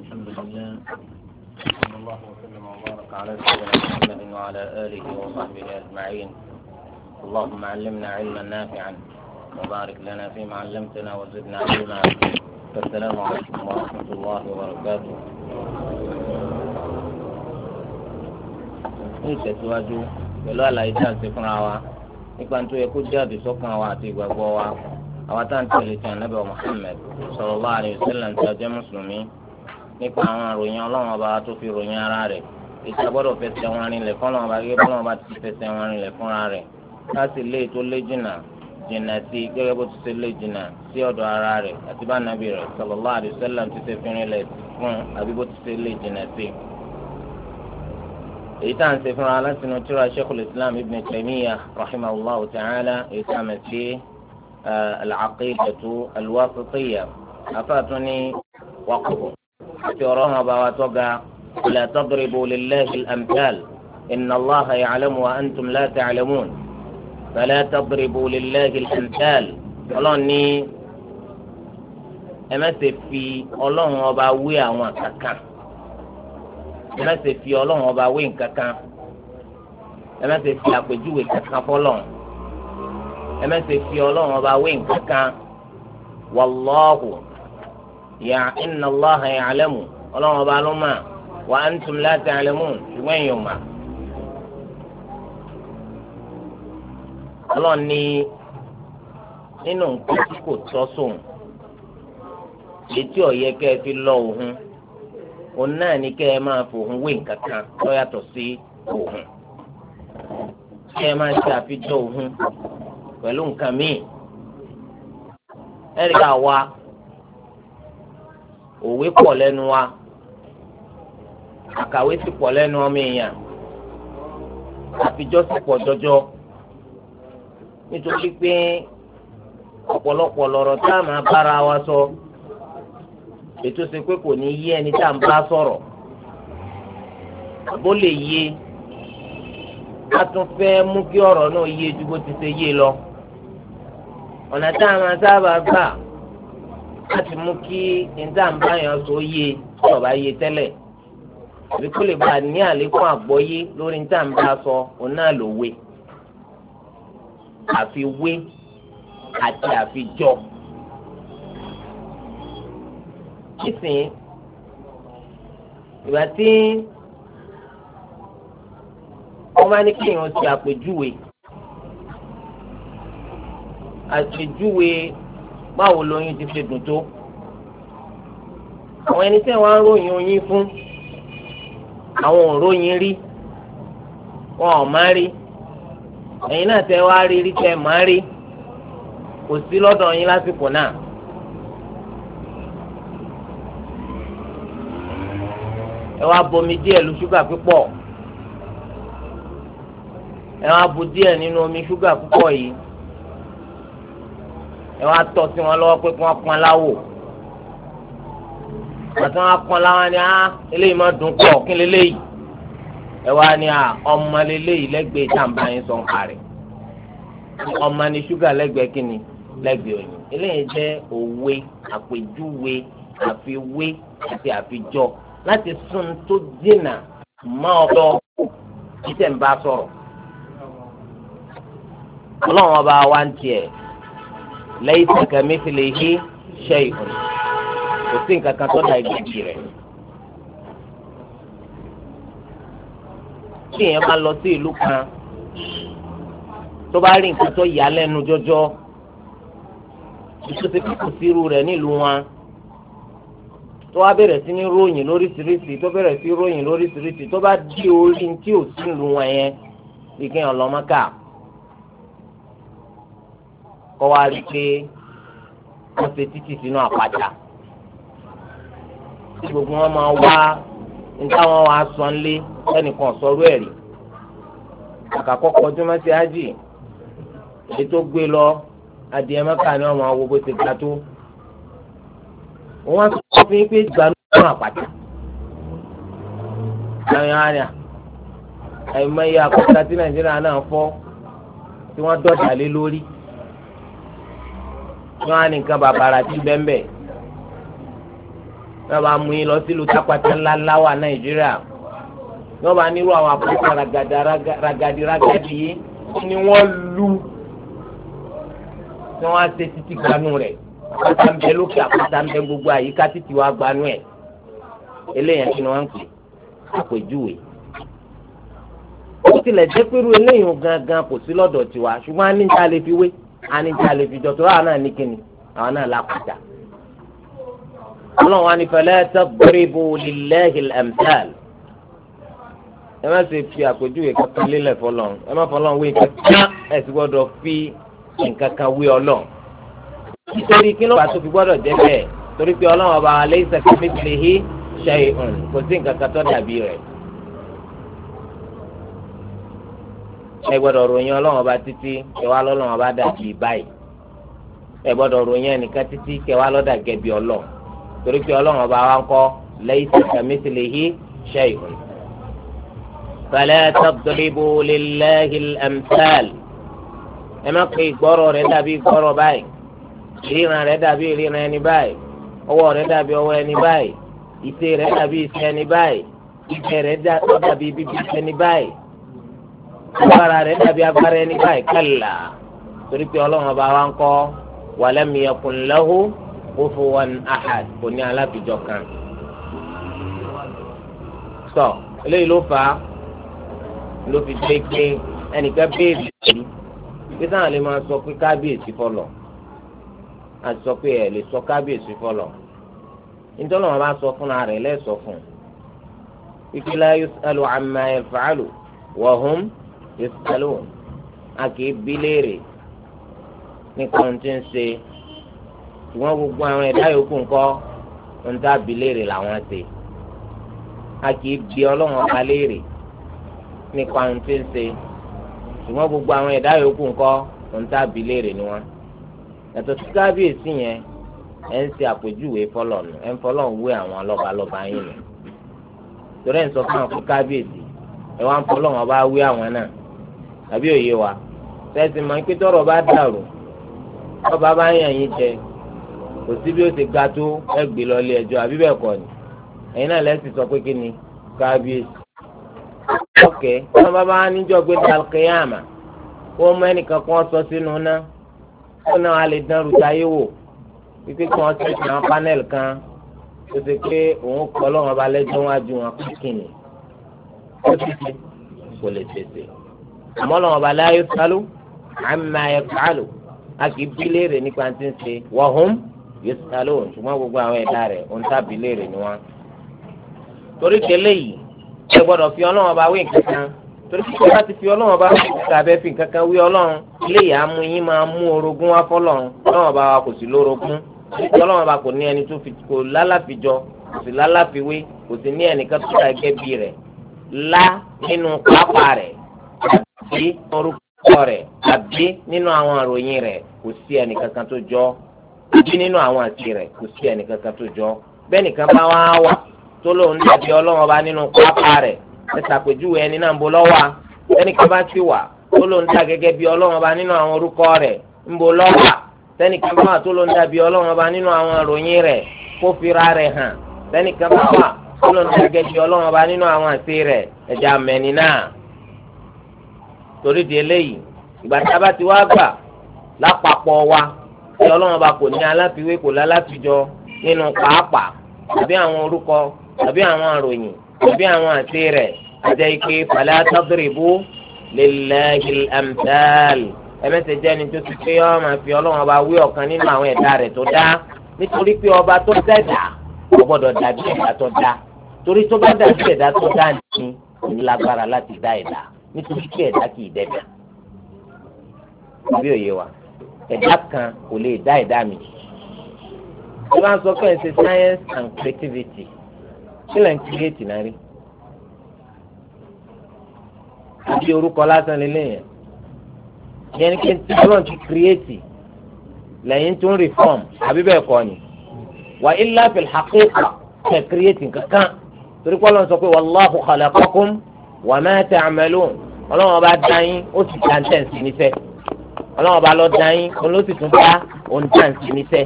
الحمد لله صلى الله وسلم وبارك على سيدنا محمد وعلى آله وصحبه أجمعين اللهم علمنا علما نافعا وبارك لنا فيما علمتنا وزدنا علما السلام عليكم ورحمة الله وبركاته ní ìtẹ̀síwájú pẹ̀lú àlàyé tí a ń ṣe fúnra wa nípa tó yẹ kó jẹ́ àdìsọ́kàn wa àti ìgbàgbọ́ wa àwa tá à ń tẹ̀lé tí a nábẹ́ Muhammad sallallahu alaihi wasallam tí a jẹ́ mùsùlùmí nípa àwọn àròyìn ọlọ́run ọba tó fi ròyìn ara rẹ̀ ètò gbọ́dọ̀ fẹsẹ̀ wọn rinlẹ̀ fọlọ́run ọba gẹ́gẹ́ bọ́lọ́run ọba ti fẹsẹ̀ wọn rinlẹ̀ fúnra rẹ̀ láti lé e tó lé jìnnà jìnnà sí gẹ́gẹ́ bó ti ṣe lé jìnnà sí ọ̀dọ̀ ara rẹ̀ àti bá nàbì rẹ̀ sallallahu alaihi wasallam ti ṣe fínrinlẹ̀ fún àbí bó ti ṣe lé jìnnà sí. èyí tá à ń ṣe fúnra látinú tíra sheikhul islam ibn taymiyyah rahimahullahu ta'ala èyí tá à mẹ́ sí eh, al-aqidatu àti ọ̀rọ̀ hàn bá wa tó ga wala tadribu lillahi al-amthal inna allaha ya'lamu wa antum la ta'lamun fala tadribu lillahi al-amthal ọlọ́run ní ẹ má ṣe fi ọlọ́run ọba wé àwọn kankan ẹ fi ọlọ́run ọba wé nǹkankan ẹ fi àpèjúwe kankan fọlọ́run ẹ fi ọlọ́run ọba wé nǹkankan wallahu. Ya inna Allaha ya'lamu ọlọ́run ọba ló mà wa antum la ta'lamun ṣùgbọ́n èèyàn mà. ọlọ́run ní nínú nǹkan tí kò tọ́ sóun létí ọ̀yẹ́ kẹ́ ẹ fi lọ òun òun náà ní kẹ́ ẹ máa fòun wé nǹkan kan tó sí òun kẹ́ ẹ máa ṣe àfijọ́ òun pẹ̀lú nǹkan míì ẹ̀rí òwe pọ̀ lẹ́nu wa àkàwé sì pọ̀ lẹ́nu ọmọ èèyàn àfijọ́ sì pọ̀ jọjọ nítorí pé ọ̀pọ̀lọpọ̀ lọ̀rọ̀ tá a máa bára wa sọ ètò ṣe pé kò ní yé ẹni tá à bá sọ̀rọ̀ àbó lè yé a tún fẹ́ mú kí ọ̀rọ̀ náà yé ju bó ti ṣe yé lọ ọ̀nà tá a máa sábà gbà láti mú kí ìdáǹbá yẹn sọ yé tí ọba yé tẹ́lẹ̀ àbí kó lè bá a ní àlékún àgbọ́yé lórí ìdáǹbá sọ òun náà ló wé àfiwé àti àfijọ́ nísìnyí ìgbà tí wọ́n bá ní kí èèyàn ti àpèjúwe àpèjúwe báwo lóyún ti ṣe dùn tó àwọn ẹni tẹ́ wọ́n á ròyìn oyin fún àwọn òróyin rí wọn ò má rí ẹ̀yin náà tẹ́ wá rí rí tẹ́ má rí kò sí lọ́dọ̀ yín lásìkò náà. ẹ wá bomi díẹ̀ lu ṣúgà púpọ̀ ẹ wá bu díẹ̀ nínú omi ṣúgà púpọ̀ yìí ẹ wá tọ́ sí wọn lọ́wọ́ pé kí wọ́n pọn láwò àti wọn pọn láwọn ni ah eléyìí máa dùn pọ̀ kí leléyìí ẹ wá ní ah, à ọmọ leléyìí lẹ́gbẹ̀ẹ́ jàǹbá yẹn sọ ń parí ọmọ ni ṣúgà lẹ́gbẹ̀ẹ́ kí ni lẹ́gbẹ̀ẹ́ òyìn eléyìí jẹ́ òwe àpèjúwe àfiwé àti àfijọ́ láti sún tó dènà mọ́ ọ̀dọ́ ìtẹ̀ ń bá sọ̀rọ̀ ọlọ́run ọba wa ń tiẹ̀ laysa kamithlihi shay'un kò sí nǹkan kan tó da ìgbèjì rẹ̀. tí èèyàn bá lọ sí ìlú kan tó bá rí nǹkan tó yà lẹ́nu jọjọ tó ti kíkù sírú rẹ̀ nílùú wọn tó wá bẹ̀rẹ̀ sí ní ròyìn lóríṣiríṣi tó bẹ̀rẹ̀ sí ròyìn lóríṣiríṣi tó bá di orí tí ò sí ìlú wọn yẹn bí kéèyàn lọ kọ́ wá rí i pé wọ́n ṣe títì sínú àpáta tí gbogbo wọn máa wá níta wọn wá sọ nílé ẹnìkan sọ̀rọ̀ ẹ̀rí àkàkọ́ kọjú mọ́sí ájì èyí tó gbé lọ adìẹ mẹ́ka ni wọ́n máa wo bó ti ga tó wọ́n sọ fún yín pé ìgbà nínú àpáta lẹ́yìn àárẹ̀ ẹ̀mọ́ iye àkọ́kọ́ tí nàìjíríà náà fọ́ tí wọ́n dọ̀dà lé lórí wọn á ní nǹkan bàbàrà tí bẹ́ńbẹ́ wọn bá mú yín lọ sílùú tápàtà ńláńlá wà nàìjíríà wọn bá nírú àwọn àkókò ragada ragadi ragadi yìí ni wọn lu tí wọn á ṣe títí gbanú rẹ àpáta ń bẹ lókè àpáta ń bẹ gbogbo àyíká títí wàá gbanú ẹ eléyàn kí ni wọn ń pè àpèjúwe ó tilẹ̀ jẹ́ pé irú eléyìí gangan kò sí lọ́dọ̀ tiwa ṣùgbọ́n a ní ní lè fi wé anijá lè fi jọtọ àwọn náà ní kíni àwọn náà lápàdà ọlọ́run àní fala tadribu lillahi al-amthal ẹ má ṣe fi àpèjúwe kankan lélẹ̀ fọlọ́run ẹ má fọlọ́run wé kankan ẹ sì gbọ́dọ̀ fi nǹkan kan wé ọlọ́run nítorí kí ló bá tó fi gbọ́dọ̀ jẹ́ bẹ́ẹ̀ torí pé ọlọ́run ọba laysa kamithlihi shay'un kò sí nǹkan kan tó dàbí rẹ̀. ẹ gbọ́dọ̀ ròyìn ọlọ́run ọba títí kẹwàá lọ́lọ́run ọba dàbí báyìí ẹ gbọ́dọ̀ ròyìn ẹnìkan títí kẹwàá lọ́dà gẹ̀bí ọlọ́ torí pé ọlọ́run ọba wa ń kọ́ laysa kamithlihi shay'un. fala tadribu lillahi al-amthal ẹ má pé ìgbọ́rọ̀ rẹ̀ dàbí ìgbọ́rọ̀ báyìí ìríran rẹ̀ dàbí ìríran ẹni báyìí ọwọ́ rẹ̀ dàbí ọwọ́ ẹni báyìí ìṣe rẹ̀ dàbí ìṣe ẹni báyìí ìṣe rẹ̀ dàbí bíbí ẹni báyìí agbára rẹ̀ dàbí agbára ẹni báyìí kálá torí pé ọlọ́run ọba wa ń kọ́ walam yakun lahu kufuwan ahad kò ní alábìjọ kan. sọ eléyìí ló fà á ló fi dé pé ẹnìkan béèrè ìlú pé sáà lè máa sọ pé kábíyèsí fọlọ àti sọ pé ẹ lè sọ kábíyèsí fọlọ nítorí wọn bá sọ fúnra rẹ̀ lẹ́sọ̀ fún un ìpìlẹ̀ yus'alu amma yaf'alu wa hum yus'alun a kì í bí léèrè nípa ohun tí ń ṣe ṣùgbọ́n gbogbo àwọn ẹ̀dá yòókù ńkọ́ ohun tá a bí léèrè làwọn ṣe a kì í bí ọlọ́run ọba léèrè nípa ohun tí ń ṣe ṣùgbọ́n gbogbo àwọn ẹ̀dá yòókù ńkọ́ ohun tá a bí léèrè ni wọ́n yàtọ̀ sí kábíyèsí yẹn ẹ̀ ń ṣe àpèjúwe fọlọ́nù ẹ̀ ń fọlọ́n wé àwọn lọ́balọ́ba yín nù torí ẹ̀ ń sọ fún àwọn kábíyèsí ẹ̀ wá ń fọlọ́n ọba wé àwọn náà àbí òye wa tẹ̀sí máa ń pé tọ́rọ̀ bá dàrú ọba bá ń yàn yín jẹ kò sí bí ó ti ga tó ẹ gbé lọ àbí bẹ́ẹ̀ kọ́ ni ẹ̀yin náà lẹ́sìn sọ pé kí ni kábíyèsí. ọ̀kẹ́ wọn bá bá níjọ́ gbé dalkeyama kó mọ ẹnìkan kan sọ sínú náà kó náà a lè dán ruta yé wò wípé kí wọ́n àwọn panel kan tó ti pé òun kọ́ lọ́wọ́n balẹ̀ jọ́ wájú wọn kí ni ó ti ṣe kò lè tètè àmọ́ lọ́wọ́ bá láyé sálú àmà ẹ̀kálù a kì í bí léèrè nípa ti ń ṣe wọ́hún yóò sálú ṣùgbọ́n gbogbo àwọn ẹ̀dá rẹ̀ ń tàbí léèrè ni wọ́n. torí tẹ́lẹ̀ yìí ẹ gbọ́dọ̀ fi ọlọ́wọ́ bá wí nǹkan kan torí kíkọ́ bá ti fi ọlọ́wọ́ bá wí nǹkan abẹ́ fi nǹkan kan wí ọlọ́run ilé ìyá mú máa mú orogún wá fọlọ́run ọlọ́wọ́ bá wa kò sí lórogún ọlọ́wọ́ bá kò ní ẹni tó fi kò lálàfijọ́ kò sí lálàfiwé kò sí ní ẹnìkan tó dàgẹ́ bí rẹ̀ lá sí orúkọ rẹ̀ àbí nínú àwọn àròyìn rẹ̀ kò sí ẹnìkankan tó jọ àbí nínú àwọn àti rẹ̀ kò sí ẹnìkankan tó jọ bẹ́ẹ̀ nìkan bá wá wà tó lóun dàbí ọlọ́wọ́n bá nínú pápá rẹ̀ ẹ ṣàpèjúwe ẹni náà ń bo lọ́wọ́ ẹnìkan bá sì wà tó lóun dà gẹ́gẹ́ bí ọlọ́wọ́n bá nínú àwọn orúkọ rẹ̀ ń bo lọ́wọ́ sẹ́nìkan bá wà tó lóun dàbí ọlọ́wọ́n bá nínú àwọn àròyìn rẹ̀ kó fira rẹ̀ hàn sẹ́nìkan bá wà tó lóun dà gẹ́gẹ́ bí ọlọ́wọ́n bá nínú àwọn àti rẹ̀ ẹ̀dá mẹ́ni náà torí di eléyìí ìgbà tí a bá ti wá gbà lápapọ̀ wa tí ọlọ́run bá kò ní aláfiwé kò láláfijọ nínú pàápàá tàbí àwọn orúkọ tàbí àwọn àròyìn tàbí àwọn àti rẹ̀ àjẹ́ ike fala tadribu lillahi al-amthal ẹ̀mẹ́sẹ̀ jẹ́ ni tó ti pé ọ́ máa fi ọlọ́run bá wí ọ̀kan nínú àwọn ẹ̀dá rẹ̀ tó dá nítorí pé ọba tó dẹ̀dá kò dàbí ẹ̀dá tó dá torí tó bá dàbí ẹ̀dá tó dá ní ìlágbára láti dá ẹ̀dá nítorí pé ẹ̀dá kì í dẹ́dà àbí òye wa ẹ̀dá kan kò lè dá ẹ̀dá mi tí wọ́n sọ pé ẹ̀ ṣe science and creativity kí lẹ́ ń create náà rí àbí orúkọ lásán lélẹ̀ yẹn yẹn ni kí n tí wọ́n ti create lẹ́yìn tó ń reform àbí bẹ́ẹ̀ kọ́ ni wà ilá fìlà kó kà kẹ́ kankan torí pé sọ pé wàlláhu khalaqakum wa ma ta'malun ọlọ́wọ́n bá dá yín ó sì dá ní tẹ̀sí níṣẹ́ ọlọ́wọ́n bá lọ dá yín òun ló sì tún dá òun dá ní níṣẹ́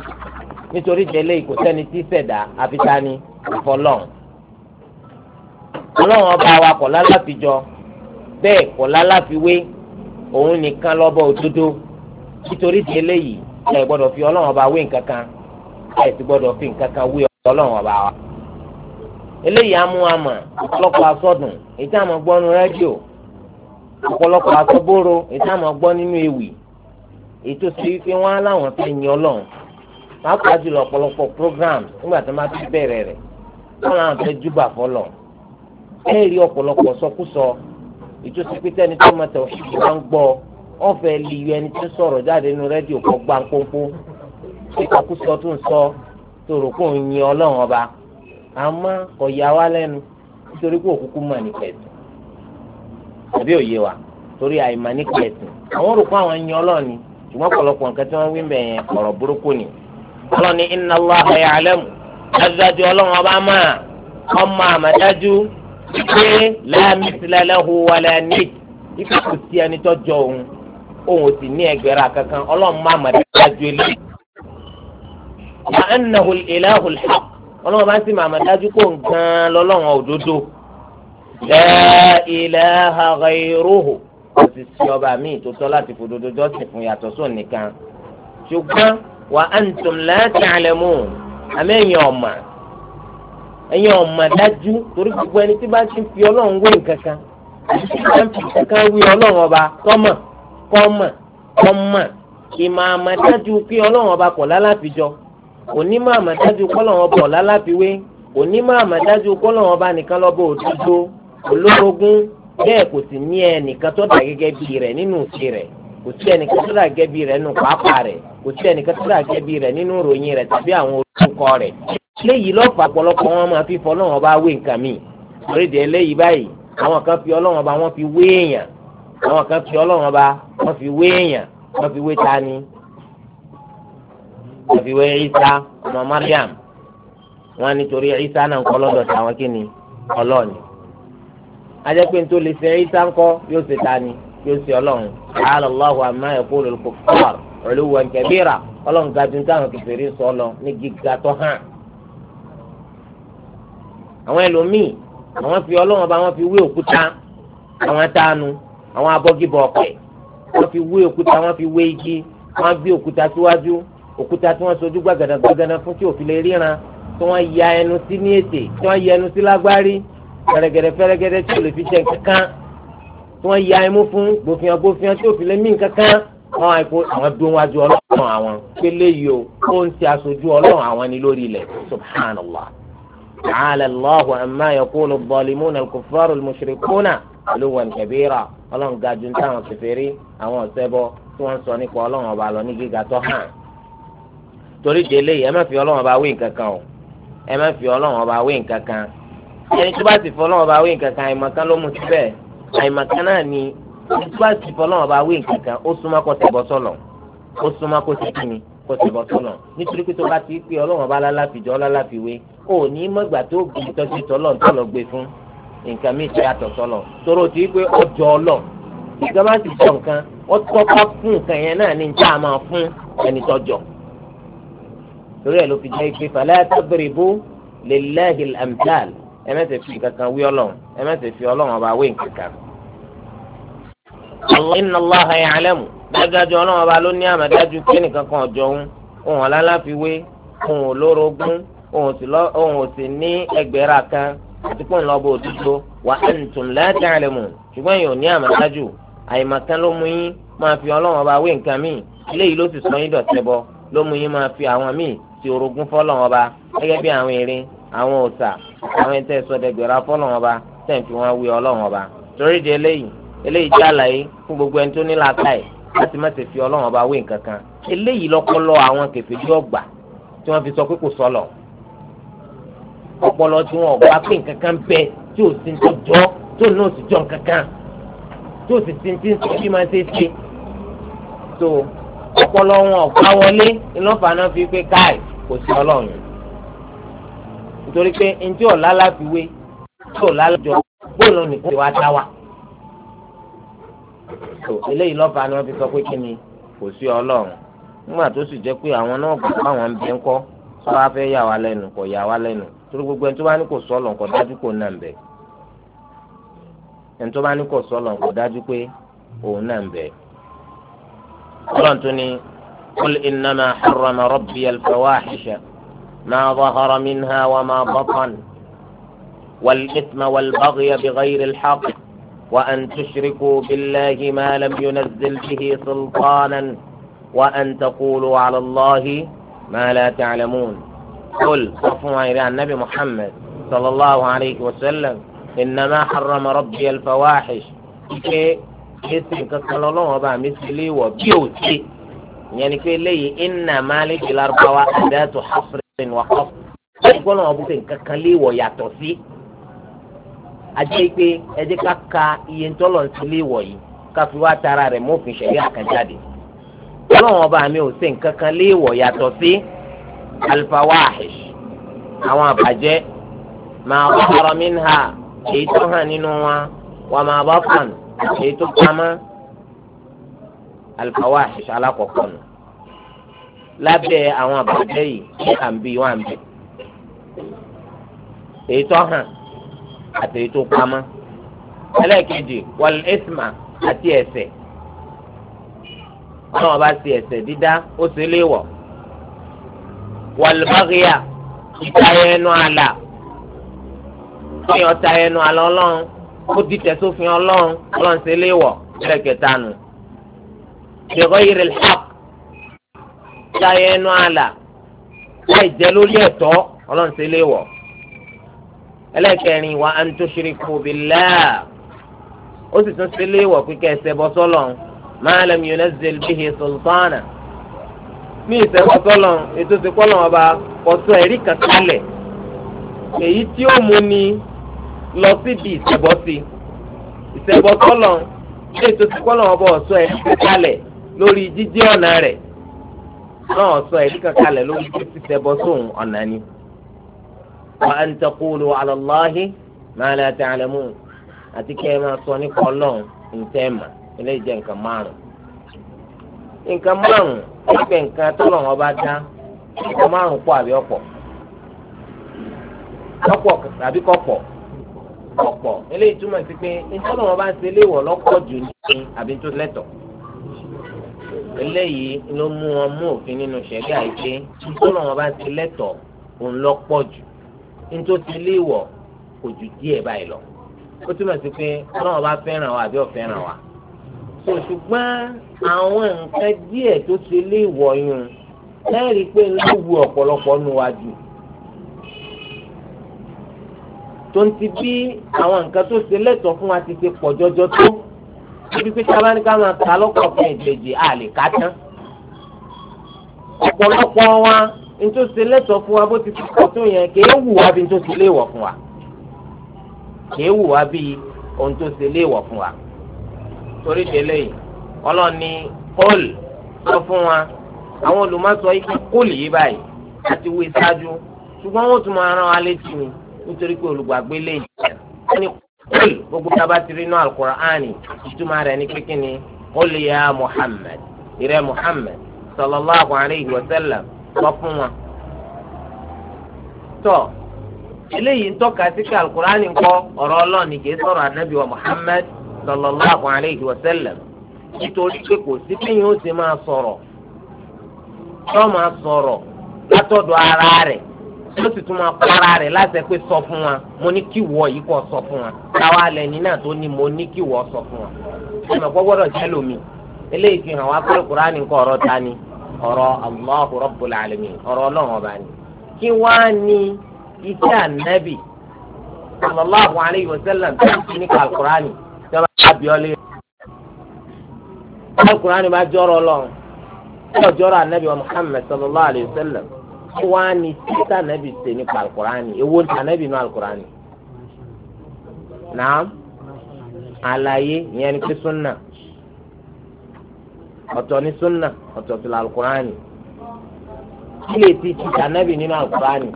nítorí délé kò sẹ́ni tí ṣẹ̀dá àfitani àfọlọ́n ọlọ́wọ́n bá wa kọ̀ lálàfijọ́ bẹ́ẹ̀ kọ̀ lálàfiwé òun nìkan lọ́bọ̀ òdodo nítorí délé yìí ẹ̀ gbọ́dọ̀ fi ọlọ́wọ́n bá wé nǹkan kan ẹ̀ sì gbọ́dọ̀ fi nǹkan kan wé ọlọ́wọ́n bá wa eléyìí amú ama, ọ̀pọ̀lọpọ̀ asọ́dùn èyí tí a máa gbọ́ nínú rédíò ọ̀pọ̀lọpọ̀ asọ́bóró èyí tí a máa gbọ́ nínú ewì èyí tó ṣe wípé wọ́n á láwọn fẹ́ yin ọlọ́run pàápàá jùlọ ọ̀pọ̀lọpọ̀ program nígbà tí wọ́n bá ti bẹ̀rẹ̀ rẹ̀ wọ́n láwọn fẹ́ júbà fọlọ̀ ẹ rí ọ̀pọ̀lọpọ̀ sọkúsọ èyí tó ṣe pé tẹ́ni tó máa tẹ̀ òṣìṣẹ́ wọn gbọ́ wọ́n fẹ́ li ẹni tó sọ̀rọ̀ jáde nínú rédíò kọ́ gbá pónpó ṣé kọkúsọ tó ń àmọ́ kò yà wá lẹ́nu nítorí pé òkúkú mà ní kẹ̀sìn àbí òye wa torí àìmà ní kẹ̀sìn àwọn rò àwọn ń yan ṣùgbọ́n ọ̀pọ̀lọpọ̀ nǹkan tí wọ́n wí bẹ̀ ni ọlọ́ni inna Allaha ya'lamu dájúdájú ọlọ́run ọba máa ọmọ àmàdájú pé laa mithla lahu wala nid ní ọlọ́wọ́n bá ń sìn màmá dájú kó nǹkan lọ́lọ́wọ́n òdodo la ilaha ghayruhu kò sì sí ọba míì tó tọ́ láti fòdodo jọ́sìn fún yàtọ̀ sóun nìkan ṣùgbọ́n wa antum la ta'lamun àmì ẹ̀yin ọ̀mà ẹ̀yin ọ̀mà dájú torí gbogbo ẹni tí bá ti fi ọlọ́run wé nǹkan kan àti bá ń fi nǹkan kan wé ọlọ́run ọba kọ́mọ̀ kọ́mọ̀ kọ́mọ̀ ìmọ̀ àmàdájú pé ọlọ́run ọba kọ̀ lálàfíjọ́ onímọ̀ àmọ̀dájú kọ́lọ̀ wọn bọ̀ lálábíwé onímọ̀ àmọ̀dájú kọ́lọ̀ wọn bá nìkan lọ́bọ̀ òdodo olórogún bẹ́ẹ̀ kò sì ní ẹnìkan tó dà gẹ́gẹ́ bí rẹ̀ nínú òsì rẹ̀ kò sí ẹnìkan tó dà gẹ́gẹ́ bí rẹ̀ nínú pàápàá rẹ̀ kò sí ẹnìkan tó dà gẹ́gẹ́ bí rẹ̀ nínú ròyìn rẹ̀ tàbí àwọn orúkọ rẹ̀ léyìí lọ́fà ọ̀pọ̀lọpọ̀ wọn máa fi fọ́ lọ́wọ́n bá wé nǹkan mi lórídìí eléyìí báyìí àwọn kan fi ọlọ́wọ́n bá wọ́n fi wé èèyàn àwọn kan fi ọlọ́wọ́n bá wọ́n fi wé èèyàn wọ́n fi wé ta àfi wé Ìsá ọmọ Mariam wọn nítorí Ìsá náà kọ́ lọ́dọ̀ táwọn kíni ọlọ́ọ̀ni ajẹ́pẹ́ tó lè ṣe Ìsá ńkọ́ yóò ṣe ta ni yóò ṣe ọlọ́run aláàlọ́hu àmọ́ ẹ̀kọ́ olùkọ́ kọ́ọ̀r olùwọ̀n kẹbíra ọlọ́run ga ju táwọn kẹfẹ́rí sọ lọ ní gíga tó hàn àwọn ẹlòmíì àwọn fi ọlọ́run ọba wọn fi wé òkúta àwọn tánu àwọn abọ́gibọ̀ ọ̀pẹ wọn fi wé òkúta wọn fi wé igi wọn gbé òkúta síwájú òkúta tí wọ́n sojú gbàgàdà gbàgàdà fún tí òfin lè ríran tí wọ́n ya ẹnu sí ní ètè tí wọ́n ya ẹnu sí lágbárí fẹ̀rẹ̀gẹ̀dẹ̀ fẹ̀rẹ̀gẹ̀dẹ̀ tí ò lè fi jẹ kankan tí wọ́n ya ẹmu fún gbòfin gbòfin tí òfin lè mí kankan wọn àìkú àwọn dún wájú ọlọ́run àwọn pélé yìí o ó ń ti aṣojú ọlọ́run àwọn ni lórí ilẹ̀ subhanallah ta'ala allahu amma yakunu adh-dhalimuna al-kuffaru torí délé yìí ẹ má fi ọlọ́wọ́n bá wí nǹkan kan o ẹ má fi ọlọ́wọ́n bá wí nǹkan kan ẹni tó bá sì fi ọlọ́wọ́n bá wí nǹkan kan àìmọ̀kan ló mú síbẹ̀ àìmọ̀kan náà ni ẹni tó bá sì fi ọlọ́wọ́n bá wí nǹkan kan ó súnmọ́ kó tẹ̀bọ́ sọ̀lọ̀ ó súnmọ́ kó ti kíni kó tẹ̀bọ́ sọ̀lọ̀ nítorí pé tó bá ti pé ọlọ́wọ́n bá lálàfíjọ́ lálàfíwé ò ní mọ̀gbà tó gbé ìtọ́jú tọ́lọ̀ tọ́lọ̀ gbé fún nǹkan mi ti yàtọ̀ sọlọ toro ti pé ọjọ́ ọlọ ìjọba ti sọ nǹkan ó tọ́ka fún nǹkan yẹn náà ní níta máa fún ẹni tọ́jọ́ torí ẹ̀ ló fi jẹ́ pé fala tadribu lillahi al-amthal ẹ mẹ́sẹ̀ fi kankan wí ọlọ́run ẹ mẹ́sẹ̀ fi ọlọ́run ọba wí nkankan. inna Allaha ya'lamu dájú ọlọ́run ọba ló ní àmàdájú pé nìkan kan ọ̀jọ̀ òun òun ọ̀làlá fi wé òun olórogún òun ò sì ní ẹgbẹ̀rà kan àti pé òun lọ bó òdúgbò wa antum la ta'lamun ṣùgbọ́n èèyàn ò ní àmàdájú àyèmàkan ló ló mú yín máa fi àwọn míì ti orogún fọ́lọ́run ọba gẹ́gẹ́ bí àwọn erin àwọn òòṣà àwọn ẹni tẹ́ ẹ sọdẹgbẹ̀rà fọ́lọ́run ọba tẹ́ ẹ fi wọ́n wé ọlọ́run ọba torí di eléyìí eléyìí jẹ́ àlàyé fún gbogbo ẹni tó ní làákàyè láti má ṣe fi ọlọ́run ọba wé nǹkan kan eléyìí lọ́pọlọ àwọn kẹfìdí ọgbà tí wọ́n fi sọ pé kò sọlọ ọpọlọ tí wọn ọgbà pé nǹkan kan bẹ tí ò sí tó jọ tó ní ò sì jọ nǹkan kan sì ti ti ń sọ bí máa ṣe ṣe tó ọpọlọ wọn ọ̀pá wọlé ìlọ́fà náà fi pé káì kò sí ọlọ́run nítorí pé ntí ọ̀la láfiwé tí ọ̀la lájọ bóòlù nìkan ti wá dá wa. eléyìí lọ́fà ni wọ́n fi sọ pé kí ni kò sí ọlọ́run nígbà tó sì jẹ́ pé àwọn náà kò bá wọn bẹ́ẹ̀ kọ́ tó bá fẹ́ yà wá lẹ́nu kò yà wá lẹ́nu torí gbogbo ẹni tó bá ní kò sọ́ọ̀lọ̀ kò dájú kò nà ń bẹ̀ ẹni tó bá ní kò sọ́ọ̀lọ̀ kò dájú pé òun nà ń bẹ̀. ọlọ́run tún ní qul innama harrama rabbi al-fawahisha ma zahara minha wa ma batan wal-ithma wal-baghya bighayri al-haqq wa an tushriku billahi ma lam yunazzil bihi sultanan wa an taqulu ala allahi ma la ta'lamun qul sọ fún wa ìrẹ́ anabi muhammad sallallahu alayhi wa sallam innama harrama rabbi al-fawahish ike. ètò nǹkan kan lọ́wọ́ bá mi sí ilé ìwọ̀ bí ò sí ìyẹn ni pé léyìí iná máa lè fi lárúbáwá àdáàtò hafrin wà kọ́ bẹ́ẹ̀ gbọ́dọ̀ wọn bó ṣe nǹkan kan lé ìwọ̀ yàtọ̀ sí. ajẹ́ pé ẹ jẹ́ ká ka iye ń tọ́lọ̀ sí ilé ìwọ̀ yìí ká fi wá tara rẹ̀ mọ́fin ṣẹ̀rí àkànjáde. lọ́wọ́ bá mi ò ṣe nǹkan kan lé ìwọ̀ yàtọ̀ sí alfawahish àwọn àbàjẹ́ máa bá ọ̀rọ̀ mi ń ha èyí tó hàn nínú wa wà máa bá fàánù èyí tó pamọ́ al-fawahish alákọ̀ọ́kọ́ nù lábẹ́ àwọn àbàjẹ́ yìí ní àǹbí wọn àǹbí èyí tó hàn àti èyí tó pamọ́ ẹlẹ́ẹ̀kejì wal-ithma àti ẹ̀ṣẹ̀ ọlọ́wọ́n bá ti ẹ̀ṣẹ̀ dídá ó sì léèwọ̀ wal-baghya ìtayẹnu àlà ìyọ̀tayẹnu àlọ́ ọlọ́run ó di tẹ̀sófin ọlọ́run ọlọ́run ṣe léwọ̀ ẹlẹ́kẹta nù. ṣèkọ́ yìí rẹ̀ hàp ṣáyẹ ẹnu àlà láì jẹ́ lórí ẹ̀tọ́ ọlọ́run ṣe léwọ̀. ẹlẹ́kẹrin wa an tushriku billah ó sì tún ṣe léwọ̀ pípẹ́ ẹsẹ̀ bọ́ sọ́lọ̀ ma lam bihi sultana ní ìṣẹ́wọ́ sọ́lọ̀ ètò ìṣẹ́kọ́ lọ́wọ́ bá kọ́tọ́ ẹ̀rí kan èyí tí ó mú ni lọ síbi ìṣẹ̀bọ̀sí ìṣẹ̀bọ̀sọ́lọ̀ ilé tó ọba ọ̀ṣọ́ ẹ̀ kíkalẹ̀ lórí jíjí ọ̀nà rẹ̀ náà ọ̀ṣọ́ ẹ̀ kíkalẹ̀ lórí jíjí ṣẹ̀bọ̀sọ́hùn ọ̀nà ni. ma la ta'lamun àti kẹ́ ẹ máa sọ nípa ọlọ́run ǹtẹ́ mà eléyìí jẹ́ nǹkan márùn. nǹkan márùn nǹkan ọ̀pọ̀ eléyìí túmọ̀ sí pé nítorí wọn bá ń ṣe léèwọ̀ lọ́pọ̀ jù ní àbí tó lẹ́tọ̀ eléyìí ló mú wọn mú òfin nínú ṣẹ̀rí àìpé nítorí wọn bá ń ṣe lẹ́tọ̀ òun lọ́pọ̀ jù nítorí léèwọ̀ kò jù díẹ̀ báyìí lọ ó túmọ̀ sí pé ọlọ́wọ́n bá fẹ́ràn wa àbí ọ̀fẹ́ràn wa kò ṣùgbọ́n àwọn nǹkan díẹ̀ tó ṣe léèwọ̀ yun lẹ́rìí pé ńlá wu ọ̀pọ̀lọpọ̀ nu wa jù tó ń ti bí àwọn nǹkan tó ṣe lẹ́tọ̀ọ́ fún wa ti ṣe pọ̀ jọjọ tó ibi pé sábà ní ká máa ta lọ́kọ̀ fún ìdèjì àlè ká tán ọ̀pọ̀lọpọ̀ wa ní tó ṣe lẹ́tọ̀ọ́ fún wa bó ti pọ̀ tó yẹn kìí wù wá bí ní tó ṣe léèwọ̀ fún wa kìí wù wá bí ohun tó ṣe léèwọ̀ fún wa torí délé yìí ọlọ́ni kóòlù sọ fún wa àwọn olùmọ̀sọ ikú kóòlù yìí báyìí àti wí ṣáájú ṣùgbọ́n wọ́n tún máa rán wa létí ni nítorí pé olùgbàgbé lè jẹ́ wọ́n ní kúl gbogbo tá a bá ti rí inú alukur'ani ìtumọ̀ rẹ̀ ní pínpín ni qul ya Muhammad ìrẹ́ Muhammad sallallahu alayhi wa sallam sọ fún wọn. tọ́ eléyìí ń tọ́ka sí pé alukur'ani ń kọ́ ọ̀rọ̀ ọlọ́ọ̀ni kì í sọ̀rọ̀ anabi wa Muhammad sallallahu alayhi wa nítorí pé kò sí bí yóò ti máa sọ̀rọ̀ tó máa sọ̀rọ̀ látọ̀dọ̀ ara rẹ̀ ló sì tún máa para rẹ̀ láti pé sọ fún wa mo ní kí wọ yìí kò sọ fún wa táwa lẹni náà tó ní mo ní kí wọ sọ fún wa ọmọ ẹ̀kọ́ gbọ́dọ̀ jẹ́ lómi eléyìí fi hàn wá pé ọ̀rọ̀ ta ni ọ̀rọ̀ Allahu Rabbul Alamin ọ̀rọ̀ ọlọ́run ọba ni kí wá ní iṣẹ́ ànábì sallallahu alayhi wa sallam ní bá jọrọ jọrọ ànábì wa wá ní títà nàbì ṣe nípa alukurani ewo níta nàbì nù alukurani naam àlàyé ìyẹn ni pé sunna ọ̀tọ̀ ni sunna ọ̀tọ̀ ti la alukurani kí lè ti títà nàbì nínú alukurani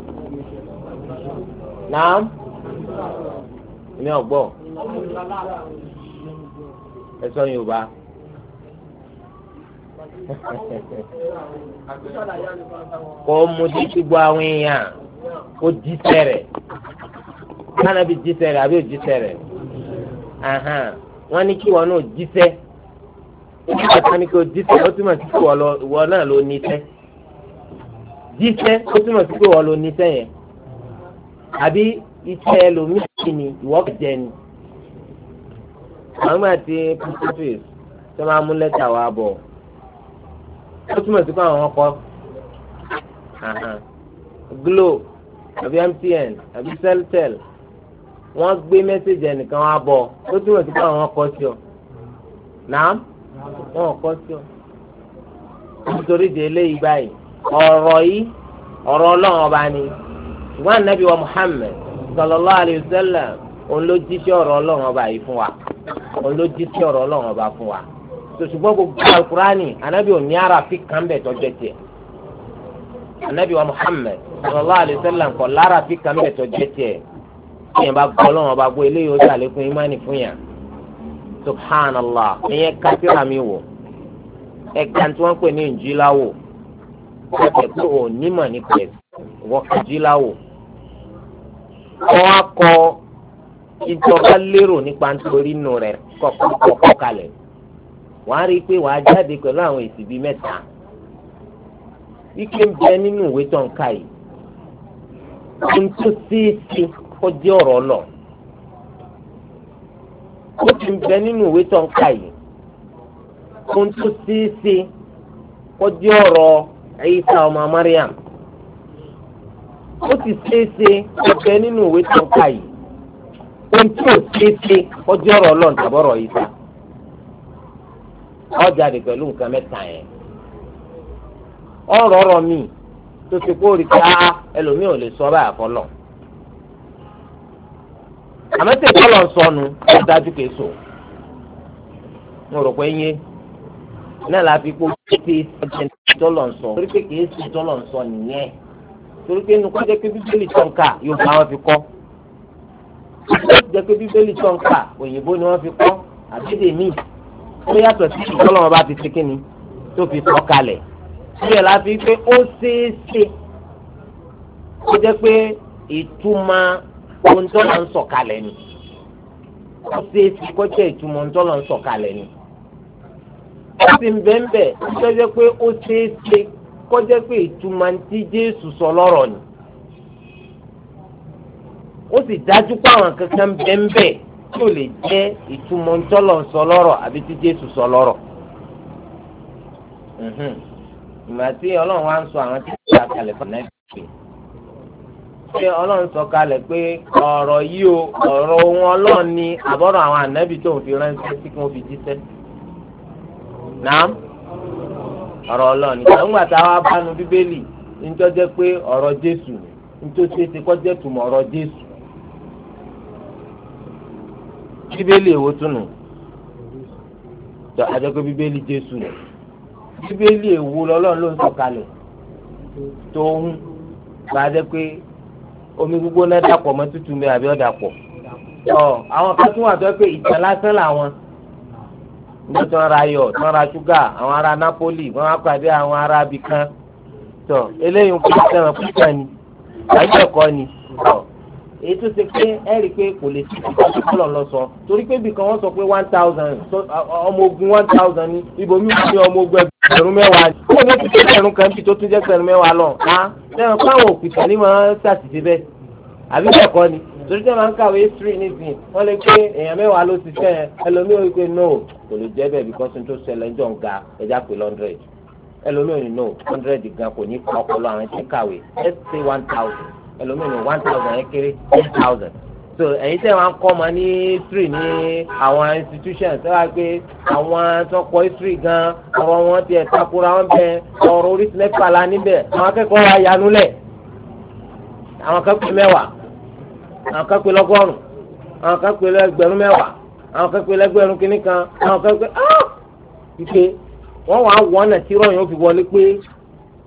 naam ìyẹn ọgbọ ẹ sọ yorùbá kò mu di gbogbo àwọn èèyàn kò di sẹrẹ kánábì di sẹrẹ àbí o di sẹrẹ wọn ní kí wọn náà di sẹ nígbà tí wọn kí o di sẹ ó túmọ̀ sí pé wọn náà ló ní sẹ di sẹ ó túmọ̀ sí pé wọn ló ní sẹ yẹn àbí iṣẹ́ ẹlòmíì ni ìwọ́kẹ̀jẹ̀ ni àwọn àti pípọ́tù tó máa mú lẹ́tà wá bọ̀ ó túmọ̀ sí pé àwọn ọkọ̀ glo àbí MTN àbí celtel wọ́n gbé mẹ́sẹ̀jì ẹnìkan wá bọ̀ ó túmọ̀ sí pé àwọn ọkọ̀ sí ọ náà wọn ò kọ́ sí ọ nítorí di eléyìí báyìí ọ̀rọ̀ yìí ọ̀rọ̀ ọlọ́run ọba ni ṣùgbọ́n anabi wa Muhammad sallallahu alayhi wa sallam òun ló jíṣẹ́ ọ̀rọ̀ ọlọ́run ọba yìí fún wa òun ló jíṣẹ́ ọ̀rọ̀ ọlọ́run ọba fún wa sòṣùgbọ́n gbogbo alukurani anabi òní ara fi kàn bẹ̀ tọ́jọ́ tiẹ̀ anabi wa muhammed sallallahu alayhi wa sallam kọ́ lára fi kàn bẹ̀ tọ́jọ́ tiẹ̀ ìyẹn bá gbọ́ lọ́wọ́ bá gbọ́ eléyìí ó sàlékún imáni fún yàn subhanallah ìyẹn kátìrà mi wò ẹ̀ka tí wọ́n pè ní ìjìláwò ẹ̀kẹ́ pé òní mọ̀ nípa ẹ̀ wọ́n ìjìláwò wọ́n á kọ ìjọba lérò nípa nítorí nù rẹ̀ kọ́kọ́ kalẹ̀ wàá rí i pé wàá jáde pẹ̀lú àwọn èsì bíi mẹ́ta wíkẹ́ ń bẹ nínú ìwé tó ń ka yìí ohun tó ṣeéṣe kó jẹ́ ọ̀rọ̀ lọ ó ti ń bẹ nínú ìwé tó ń ka yìí ohun tó ṣeéṣe kó jẹ́ ọ̀rọ̀ Ìsá ọmọ Mariam ó ti ṣeéṣe kó bẹ nínú ìwé tó ń ka yìí ohun tó ṣeéṣe kó jẹ́ ọ̀rọ̀ lọ́n tàbọ̀rọ̀ Ìsá ọ jáde pẹ̀lú nǹkan mẹ́ta yẹn ọ̀rọ̀ ọ̀rọ̀ mi tó ti kó rí ká ah, ah, ẹlòmíì ò lè sọ báyà fọlọ́ àmọ́tẹ́ kọ́lọ̀ ń sọnù ó dájú kìí sọ mo rò pé yé náà la fi kó títí ọjọ́ ìtọ́lọ̀ ń sọ torí pé kìí sí ìtọ́lọ̀ sọ nìyẹn torí pé nukú jẹ́ pé bíbélì tó ń yóò bá wọn fi kọ́ jẹ́ pé bíbélì tó ń òyìnbó ni wọ́n fi kọ́ àbídèmí ó yàtọ̀ sí ìtọ́lọ́wọ́n bá ti ṣe kí ni tó fi sọ kalẹ̀ síbẹ̀ la fi pé ó ṣeé ṣe ó jẹ́ pé ìtumọ̀ ohun tó lọ ń sọ kalẹ̀ ni ó ṣeé ṣe kó jẹ́ ìtumọ̀ ohun tó lọ ń sọ kalẹ̀ ni ó sì ń bẹ́ńbẹ́ tó jẹ́ pé ó ṣeé ṣe kó jẹ́ pé ìtumọ̀ ti Jésù sọ lọ́rọ̀ ni ó sì dájú pé àwọn kankan bẹ́ńbẹ́ tí ò lè jẹ́ ìtumọ̀ ntọ́lọ̀ sọ lọ́rọ̀ àbí tí Jésù sọ lọ́rọ̀ tí ọlọ́run wá ń sọ àwọn tí kò kalẹ̀ fún ẹ̀ẹ́dẹ́gbẹ̀ pé ọlọ́run sọ kalẹ̀ pé ọ̀rọ̀ yìí o ọ̀rọ̀ ohun ọlọ́run ni àbọ̀rọ̀ àwọn ànábì tó ń fi ránṣẹ́ tí wọ́n fi jíṣẹ́ ọ̀rọ̀ ọ̀rọ̀ Jésù bíbélì èwo tún nù tó àjẹpẹ́ bíbélì jésù nù bíbélì èwo lọ́lọ́run ló ń sọ̀kalẹ̀ tó ń gba àjẹpẹ́ omi gbígbóná dàpọ̀ mọ́ tútù mi àbí ọ̀dàpọ̀ ọ àwọn kan tún wà tó pé ìtàn lásán làwọn wọ́n tún ra ayọ̀ tún ra ṣúgà àwọn ará Nápólì wọ́n á pàdé àwọn ará abìkan tó eléyìí ń pè é sẹ́wọ̀n pípa ni àyẹ̀kọ́ ni èyí tó ṣe pé ẹ rí i pé kò lè sí ìtọ́jú kọ́lọ̀ lọ sọ torí pé ibìkan wọ́n sọ pé one thousand ọmọ ogun one thousand ní ibòmí ní ọmọ ogun ẹgbẹ̀rún mẹ́wàá ní kó ló ti tó ẹgbẹ̀rún kan bí tó tún jẹ́ ẹgbẹ̀rún mẹ́wàá lọ á lẹ́yìn káwọn òkùtà ní máa ń ṣàtìṣe bẹ́ẹ̀ àbí bẹ́ẹ̀ kọ́ ni torí tẹ́ máa ń kàwé history nísìnyí wọ́n lè pé èèyàn mẹ́wàá ló ti ṣẹ́ ẹ ẹlòmíì ò pé no kò lè jẹ́ bẹ́ẹ̀ because n tó ṣẹlẹ̀ ń jọ ń ga ẹja pé lọ́ndrẹ̀d ẹlòmíì ò ní no hundred gan kò ní pa ọpọlọ àwọn tí ń kàwé let's say one thousand ẹlòmíràn one thousand yẹn kéré ten thousand so ẹ̀yin tẹ́ wọn kọ́ ọmọ ní history ní àwọn institutions tẹ́ wá pé àwọn tó kọ́ history gan ọ̀rọ̀ wọn tiẹ̀ takora wọn bẹ ọ̀rọ̀ oríṣi mẹ́fà la níbẹ̀ àwọn akẹ́kọ̀ọ́ wa yanu lẹ̀ àwọn akẹ́kọ̀ọ́ mẹ́wàá àwọn akẹ́kọ̀ọ́ lọ́gọ́rùn àwọn akẹ́kọ̀ọ́ lẹ́gbẹ̀rún mẹ́wàá àwọn akẹ́kọ̀ọ́ lẹ́gbẹ̀rún kìíní kan àwọn akẹ́kọ̀ọ́ ike ah! wọ́n wàá wọ́n náà tí rọ́ọ̀yìn wọlé pé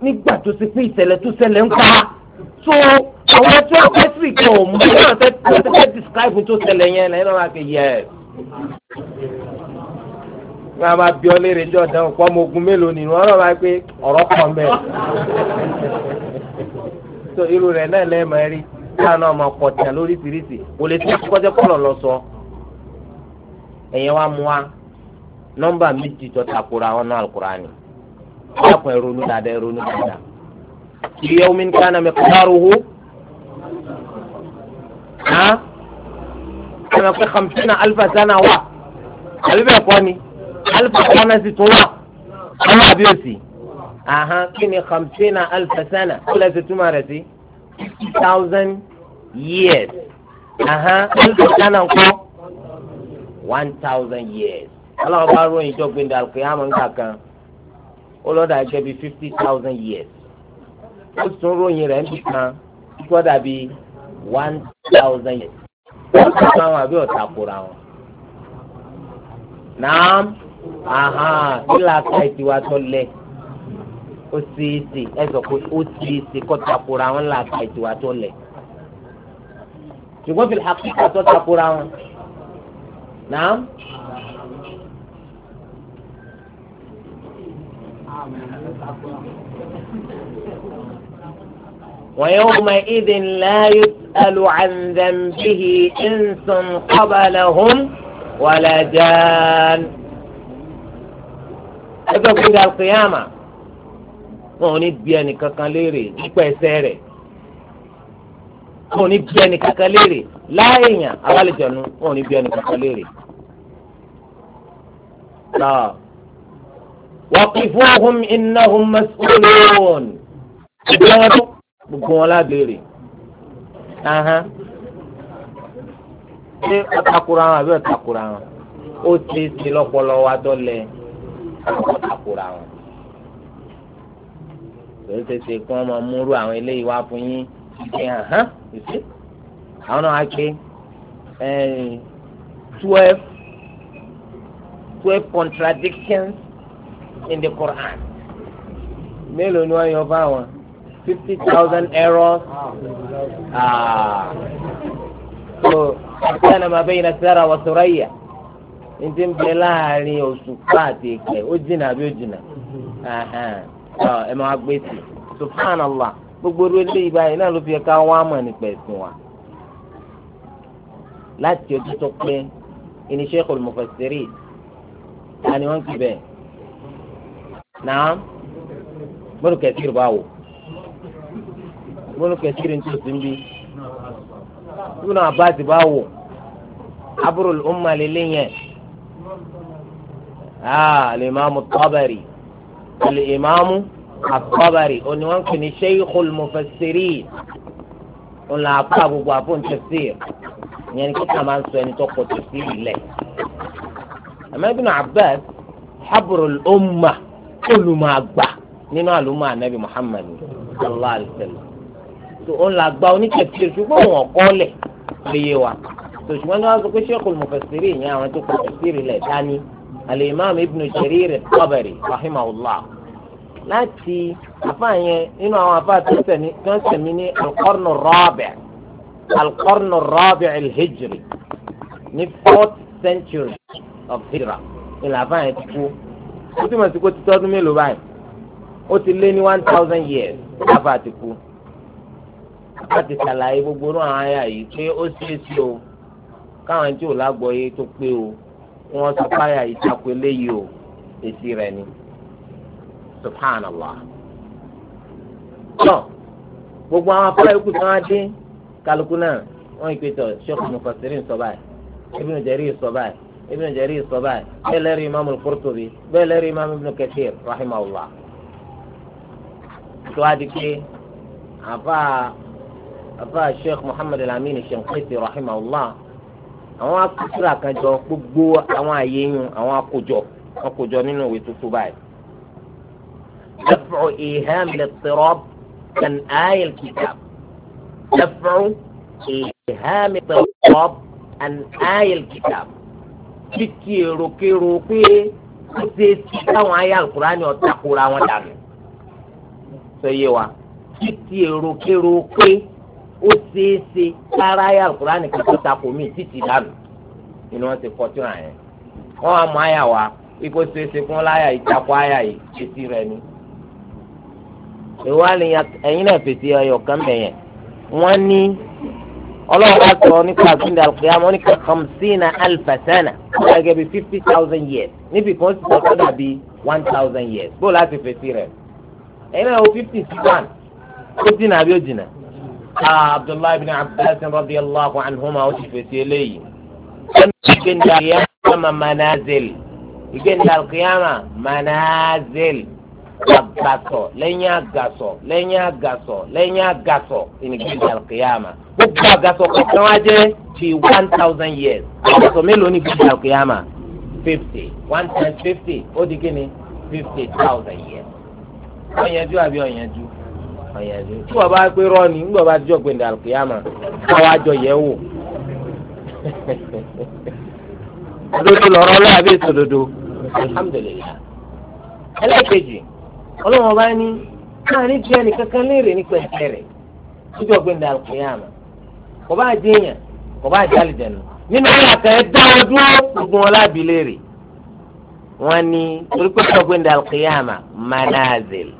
nígbà tó ti pín ìṣẹ̀lẹ̀ tó ṣẹlẹ̀ ń pa tó. So, àwọn tí wọ́n fẹ́ sì kàn òun bí wọ́n fẹ́ tí wọ́n fẹ́ describe tó ṣẹlẹ̀ yẹn lẹ́yìn náà wọ́n á fi yẹ ẹ̀. wọ́n á máa bí ọ léèrè jọ dáhùn pọ́ ọmọ ogun mélòó nínú ọ̀rọ̀ máa pé ọ̀rọ̀ kan bẹ́ẹ̀. so irú rẹ̀ náà lẹ́ẹ̀ máa rí káàná ọmọ kọ̀tà lóríṣiríṣi kò lè tún kọ́jọ́ kọ́lọ̀ lọ sọ. ẹ̀yẹn wa mú wa nọ́mbà méjì tó takora wọn náà alukurani dákun ẹ̀rọ onú dáadáa ẹ̀rọ onú dáadáa hàn ẹ̀rọ pé kàmpínà alifa wa wà àbí bẹ́ẹ̀ kọ́ ni alifa sanna sì tún wà ọ̀nà àbí òsì àhán kí ni kàmpínà alifa sanna kó lẹ́sẹ̀ túmọ̀ thousand years Aha, alifa sanna ńkọ́ one thousand years ọlọ́run bá ròyìn ìjọ gbẹ̀ndà àlùkìyàmọ̀ nígbà kan ó lọ́dà gẹ́gẹ́ bí fifty thousand years ó tún ròyìn rẹ̀ níbi kan kọ́ dàbí one thousand years wọ́n ti pa àwọn àbí ọ̀tà kura wọn. naam ahan kí la ka ìtiwa tó lẹ ó ṣeé ṣe ẹ sọ pé ó ṣeé ṣe kọ́ takura wọn la ka ìtiwa tó lẹ ṣùgbọ́n fi àkókò tó takura wọn naam. Thank ويومئذ لا يسأل عن ذنبه إنس قبلهم ولا جان ẹgbẹ́ gbẹ́dẹ́ alukiyama wọn ò ní bí ẹnì kankan léèrè nípa ẹ̀ṣẹ̀ rẹ̀ wọn ò ní bí ẹnì kankan léèrè láàyèyàn abálẹ̀jọ̀nu wọn ò ní bí ẹnì kankan léèrè. waqifuhum innahum mas'ulun. ìjọba tó gbogbo wọn lábẹ́rẹ́ ahán ṣé ọ̀takùrọ̀ àwọn àbí ọ̀takùrọ̀ àwọn ó ti ti lọ́pọ̀lọ́ wa tó lẹ ọ̀takùrọ̀ àwọn lórí tètè kí wọ́n máa múrú àwọn eléyìí wá fún yín ṣe ahán ìṣe àwọn náà á ké twelve twelve contradictions in the Quran mélòó ni wọ́n yọ fáwọn fifty thousand errors. Ah. So kana ma bayna Sara wa Suraya. N ti bẹ láàrin òṣùpá àti ìpẹ́ ó jìnnà àbí ó jìnnà. Ẹ máa gbé sí. Subhanallah gbogbo orí eléyìí báyìí náà ló fi ẹ̀ka wọn àmọ̀ nípa ẹ̀sìn wa. Láti ọdún tó pé ìní Sheikhul Mufassirin ta ni wọ́n ń kí bẹ́ẹ̀. Nàá gbọ́dọ̀ kẹ̀sí ìrùbá wò múlò kẹsìrì tó sì ń bí ibùdó abáàsì bá wò abúrò ọmọ àlelé yẹn ah, alimami tọ́bẹ̀rì alimami atọ́bẹ̀rì òní wọn kì ní sheikhul mufassirin ńlá apá gbogbo àfọ̀n tafsir ìyẹn ní kíkà máa ń sọ ẹni tó kọ tafsir lẹ̀ àmọ́ ibùdó Abbas abúrò ọmọ olùmọ̀ àgbà nínú àlùmọ̀ ànábì Muhammad sallallahu alayhi wa sallam tó ń la gba oníkẹ̀kẹ́ ṣùgbọ́n òun ọ̀kọ́ lẹ̀ léye wa tó ṣùgbọ́n ní wọ́n sọ pé Sheikhul Mufassiri ìyẹn àwọn tó kọ́ tẹ̀síìrì lẹ̀ dání al-Imam Ibn Jarir al-Tabari rahimahullah láti àfáà yẹn nínú àwọn àfáà tó sẹ̀mí tó sẹ̀mí ní al-qarnu ar-rabi' al ní fourth century of hijra ìlà àfáà yẹn ti kú ó túmọ̀ sí kó ti tọ́dún mélòó báyìí ó ti lé ní one thousand years àfáà ti kú láti ṣàlàyé gbogbo náà àwọn àyà yìí pé ó ṣeéṣe o káwọn tí ò lágbọ́yé tó pé o wọ́n sọ páyà ìtakò eléyìí o èsì rẹ̀ ni subhanallah. tọ́ gbogbo àwọn afárá ikú tí wọ́n á dé kálukú náà wọ́n ń pètò ṣọ́ọ̀kù mufasirin sọ báyìí Ibn Jarir sọ báyìí Ibn Jarir sọ báyìí bẹ́ẹ̀ lẹ́rì imaamu Qurtubi bẹ́ẹ̀ lẹ́rì imaamu Ibn Kathir rahimahullah. tó a di pé àfa afa sheikh muhammad alamin shanqiti rahimahullah àwọn akutira kan jọ gbogbo àwọn àyè yun àwọn akójọ wọn kójọ nínú ìwé tuntun báyìí. دفع إيهام الاضطراب كان آية الكتاب دفع إيهام الاضطراب عن آية الكتاب kíkèrò kèrò pé ó ṣe ti ayé alukurani ọ̀tá kura wọn dànù. sọ yé wa kíkèrò kèrò pé ó ṣeé ṣe kára ayé alukurani kankan tako mi títí dànù inú wọn ti kọ́ wọn yẹn wọn wà mọ àyà wa ikú ṣeé ṣe fún láyà ìtakò àyà yìí etí rẹ ni. ìwà ni náà fèsì ọyọ kan bẹ̀yẹn wọ́n ní ọlọ́run sọ nípa àgbéǹde alukiyama ní khamsina alfa sana gẹ́gẹ́ bí fifty thousand years níbi kan sì sọ sọ́dà bí one thousand years bó láti fèsì rẹ̀ ẹ̀yin náà wo fifty sí one ó jìnnà àbí ó jìnnà abdullahi bin abbas radiyallahu anhuma ó ti fèsì eléyìí. wọ́n ti gbé ní alkiyama manazil ìgbé ní alkiyama manazil àgàsọ̀ lẹ́yìn àgàsọ̀ lẹ́yìn àgàsọ̀ lẹ́yìn àgàsọ̀ ìnìgbé ní alkiyama gbogbo àgàsọ̀ kọ̀ọ̀kan wá jẹ́ ti one thousand years àgàsọ̀ mélòó ní gbogbo alkiyama fifty one times fifty ó di kí fifty thousand years. ọ̀yẹ́jú àbí ọ̀yẹ́jú. ọ̀yẹ̀dù tí wọ́n bá gbé rọ́ọ̀nì ńgbọ́ bá jọ gbé ndàlù kìyàmà káwá jọ yẹ wò. òdodo lọ̀rọ̀ lọ́wọ́ àbí alhamdulilayi. n'i ọlọ́wọ́n bá ní káàní kankan léèrè ní pẹ̀lẹ́ rẹ̀ níjọ́ gbé ndàlù kìyàmà kò bá kò bá àlìjẹ̀nu nínú ìyàtọ̀ dá wọn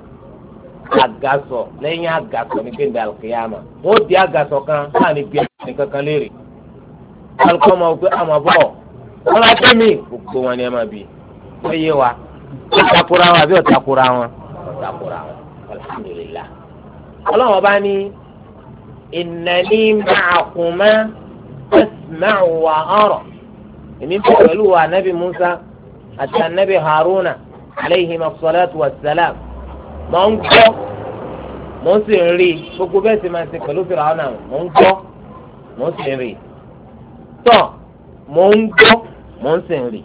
àgàsọ lẹ́yìn àgàsọ ní gbẹ̀ndẹ̀ àlùkìyàmà ó di àgàsọ kan láàrin bí ẹni kankan léèrè alùpùpù ọmọ ògbé àmọ́ bọ̀ wọn bá tẹ́ mi gbogbo wọn ni ẹ máa bì ó yé wa ó takora wọn àbí ó takora wọn ó takora wọn alhamdulilah ọlọ́wọ́n bá ní ìnáni màkùmá ẹ̀sìmáwò wà ọ̀rọ̀ èmi pẹ̀lú wa anabi musa àti anabi haruna aleyhi masalatu wa salam mọ̀ ń gbọ́ mọ̀ ń sì ń rí gbogbo bẹ́ẹ̀ sì máa ṣe pẹ̀lú fìràwọ́nà mọ̀ ń gbọ́ mọ̀ ń sì ń rí tọ́ mọ̀ ń gbọ́ mọ̀ ń sì ń rí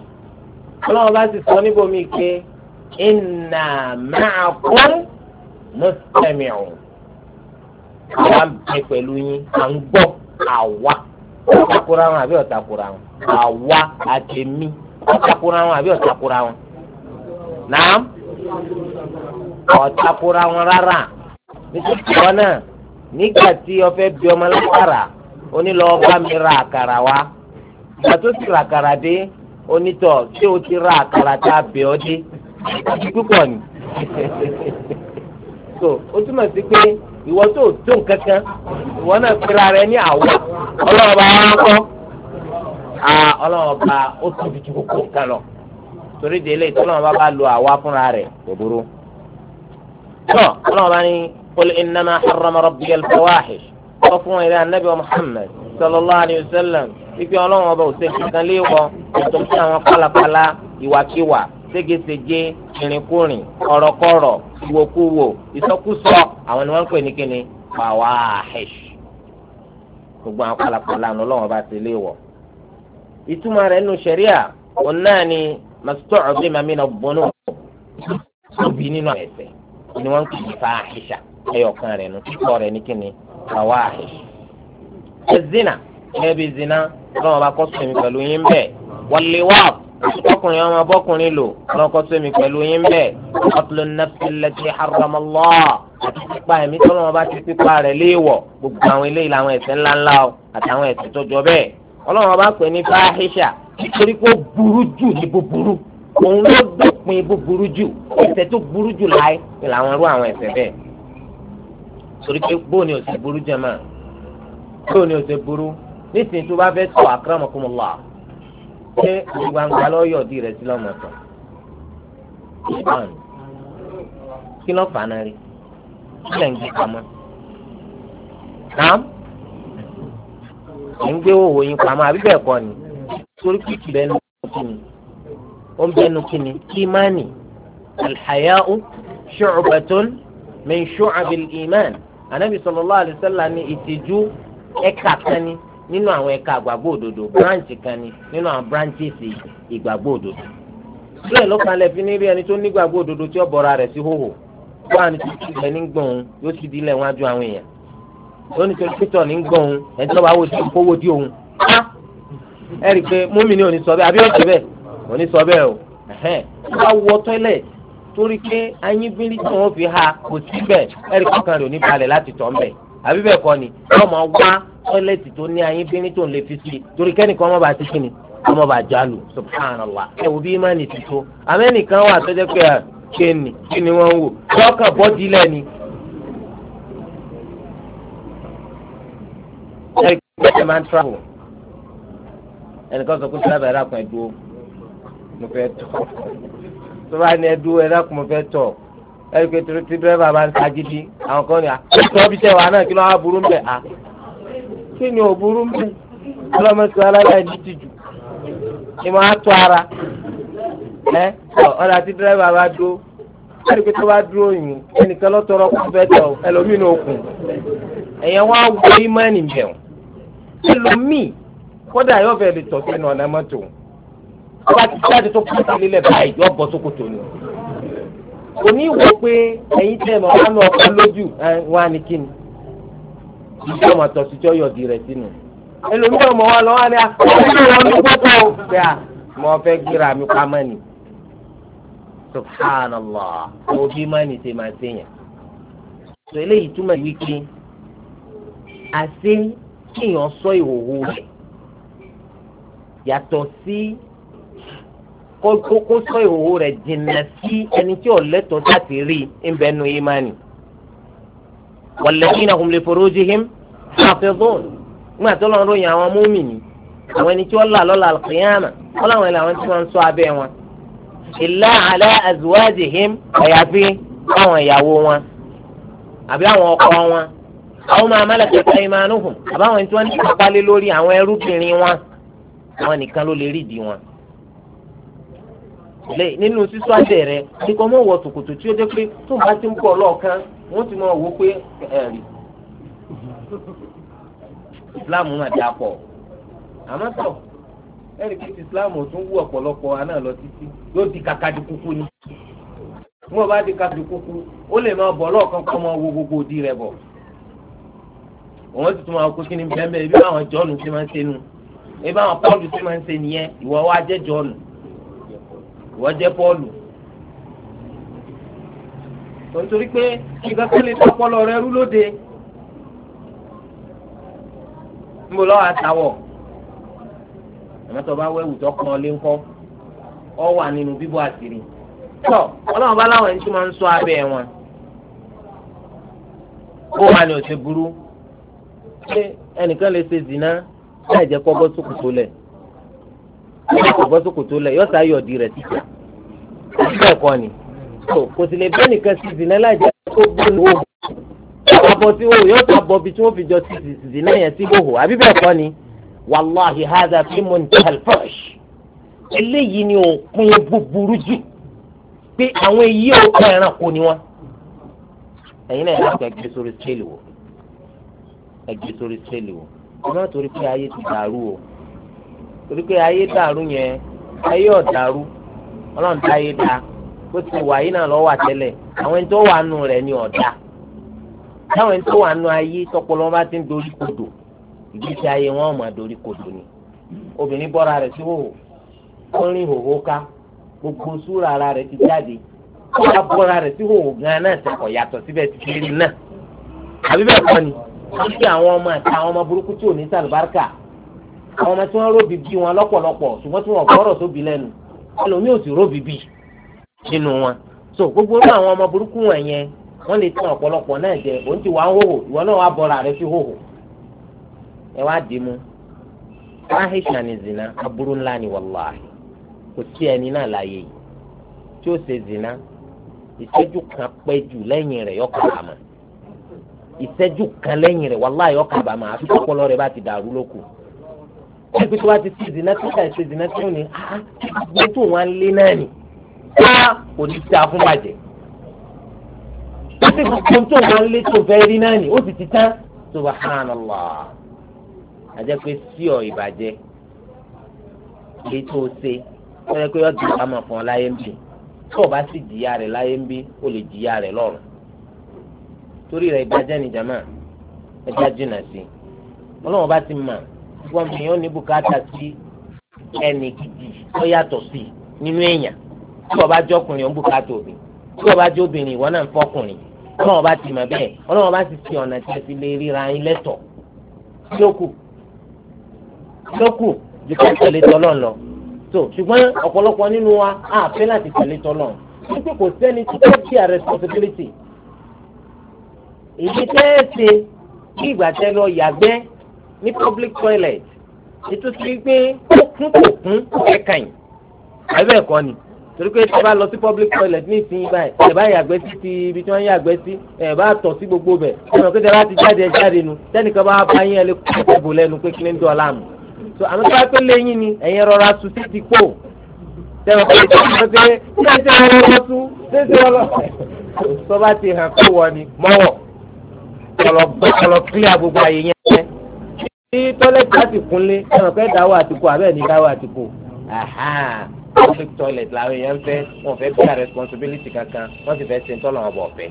ọlọ́run bá sì sọ níbòmí pé inna ma'akum mustami'un àwa bẹ pẹ̀lú yín à ń gbọ́ àwa ọ̀takùrọ̀ àwọn àbí ọ̀takùrọ̀ àwọn àwa àtẹ̀mí ọ̀takùrọ̀ àwọn àbí ọ̀takùrọ̀ àwọn nàám ọ̀tàkùrà wọn rárá nítorí ìwọ náà nígbà tí o fẹ́ bí ọmọ lákàrà ó ní lọ bá mi ra àkàrà wá ìgbà tó ti ra àkàrà dé onítọ̀ ṣé o ti ra àkàrà tá a bẹ̀ ọ́ dé ojú púpọ̀ ni so ó túmọ̀ sí pé ìwọ tó tó nǹkankan ìwọ náà fira rẹ ní àwọ̀ ọlọ́wọ́ bá wọn kọ́ ọlọ́wọ́ bá ó tóbi ju kókó kan lọ torí délé ìtọ́lọ́wọ́ bá bá lo àwa fúnra rẹ̀ kò burú tọ́ ọlọ́run bá ní qul innama harrama rabbiya al-fawahish sọ fún ìrẹ́ anabi wa muhammed sallallahu alayhi wa sallam ife ọlọ́run ọba òsè kankan léwọ ètò sí àwọn pálapàla ìwàkiwà ségesège ìrìnkúrìn ọ̀rọ̀kọ̀rọ̀ ìwòkuwò ìsọkúsọ àwọn ni wọ́n ń pè ní kíni fawahish gbogbo àwọn pálapàla àwọn ọlọ́run ọba ti léwọ. ìtumọ̀ rẹ̀ nù sẹ̀ríà òun náà ni màsítọ́ọ̀ bí màmí náà bọ́nú òbí nínú àwọn ni wọ́n ń pè ní fàáhìṣà ẹyọkan rẹ̀ nù kíkọ rẹ̀ ní kíni fàwáhìṣ. ẹ zina ẹ bí zina ọlọ́run bá kọ́ sẹ́mi pẹ̀lú yín bẹ́ẹ̀ wàlíwà ọkùnrin ọmọ bọ́kùnrin lò ọlọ́run kọ́ sẹ́mi pẹ̀lú yín bẹ́ẹ̀ ọtúlù nàfẹ̀lẹ́tì haramallah àti pípa ẹ̀mí tọ́lọ́run bá ti pípa rẹ̀ léèwọ̀ gbogbo àwọn eléyìí làwọn ẹ̀ṣẹ̀ ńláńlá o àtàwọn ẹ̀ṣẹ̀ tó jọ bẹ́ẹ̀ ọlọ́run bá pè ní fàáhìṣà òpin bó burú jù ẹ̀ṣẹ̀ tó burú jù láì ni làwọn rú àwọn ẹ̀ṣẹ̀ bẹ́ẹ̀ torí pé bó ni òsè burú jẹ máa bó ni òsè burú nísìnyí tó bá fẹ́ tọ̀ akramakumullah ṣé gbangba lọ́yọ̀ di rẹ̀ sí lọ́mọ tán kí ló fà náà rí kí lè ń gbé pamọ́ nàám ẹ̀ ń gbé òwò yín pamọ́ àbí bẹ́ẹ̀ kọ́ ni torí pé kìlẹ̀ ń lọ́ọ́ fún ó ń bẹnu kíni kímánì alḥayá'u ṣùcùbàtún min ṣùcàbìl ìmán anabi sallallahu alayhi wa sallam ní ìtìjú ẹ̀ka kan ni nínú àwọn ẹ̀ka àgbàgbọ́ branch kan ni nínú branches ìgbàgbọ́ òdodo bẹ́ẹ̀ ló kan lẹ́fi ní rí ẹni tó nígbàgbọ́ òdodo tí ó bọ̀ra rẹ̀ sí hóhò wọ́n ní tó ti ilẹ̀ ní gbọ̀n yóò ti di ilẹ̀ wọn ajú àwọn èèyàn ó ní torí pétọ̀ ní gbọ̀n ẹni tó bá wò sí kówó dí òun ẹ rí i pé múmi ni ò ní sọ bẹ́ẹ̀ àbí ó ti bẹ́ẹ̀ kò ní sọ bẹ́ẹ̀ o wọ́n á wọ tọ́lẹ̀ torí pé ayínbílí tí wọ́n fi ha kò síbẹ̀ ẹ̀rí kankan rẹ̀ ò ní balẹ̀ láti tọ̀ ń bẹ̀ àbí bẹ́ẹ̀ kọ́ ni wọ́n máa wá tọ́lẹ̀tì tó ní ayínbílí tó ń lè fi sí torí kẹ́nìkan ọmọ bá ti kí ni ọmọ bá jálù subhanallah ẹ wo bí imáàni ti tó amẹ́nìkan wà tó jẹ́ pé kéènì kí ni wọ́n ń wò lọ́kàn bọ́dí lẹ́ni ẹnìkan sọ pé sábà ẹ̀rọ àpẹẹ̀dúró mo fẹ́ tọ̀ tó bá ní ẹdú ẹ dákun mo fẹ́ tọ̀ ẹni pé torí tí dírẹ́fà bá ń sagídí àwọn kan ní à tó bí sẹ́wà náà kí ló wá burú ń bẹ̀ à kí ni ò burú ń bẹ̀ ọlọ́mọsí aláìláì ní tìjú ni mo á tọ́ ara ẹ ọ̀dà tí dírẹ́fà bá dúró ẹni pé tó bá dúró yìí ẹnìkan ló tọrọ kó fẹ́ tọ̀ ẹlòmíì ní okùn ẹ̀yẹn wá wọ ìmọ̀ ẹ̀nìyàn ẹlòmíì kódà yóò fẹ́ lè tọ̀ sínú ọ̀nà mọ́tò ọba ti jáde tó kúrò sílẹ̀ báyìí yọ bọ́ sókòtò ni. kò ní wò pé ẹ̀yin tẹ̀ mọ́ wá lọ ọkọ lójú wá ní kíni. ìjọ ọmọ àtọ̀síjọ́ yọ̀dì rẹ̀ sínú. ẹlòmíràn mọ̀ wá lọ wá ní àkókò ah, wọn ní gbọ́dọ̀ o. bẹ́ẹ̀ à ah, mo fẹ́ gbéra mi pamọ́ ni. subhanallah òbí má ní ṣe máa ṣèyàn. sọ eléyìí túmọ̀ wípé àṣé kíyàn sọ ìhòòhò rẹ̀ yàtọ̀ sí. Si, kó sọ ìhòòhò rẹ̀ jìnnà sí ẹni tí ọ̀lẹ́tọ̀ọ́ láti rí ńbẹ́ nu ìmánì. walladhina hum li furujihim hafizun nígbà tó lọ́n ròyìn àwọn múmìnì àwọn ẹni tí wọ́n là lọ́la al-qiyama wọ́n làwọn ẹni àwọn tí wọ́n ń ṣọ́ abẹ́ wọn. illa ala azwajihim ọ̀yàfi àwọn ìyàwó wọn àbí àwọn ọkọ wọn àwọn máa malakat aymanuhum àbáwọn ẹni tí wọ́n ní lẹ́yìn nínú sísọ àdé rẹ nípa mọ́ wọ tòkòtò tí ó jẹ́ pé tó bá ti ń bọ̀ lọ́ọ̀kan wọ́n ti máa wò ó pé ẹ̀rì islam máa dà pọ̀ àmọ́ tọ̀ ẹ̀rì pé ti islam ò tún wú ọ̀pọ̀lọpọ̀ aná lọ títí yóò di kàkà di kúkú ni wọ́n bá di kàkà di kúkú ó lè máa bọ̀ lọ́ọ̀kan kọ́ máa wo gbogbo òdi rẹ̀ bọ̀ òun ti tún máa kó kíni bẹ́ẹ̀ bẹ́ẹ̀ bí àwọn jọ́ọ̀nù ti máa ń ṣe nu ebi àwọn pọ́ọ̀lù ti máa ń ṣe nìyẹn ìwọ wa jẹ́ jọ́ọ̀nù wọ́n jẹ́ bọ́ọ̀lù nítorí pé ìgbà tó lè tọpọlọ rẹ rú lóde níbo lọ́wọ́ àtàwọ̀ àmọ́tọ́ bá wẹ́wù tó kàn ọ́ lé ńkọ́ ọ wà nínú bíbọ́ àṣírí tọ́ ọlọ́run bá láwọn ẹni tí wọ́n ń sọ abẹ́ wọn ó wà ní òṣèburú pé ẹnìkan lè ṣe zina láì jẹ́ kọ́gbọ́ sókùtò lẹ̀ wọn kò bọ́ sókòtò lẹ̀ yọ́sà ayọ̀ di rẹ̀ títà bẹ́ẹ̀ kọ́ ni kò sì lè bẹ́ẹ̀ nìkan sí ìdìnnà láìjẹ́ kó gbóni wò abọ́ tí wò yóò tó abọ́ bí tí wọ́n fi jọ sí ìdìnnà yẹn sí wòhò àbí bẹ́ẹ̀ kọ́ ni wàláhi hadha fi muntahal fuhsh eléyìí ni òpin búburú jù pé àwọn èyí ò ẹran kò ní wọn ẹ̀yin náà yàtọ̀ ẹgbẹ́ sórí sẹ́ẹ̀lì wò ẹgbẹ́ sórí sẹ́ẹ̀lì wò ọmọ torí pé ayé ti dàrú o torí pé ayé dàrú yẹn ayé ọ̀dàrú ọlọ́run tá ayé dá bó ti wà yìí náà lọ́wọ́ àtẹ́lẹ̀ àwọn ẹni tó wà nù rẹ̀ ni ọ̀dà táwọn ẹni tó wà nù ayé tọpọlọ bá ti ń dorí kodò ìgbésí ayé wọn ò máa dorí kodò ni obìnrin bọ́ra rẹ̀ sí hòhò ó rìn hòhò ká gbogbo súra ara rẹ̀ ti jáde ó wá bọ́ra rẹ̀ sí hòhò gan-an náà ṣe kọ̀ yàtọ̀ síbẹ̀ ti fi rí náà àbí bẹ́ẹ̀ kọ́ ni wọ́n fi àwọn ọmọ àti àwọn ọmọ burúkú tí ò ní sàlùbáríkà àwọn ọmọ tí wọ́n róbi wọn lọ́pọ̀lọpọ̀ ṣùgbọ́n tí wọ́n gbọ́rọ̀ sóbi lẹ́nu ẹlòmíì ò sì róbi bí wọn so gbogbo náà àwọn ọmọ burúkú wọn yẹn wọ́n lè tán ọ̀pọ̀lọpọ̀ náà jẹ òun ti wà ń hòhò ìwọ náà wà bọ́ra rẹ sí hòhò ẹ wá dì í mú ni zina aburú ńlá ni kò sí ẹni náà láàyè yìí tí ó ṣe wọ́n fi tó wá ti ti ìdìnnà tí wọ́n ti ìdìnnà tí wọ́n ní ah, ah, gbogbo tó wọn lé náà ni kò ní ta fún bàjẹ́ wọ́n ti gbogbo tó wọn lé tó fẹ́ rí náà ni ó sì ti tán subhanallah àjẹ́ pé sí ọ̀ ìbàjẹ́ èyí tó ṣe ó yẹ pé ó di àmọ̀ fún ọ láyé ń bì tó o bá sì jìyà rẹ̀ láyé ń bì ó lè jìyà rẹ̀ lọ́run torí rẹ̀ ìbàjẹ́ ni jàmáà ẹja jìnnà sí ọlọ́run bá ti mọ̀ wọn fi yàn ní bùkátà sí ẹnì gidi tó yàtọ̀ sí nínú èèyàn tí wọn bá jọ ọkùnrin ó ń bùkátà òbí tí wọn bá jọ obìnrin ìwọ náà ń fọkùnrin ọlọ́wọ́n bá ti mọ̀ bẹ́ẹ̀ ọlọ́wọ́n bá ti fi ọ̀nà tí a fi lè ríra yín lẹ́tọ̀ lókù lókù jùlọ tẹ̀lé tọ́lọ̀ lọ. tó ṣùgbọ́n ọ̀pọ̀lọpọ̀ nínú wa á fẹ́ láti tẹ̀lé tọ́lọ̀ wípé kò sẹ́ni tó fẹ́ bí a responsibility. èyí tẹ́ ẹ ṣe kí ìgbà tẹ yàgbẹ́ ní public toilet ètò sí pé ó kún kò kún ẹ̀ka yìí àbẹ̀ ẹ̀kọ́ ni torí pé tí a bá lọ sí public toilet ní ìsinyìí báyìí ẹ̀ bá yàgbẹ́ sí ti ibi tí wọ́n yàgbẹ́ sí ẹ̀ bá tọ̀ sí gbogbo bẹ̀ ẹ̀ mọ̀ pé tẹ bá ti jáde jáde nu tẹ́nìkan bá bá yín ẹ lè kó ẹ̀bù lẹ́nu pé kí ni ń dọ̀ láàmú so àmì tí wọ́n pé lẹ́yìn ni ẹ̀yin rọra su sí ti kó tẹ̀wọ̀n pé tí wọ́n pé tí wọ́n ti rọra lọ sú tí wọ́n lọ sọ bá ti hàn kó wọ ni mọ́wọ́ kọlọ gbọ́ kọlọ kílíà gbogbo àyè yẹn tí tọ́lẹ̀tì láti kúnlé ẹ̀rọ pé dáwọ́ àtìkù abẹ́ẹ̀ ní dáwọ́ àtìkù public toilet làwọn èèyàn fẹ́ wọn fẹ́ bí responsibility kankan wọ́n sì fẹ́ ṣe tọ́lọ̀ wọn bọ̀ fẹ́.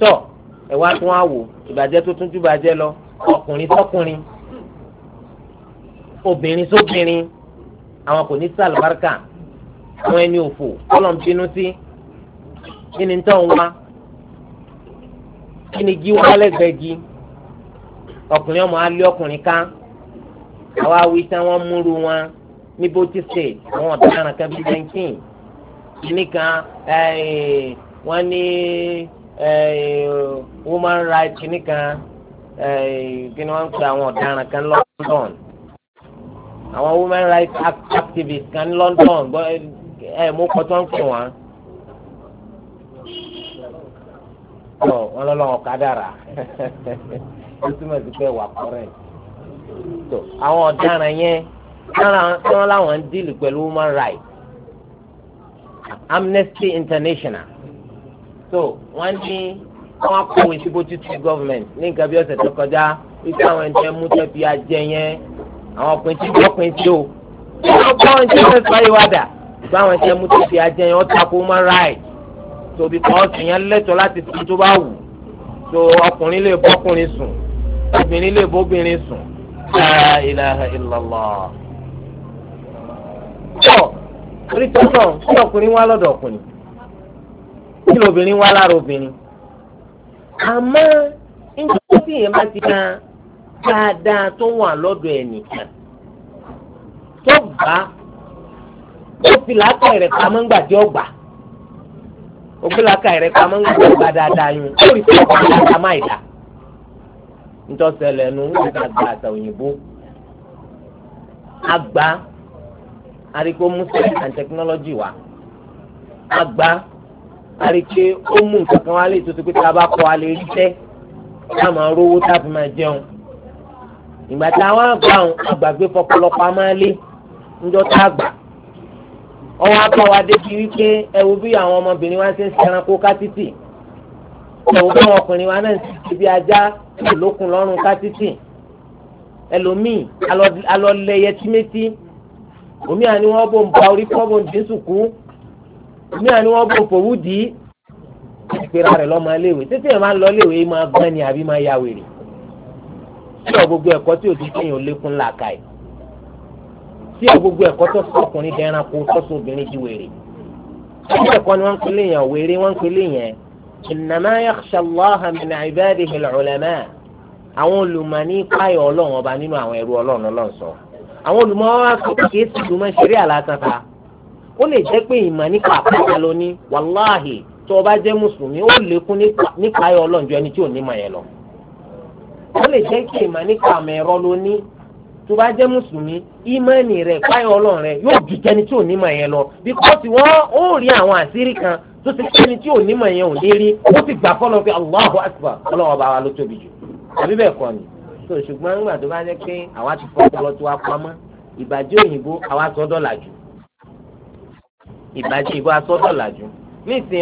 tọ́ ẹ wá tún á wò ìbàjẹ́ tó tún jùbàjẹ́ lọ ọkùnrin sọ́kùnrin obìnrin sóbìnrin àwọn kò ní sàlùbáríkà àwọn ẹni òfò tọ́lọ̀ ń bínú sí kí ni tọ́ ń wá kí ni gí wọ́n lẹ́gbẹ̀ẹ́ gí ọkùnrin ọmọ alẹ́ ọkùnrin ká àwa wí tán wọ́n múru wọn ní bóti state eh, eh, eh, àwọn ọ̀daràn kan bíi nineteen nìkan wọ́n ní woman rights nìkan kí ni ń pè àwọn ọ̀daràn kan London àwọn women rights activists kan London ẹ̀ mú kọ́tọ́ ń pè wọ́n. tó wọn lọ́lọ́wọ́ kádàrà ó túmọ̀ sí pé wà kọ́rẹ́ tó àwọn ọ̀daràn yẹn tí wọ́n láwọn ń díìlì pẹ̀lú human rights Amnesty International so wọ́n ní wọ́n kọ̀wé síbó títí gọ́ọ̀mẹ̀ntì ní nǹkan bí ọ̀sẹ̀ tó kọjá wípé àwọn ẹni tẹ́ mú tẹ́bi ajẹ́ yẹn àwọn ọkùnrin tí wọ́n pin sí o wọ́n kọ́ ẹni tẹ́ fẹ́ fẹ́ ìwádà ìgbà àwọn ẹni tẹ́ mú tẹ́bi ajẹ́ yẹn wọ́n takò human rights so because èèyàn lẹ́tọ̀ọ́ láti fi tó bá wù so ọkùnrin lè bọ́kùnrin sùn obìnrin lè bóbìnrin sùn la ilaha illallah. tọ́ orí tọ́tọ̀ kí ọkùnrin wá lọ́dọ̀ ọkùnrin kí lóbìnrin wá lára obìnrin. àmọ́ nígbà tí èèyàn bá ti kan dáadáa tó wà lọ́dọ̀ ẹnìkan tó bá ó fi làákọ̀ rẹ̀ pamọ́ ńgbà tí ó gbà á ògbélaka rẹ pamọ́ ń gbọ́ ọba dáadáa yín ó rí fún ọba dáadáa má ìdá ntọ́sẹ̀lẹ̀ nu ń gbé àgbà òyìnbó àgbà àríkó mú and technology wá àgbà àríkó ó mú nǹkan wá lè tó ti pé tá a bá kọ́ wa lè rí tẹ́ tá a máa rówó tá a fi máa jẹun ìgbà táwọn àgbà àwọn àgbàgbé fọpọlọpọ a máa lé ńjọ tá a gbà ọwọ́ apá wa débi wípé ẹ wo bí àwọn ọmọbìnrin wa ṣe ń ṣẹranko kátìtì ẹ wo bí àwọn ọkùnrin wa náà ń ṣe bí ajá lókun lọ́rùn kátìtì ẹlòmíì alọ́lẹ̀ yẹtímẹ́tí omi àni wọ́n bò ń ba orí kọ́ bò ń dín sùkú omi àni wọ́n bò ń fòwú dì í ìpera rẹ̀ lọ́mọ iléèwé títí ẹ̀ máa ń lọ iléèwé máa gbọ́n ni àbí máa ya wèrè ṣé ọ̀ gbogbo ẹ̀kọ́ tí ò ti sẹ́yìn ò lékún làákàyè tí ẹ gbogbo ẹ̀kọ́ tó sọ ọkùnrin di ẹranko tó sọ obìnrin di wèrè ẹ̀kọ́ ẹ̀kọ́ ni wọ́n ń pèlè yẹn wèrè wọ́n ń pèlè yẹn innama yakhsha Allaha min ibadihi al-ulama àwọn olùmọ̀ ní páyọ̀ ọlọ́run ọba nínú àwọn ẹrú ọlọ́run ọlọ́run sọ àwọn olùmọ̀ wa sọ pé kìí sì dùnmọ́ ṣeré tó bá jẹ́ mùsùlùmí ìmọ̀ẹ́nì rẹ̀ páyọ̀ ọlọ́run rẹ̀ yóò ju tẹni tí ò ní mọ̀ yẹn lọ bíkọ́sì wọ́n ó rí àwọn àṣírí kan tó ti tẹni tí ò ní mọ̀ yẹn ò ní rí ó sì gbà fọ́lọ́ pé Allahu akbar ọlọ́run ọba wa ló tóbi jù àbí bẹ́ẹ̀ kọ́ ni tó ṣùgbọ́n nígbà tó bá jẹ́ pé àwa ti fọ́ ọpọlọ tó wa pamọ́ ìbàjẹ́ òyìnbó àwa sọ dọ́là jù ìbàjẹ́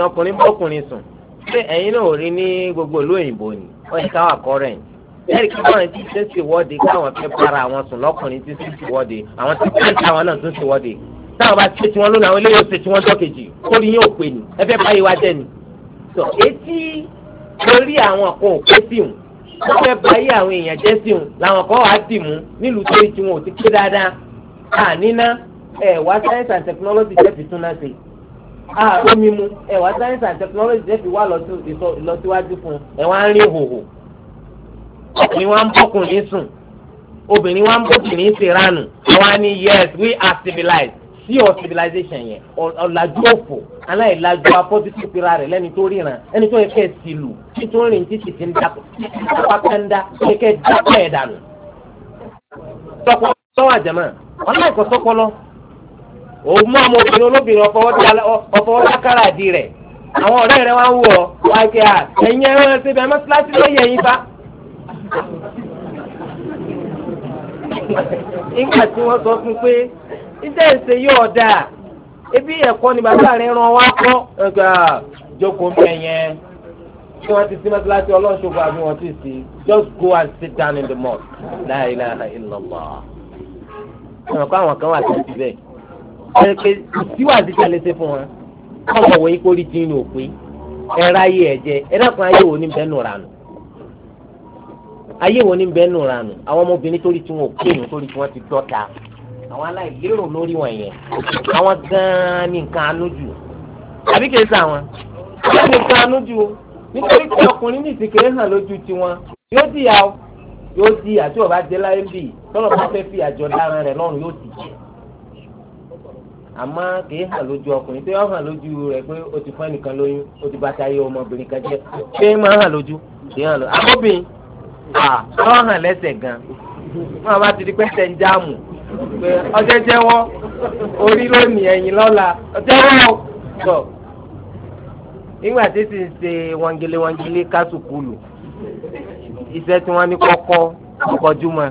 òyìnbó ẹ̀rí kí wọ́n ti ṣe ṣèwọ́de káwọn fẹ́ para àwọn sùn lọ́kùnrin ti ṣe ṣèwọ́de àwọn ti káńtì àwọn náà tún ṣèwọ́de táwọn bá ṣe tiwọn lónìí àwọn eléyìí ó ṣe tiwọn jọ́kejì kó ní yóò pè ní ẹ fẹ́ báyìí wá jẹ́ ni. sọ etí orí àwọn kan ò pé sí wọn wọ́n fẹ́ báyìí àwọn èèyàn jẹ́ sí wọn làwọn kan wàá dì mú nílùú torí tí ti ké dáadáa. àníná ẹ wá science and technology jẹ́ fi tún náà ṣe. àrùn mímu ẹ wá science and technology jẹ́ fi wá lọ síwájú fún ẹ wá ń rí hòhò ọkùnrin wa ń bọ́kùnrin sùn obìnrin wa ń bọ́kùnrin ṣèrànù àwa ni yes we are civilized sí ọ civilization yẹn ọ̀làjú òfò aláìlájú apọ́sítì pera rẹ̀ lẹ́ni tó ríran ẹni tó yẹ kẹ́ ẹ̀ sì lù tí tó rìn títì ti ń dapò pápákẹ́ńdá tó yẹ kẹ́ ẹ̀ dápọ̀ ẹ̀ dànù. sọpọ sọwọ àjẹmọ ọlọ́ọ̀kọ́ sọpọlọ òun mú àwọn obìnrin olóbìnrin ọ̀fọwọ́ lákàrà àdì rẹ̀ àwọn ọ̀rẹ́ rẹ̀ wá ń wọ̀ ọ́ wáyé kí a ẹ̀yin ẹ̀rọ ẹ̀ ṣe bẹ́ẹ̀ mọ́ síláṣí lóye yín fa nígbà tí wọ́n sọ fún pé iṣẹ́ ìṣe yóò dáa ebi ẹ̀kọ́ ni bàbá rẹ̀ ràn wá kọ́ ẹ̀ka jókòó mẹ́ yẹn tí wọ́n ti sí mẹ́tíláṣí ọlọ́ṣogbo àbí wọ́n ti sí just go and sit down in the mosque la ilaha illallah. ẹ̀rọ kọ́ àwọn kan wà sí bẹ́ẹ̀ ẹ̀ pé síwájú tí a lè ṣe fún wọn kọ́ ọ̀wọ́ yìí kórìí dín ní òpin ẹ̀ráyé ẹ̀jẹ̀ ẹ̀dá ayé òní bẹ́ẹ̀ nù ránù ayé wo ni ń bẹ́ẹ̀ nù ranù àwọn ọmọbìnrin torí tí wọn ò pè ní torí tí wọn ti dọ́ta àwọn aláìlérò lórí wọn yẹn àwọn gan-an ní nǹkan anújù àbí kìí sá wọn wọn ní nǹkan anújù o nítorí tí ọkùnrin ní ìsìnkèrè hàn lójú tiwọn yóò di ya o yóò di àti ọba jẹ láyé ń bì tọ́lọ̀ bá fẹ́ fi àjọ dára rẹ̀ lọ́rùn yóò ti jẹ àmọ́ kìí hàn lójú ọkùnrin tí wọ́n hàn lójú rẹ̀ pé o ti fún ẹnìkan lóyún o ti bá táyé ọmọbìnrin kan jẹ́ ṣé máa hàn lójú kìí hàn lójú àmọ́bìnrin àwọn hàn lẹ́sẹ̀ gan wọn bá ti di pẹ́sẹ̀ ń jáàmù pé ọjọ́ jẹ́wọ́ orí lónìí ẹ̀yìn lọ́la jẹ́wọ́ tọ̀ nígbà tí sì ń ṣe wọ́ngele wọ́ngele kásùkúlù iṣẹ́ tí wọ́n ní kọ́kọ́ ọkọ̀júmọ́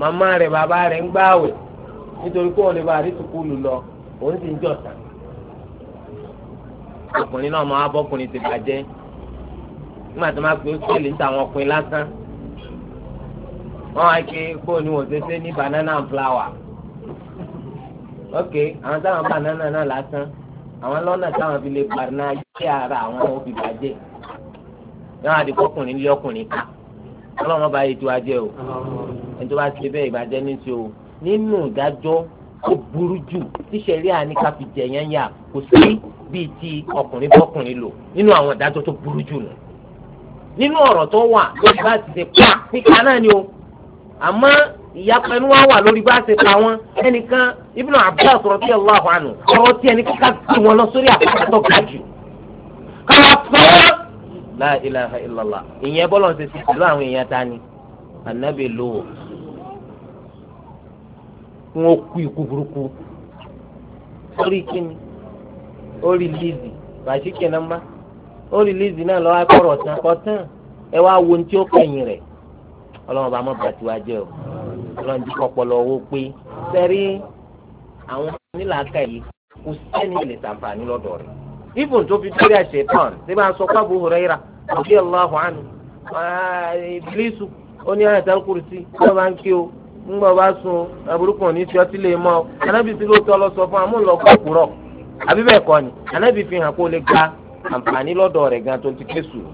màmá rẹ̀ bàbá rẹ̀ ń gbààwẹ̀ nítorí lè lọ òun sì ń nígbà tó máa gbé hósítẹ́ẹ̀lì ń ta àwọn ọkùnrin lásán wọ́n á ké kó ni wọ́n ṣeṣe ní banana and flower ok àwọn táwọn banana náà lásán àwọn lọ́nà táwọn fi lè banana jẹ́ ara àwọn ọmọ fi bàjẹ́ yọ́n á di kọkùnrin lé ọkùnrin ká ọlọ́run bá yẹ tó ajẹ́ o ẹni tó bá ṣe bẹ́ẹ̀ ìbàjẹ́ ní ti o nínú ìdájọ́ ó burú jù tí sẹ́ríà ní ká fi jẹ̀yán yà kò sí bíi ti ọkùnrin bọ́kùnrin lò nínú àwọn ìdájọ́ tó burú jù nù. nínú ọ̀rọ̀ tó wà lórí bá ti ṣe pa pípa náà ni o àmọ́ ìyapa wa wà lórí bá ṣe pa wọn ẹnìkan Ibn Abbas radiyallahu anhu ọ̀rọ̀ tí ẹnì kíkà sí wọn lọ sórí àpàtàkọ́ gàjù káwá la ilaha illallah ìyẹn bọ́lọ̀ ṣe ti pẹ̀lú àwọn èèyàn ta ni ànábì lò wọn kú ikú burúkú orí kíni orí líìdì ó rìlíìsì náà lọ́wọ́ akọ̀rọ̀ tán kọ́tán ẹ wá wo ohun tí ó kẹ̀yìn rẹ̀ ọlọ́run bá mọ̀ bàtí wá jẹ́ o ọlọ́run ti kọ́pọ̀lọ́ owó pé sẹ́rí àwọn onílàákà yìí kò sẹ́ni lè ṣàǹfààní lọ́dọ̀ rẹ̀ ibùn tó fi dórí àṣẹ pọ́n ṣé bá a sọ pé Abu Huraira àbí Allahu anhu ìbílísù ah, ó ní àyàtà kùrìsì wọ́n bá ń kí o ńgbà bá sun aburúkú ní tí ọtí lè mọ anábì tí ló tọ́ lọ sọ fún amúlọ́kọ̀ kúrọ̀ àbí bẹ́ẹ̀ kọ́ ni anábì fi hàn kó lè gba àǹfààní lọ́dọ̀ rẹ̀ gan tó ti ké sùn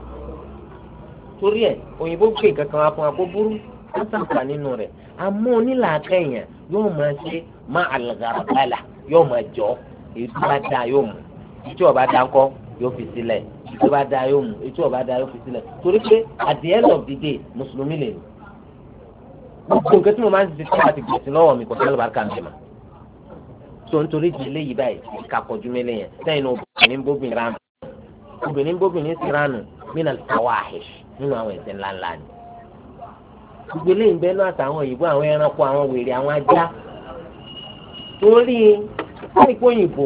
torí ẹ̀ òyìnbó gbé nǹkan kan wá fún wa kó burú ká sàǹfààní nù rẹ̀ àmọ́ onílàákẹ́yìn yóò máa ṣe má àlàgàràbàlà yóò máa jọ èyí tó bá dáa yóò mú èyí tó dáa ńkọ́ yóò fi sílẹ̀ èyí bá dáa yóò mú èyí tó dáa yóò fi sílẹ̀ torí pé at the end of the day mùsùlùmí lè ní gbogbo nǹkan tí mo máa ń ṣe tí wàá ti gbèsè lọ́wọ́ mi kò sí àlùbáríkà mi mà tó nítorí ìdílé yìí báyìí ìkàkọ̀jú mi yẹn sẹ́yìn ní obìnrin bóbìnrin siranu mina kawahish nínú àwọn ẹ̀ṣẹ̀ ńláńlá ni gbogbo eléyìí ń bẹ náà àtàwọn òyìnbó àwọn ẹranko àwọn wèrè àwọn ajá torí àìkú òyìnbó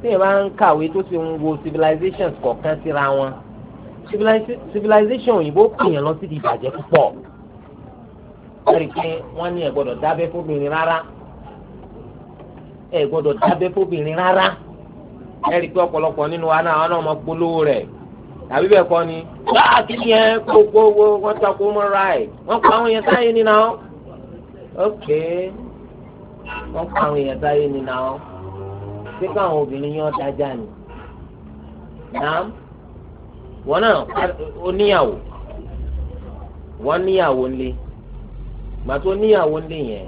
tí èèyàn bá ń kàwé tó ti ń wo civilizations kọ̀ọ̀kan síra wọn civilization òyìnbó pèèyàn lọ sí di ìbàjẹ́ púpọ̀ lórí pé wọ́n ní ẹ̀ gbọ́dọ̀ dábẹ́ fóbìnrin rárá ẹ̀ gbọ́dọ̀ dábẹ́ fóbìnrin rárá ẹ̀rí pé ọ̀pọ̀lọpọ̀ nínú wa náà àwọn náà máa polówó rẹ̀ àbí bẹ́ẹ̀ kọ́ ni báà kí ni ẹ gbogbo owó wọn ta kó mọ́ ra ẹ̀ wọ́n pa àwọn èèyàn sáyé nínú àwọn ok wọ́n pa àwọn èèyàn sáyé nínú àwọn ṣé káwọn obìnrin yẹn dájà ni nàám wọn náà oníyàwó wọn níyàwó ńlẹ gbàtó níyàwó ńlẹ yẹn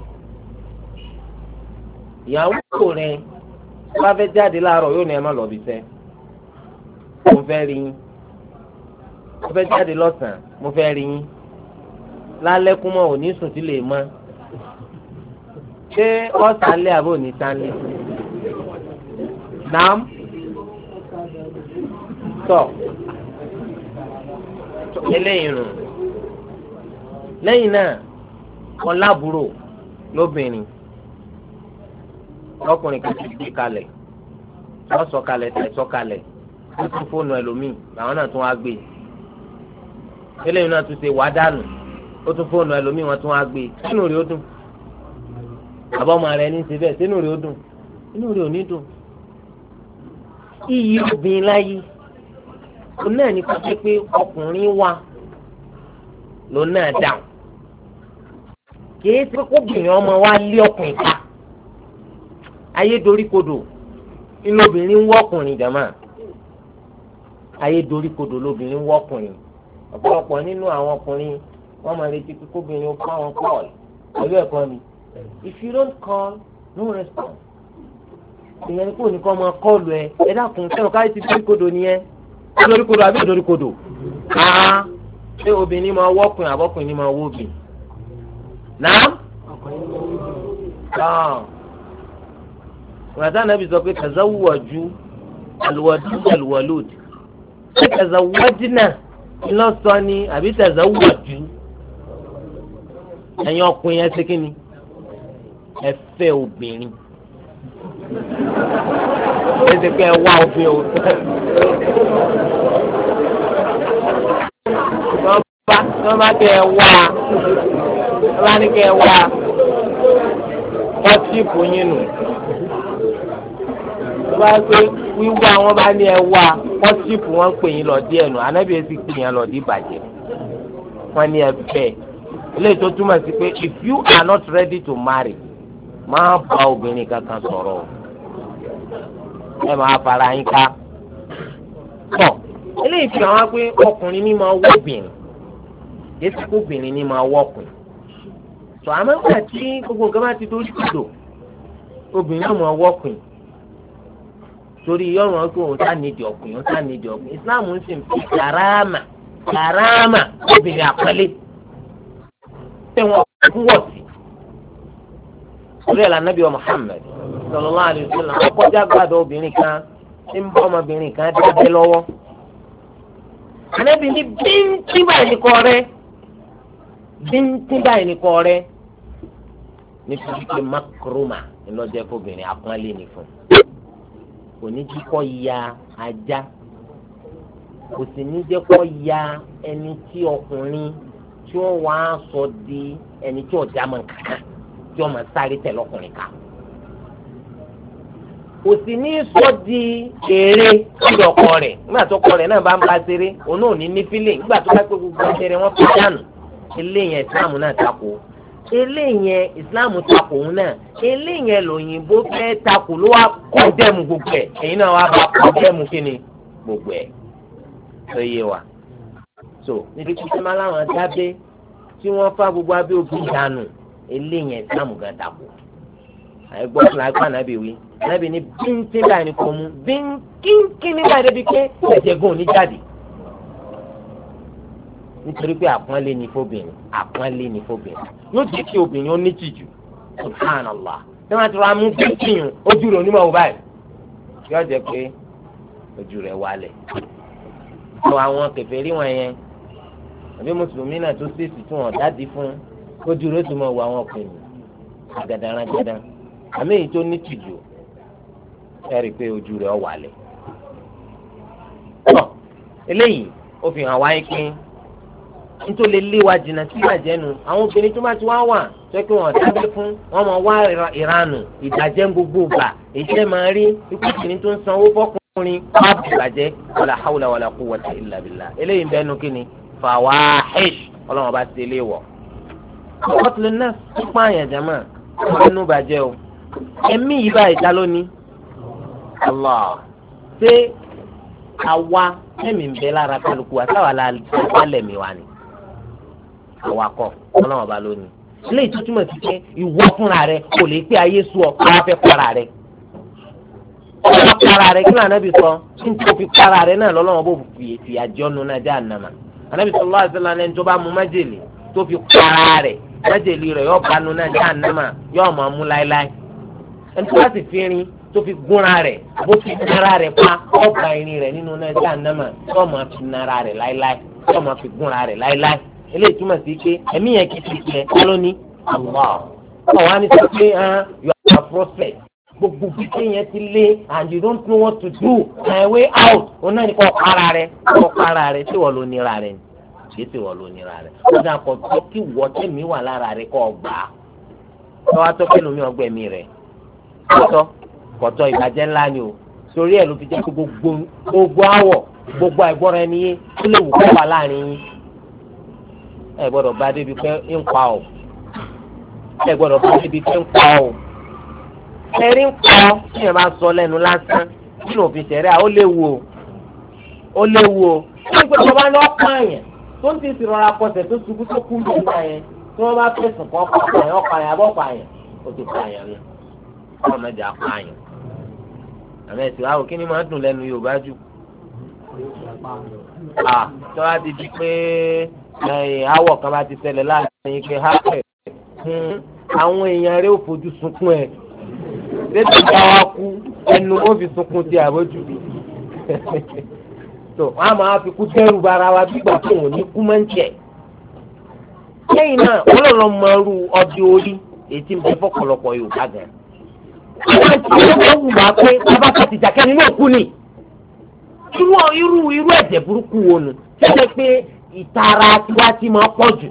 ìyàwó rẹ tó bá fẹ́ jáde láàárọ̀ yóò ní ẹ má lọ bí sẹ́ mo fẹ́ rí yín mo fẹ́ jáde lọ́sàn-án mo fẹ́ rí yín lálẹ́ kún mọ́ òní sùn sí lè mọ́ ṣé ọ̀sánlé àbí òní sánlé nàám tọ̀ eléyìí rùn lẹ́yìn náà ọ̀làbúrò lóbìnrin ọkùnrin kan ti gbé kalẹ̀ wọ́n sọ kalẹ̀ tẹ̀ sọ kalẹ̀ wọ́n tún fóònù ẹlòmíì làwọn náà tún wá gbé eléyìí náà tún ṣe wá dànù ó tún fóònù ẹlòmíì wọ́n tún wá gbé sínú rẹ̀ ó dùn àbọ̀mọ̀ rẹ̀ ní í ṣe bẹ́ẹ̀ sínú rẹ̀ ó dùn inú rẹ̀ ò ní dùn iyì obìnrin láyé òun náà ní kọ́kẹ́ pé ọkùnrin wa lòun náà dà kì í ṣe kóbìnrin ọmọ wa lé ọkùnrin ká ayé dorí kodò inú obìnrin lóbìnrin wọ́kùnrin ọ̀pọ̀lọpọ̀ nínú àwọn ọkùnrin wọ́n máa retí pé kóbìnrin ó kọ́ àwọn kọ́ọ̀lù pẹ̀lú ẹ̀kọ́ mi if you don't call no response ìyẹn ni kò ní kọ́ máa kọ́ọ̀lù ẹ ẹ dákun sẹ́wọ̀n káyọ̀ ti dorí kodò nìyẹn ó dorí kodò àbí òdorí kodò aa ṣé obìnrin máa wọ́kùnrin àbọ̀kùnrin máa wọ́bìn náà ìgbàdá nàbì sọ pé tazawwaju alwadud alwalud tazawwajna ńlọsọ ni àbí tazawwaju ẹ̀yin ọkùnrin yẹn ṣe kí ni ẹ fẹ́ obìnrin ẹ ṣe pé ẹ wá obìnrin o bá tí wọ́n bá kẹ́ ẹ wá wọ́n bá ní kẹ́ ẹ wá ọtí kò yín nù bá pé wíwá wọn bá ní ẹ wá pọ́sítífù wọn pè yín lọ díẹ̀ nù anábì ẹ ti pè yín lọ dí wọn ní ẹ bẹ́ẹ̀ eléyìí tó túmọ̀ sí pé if you are not ready to marry máa bá obìnrin kankan sọ̀rọ̀ ẹ máa fara yín ká pọ̀ eléyìí fi hàn pé ọkùnrin ní máa wọ́ obìnrin yéésì kó obìnrin ní máa wọ́ ọkùnrin tó àmọ́ nígbà tí gbogbo nǹkan bá ti dórí kìlò obìnrin náà máa wọ́ ọkùnrin torí yọ̀rùn ọ̀gbìn òun tá nídìí ọkùnrin òun tá nídìí ọkùnrin islam ń sìn fi kàráàmà kàráàmà obìnrin àpẹẹlẹ pé wọn kú wọ̀ sí. orí ẹ̀ lànà bí wa Muhammad sallallahu alaihi wasallam kọjá gbàdọ̀ obìnrin kan ń bá ọmọbìnrin kan dábẹ́ lọ́wọ́. ànábì ní bíntín báyìí nìkọ rẹ bíntín báyìí nìkọ rẹ nítorí pé makroma ńlọjẹ fóbìnrin àpọ́nlé ni fún un kò ní jí kọ́ ya ajá kò sì ní jẹ́ kọ́ ya ẹni tí ọkùnrin tí wọ́n wá sọ di ẹni tí ọ̀já mọ̀ kankan tí ọmọ sáré tẹ̀lé ọkùnrin ká kò sì ní sọ di eré ọ̀dọ̀ ọkọ rẹ̀ nígbà tó ọkọ rẹ̀ náà bá ń bá ṣeré òun náà ní ní fílẹ̀ nígbà tó bá pé gbogbo ọ̀ṣẹ̀rẹ̀ wọn fi dànù eléyìí ẹ̀sìn àmúnà takò eléyẹn islam takò òun náà eléyẹn lòyìnbó fẹ́ takò ló wá kọ́ndẹ́mù gbogbo ẹ̀ ẹ̀yin náà wá bá kọ́ndẹ́mù kíni gbogbo ẹ̀ tó yé wa so níbi tí sẹ́mi aláwọ̀ dábẹ́ tí wọ́n fá gbogbo abẹ́ òbí dànù eléyẹn islam gan takò àìgbọ́ fún agbá nàbì wí nàbì ní bíntín báyìí ni kò mú bíntín kíní báyìí débi pé ẹ̀jẹ̀ gan ní jáde nítorí pé àpọ́nlé ni fóbìnrin àpọ́nlé ni fóbìnrin yóò jẹ́ kí obìnrin ó ní tìjú subhanallah tí wọ́n ti ra mú kíkìyàn ojú rẹ̀ onímọ̀ wò báyìí yóò jẹ́ pé ojú rẹ̀ wálẹ̀ lọ àwọn kèfèrí wọn yẹn àbí mùsùlùmí náà tó ṣèṣì tí wọ́n dáàdi fún ojú rẹ̀ tó mọ̀ wọ àwọn ọkùnrin àgàdàràgàdàn àmì èyí tó ní tìjú ẹ rí i pé ojú rẹ̀ wálẹ̀ eléyìí ó fi hàn wáyé pín nítorí lè lé wa jìnnà sí ìbàjẹ́ nu àwọn obìnrin tó bá ti wá wà tó kí wọn dábẹ́ fún wọn máa wá ìranù ìbàjẹ́ gbogbo gbà èjẹ́ máa rí ikú kìíní tó ń sanwó fọkùnrin wá ìbàjẹ́ wàlà hàwùlà wàlà kú wọ́tà ìlà bìlà eléyìí ń bẹ́ẹ̀ nu kí ni fàwáhìṣ ọlọ́wọ́n bá ti lé wọ̀. ọ̀pọ̀ tó lè ná pípa àyàn jàmà wọn nú bàjẹ́ o ẹ̀mí yìí bá ìta lónìí. Allah ṣé àwa ẹ̀mí ń bẹ lára kálukú àtàwà lálẹ́ mi wa ni awakọ̀ ọlọ́run ọba lónìí eléyìí tó túmọ̀ sí pé ìwọ fúnra rẹ kò lè pé ayé sú ọ kó wá fẹ́ para rẹ ọlọ́run para rẹ kí ló ànábì sọ kí n tó fi para rẹ náà lọ́lọ́run bó fìyà jọ́ nu náà já nàmà ànábì sọ lọ́wọ́ àti lọ́wọ́ ẹni tó bá mu májèlé tó fi para rẹ májèlé rẹ yóò bá nu náà já nàmà yóò mọ̀ mú láéláé ẹni tó bá sì fi rin tó fi gúnra rẹ bó fi nara rẹ pa ọba irin rẹ nínú náà já nàmà yóò mọ̀ fi nara rẹ láéláé yóò mọ̀ fi gúnra rẹ láéláé eléyìí túmọ̀ sí pé ẹ̀mí yẹn kì í ti tẹ̀ ọ́ lónìí Allah àwọn á ní sọ pé ah, you are a prophet gbogbo pípé yẹn ti lé and you don't know what to do my way out òun náà ní kọ́ para rẹ kọ́ para rẹ tí wọ́n ló nira rẹ kì í sì wọ́n ló nira rẹ ó dà kọ́ tó kí wọ́ tẹ̀mí wà lára rẹ kọ́ gbà á lọ́wọ́ tó kí lómi ọgbẹ́ mi rẹ̀ kọ́tọ́ kọ́tọ́ ìbàjẹ́ ńlá ni o torí ẹ̀ ló fi jẹ́ gbogbo gbogbo àwọ̀ gbogbo àìgbọ́ra ẹni yé tó lè wù kọ́ wà láàrin yín ẹ gbọ́dọ̀ bá débi pé ń pa ọ́ ẹ gbọ́dọ̀ bá débi pé ń pa ọ́ ẹ̀rí ń pa ọ́ tí yẹn bá sọ lẹ́nu lásán nínú òfin ṣẹ̀rí à ó léwu o ó léwu o wọ́n gbé ọba lọ́ pààyàn tó ń ti sì rọra kọsẹ̀ tó ṣubú tó kú ní ìgbà yẹn tí wọ́n bá fẹ̀sùn kọ́ pààyàn ọ̀pààyàn abọ́pààyàn ó ti pààyàn nù wọ́n mẹ́jọ apààyàn àmì ẹ̀sìn wa kí ni máa dùn lẹ́nu Yorùbá jù awọ kan bá ti ṣẹlẹ̀ láàrin yín pé hapẹ fún hmm, àwọn èèyàn rẹ ò fojú sunkún ẹ létí bá wa kú ẹnu ó fi sunkún ti àbójú tó wọn a máa fi kú dẹ́rù bara wa bí gbàgbọ́ òun ní kú máa ń jẹ lẹ́yìn náà ọlọ́run máa rú ọdí orí ètí ń bẹ fọ́pọ̀lọpọ̀ Yorùbá gan àwọn tí wọn bá wù wá pé bàbá kan ti dàkẹ́ nínú òkú ni irú irú irú ẹ̀jẹ̀ burúkú wo nu tẹ́lẹ̀ pé ìtara tiwa ti máa pọ̀ jù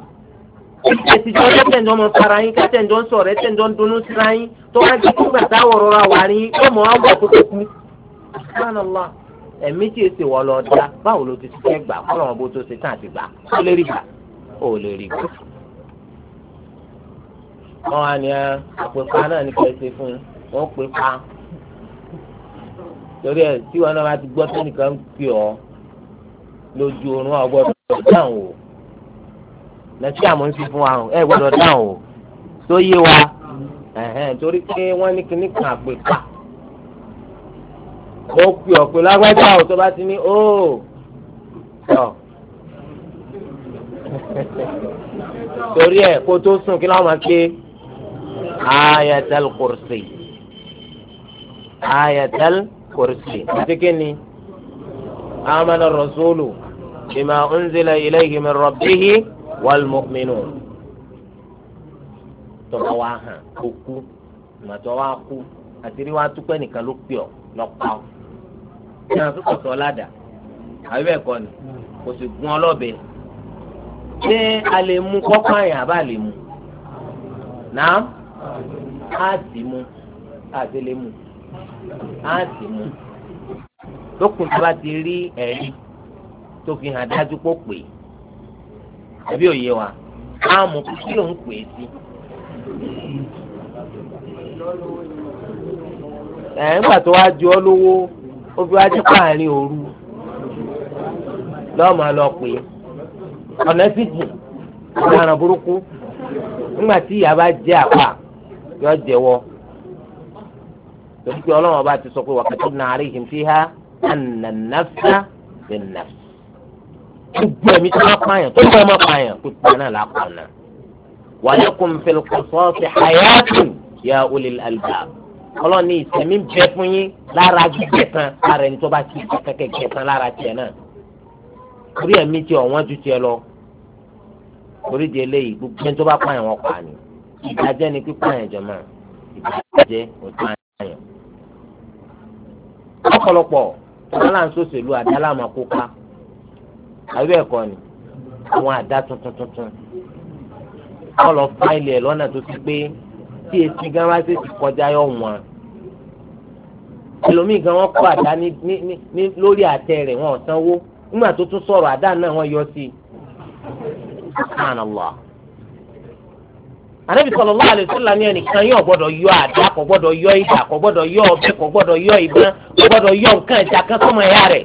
ìtẹ̀síjọ́ tẹ̀síjọ́ mọ fara yín kátẹ̀jọ́ ń sọ̀rọ̀ ẹ̀tẹ̀jọ́ ń dunnú síra yín tó wá jẹ́ fún gbàtà wọ̀rọ̀ra wà rí yín yóò mọ̀ wọ́n bọ̀ tó kú. subhanallah ẹ̀mí tí èsì wọ̀ lọ da báwo ló ti fẹ́ gbà kọ́ lọ́wọ́ bó tó ṣe tán àti gbà ó lè rí gbà ó lè rí gbà. wọ́n wá ní ah, àpèpá náà ní kẹ́ ẹ ṣe fún wọn pèpá torí ẹ̀ tí wọn náà bá ti gbọ́ sẹ́nìkan pè ọ́ lójú oorun a gbọ́dọ̀ dáhùn o nàìjí àmọ́ ń sí fún wa ẹ gbọ́dọ̀ dáhùn o tó yé wa torí pé wọ́n ní kíní kan àpè pa ó pè ọ́ pé lágbájá o tó bá ti ní óò tọ̀ torí ẹ kó tó sùn kí láwọn máa ké ayatul kursi ayatul kursi àti kíni amana rasulu bima unzila ilayhi min rabbihi wal mu'minun tọba wa hàn kó kú ìmọ̀tọ́ wa kú àtìrí wa tó pẹ́ nìkan ló pè ọ́ lọ́pàá ọ́ ní àwọn akẹ́kọ̀ọ́ sọ ládàá àbí bẹ́ẹ̀ kọ́ ni kò sì gun ọlọ́bẹ ṣé a lè mú kọ́kọ́ àyàn àbá lè mú náà á sì mú á sì lè mú á sì mú lókun tí a bá ti rí ẹ̀rí tó fi hàn dájú pé ó pè é àbí òye wa áàmù kí ló ń pè é sí. ẹ̀ ńgbà tó wá ju ọ́ lówó ó fi wá jẹ́ káàrin òru lọ́ọ́ máa lọ pè é ọ̀nà sì jìn ọ̀daràn burúkú nígbà tí ìyá bá jẹ́ àpá yọ jẹ́wọ́ torí ọlọ́run ọba ti sọ pé wàkàtí nàárẹ̀ yìí fi há ànànàfà bẹ̀ nàfà gbogbo ẹ̀mí tí wọ́n pààyàn tó ń bọ́ ọmọ pààyàn gbogbo náà là pọ̀ náà. walakum fil qisasi hayatun ya ulil albab ọlọ́ni ìsẹ̀mí bẹ fún yín lára gbígbẹ̀ tán lára ẹni tó bá ti kẹ́kẹ́ gbẹ̀ tán lára tiẹ̀ náà. orí ẹ̀mí tí ọ̀wọ́n ju tiẹ̀ lọ orí di eléyìí gbogbo ẹni tó bá pààyàn wọn pa ni ìdájẹ́ ni pípààyàn jọ máa ìdájẹ́ òtún àyàn. ọ̀pọ̀lọpọ̀ àbí ẹ̀kọ́ ni àwọn àdá tuntun tuntun wọ́n lọ fáìlì ẹ̀ lọ́nà tó ti pé tí etí gan wá sí ti kọjá yọ̀ wọ́n ẹlòmíì gan wọ́n kó àdá ní ní lórí àtẹ rẹ̀ wọ́n sanwó nígbà tó tún sọ̀rọ̀ àdá náà wọ́n yọ sí i subhanallah anabi sallallahu alaihi ní ẹnìkan yóò gbọ́dọ̀ yọ àdá kò gbọ́dọ̀ yọ idà kò gbọ́dọ̀ yọ ọbẹ kò gbọ́dọ̀ yọ ìbọn kò gbọ́dọ̀ yọ nǹkan ìjà kan sọmọ ẹyà rẹ̀.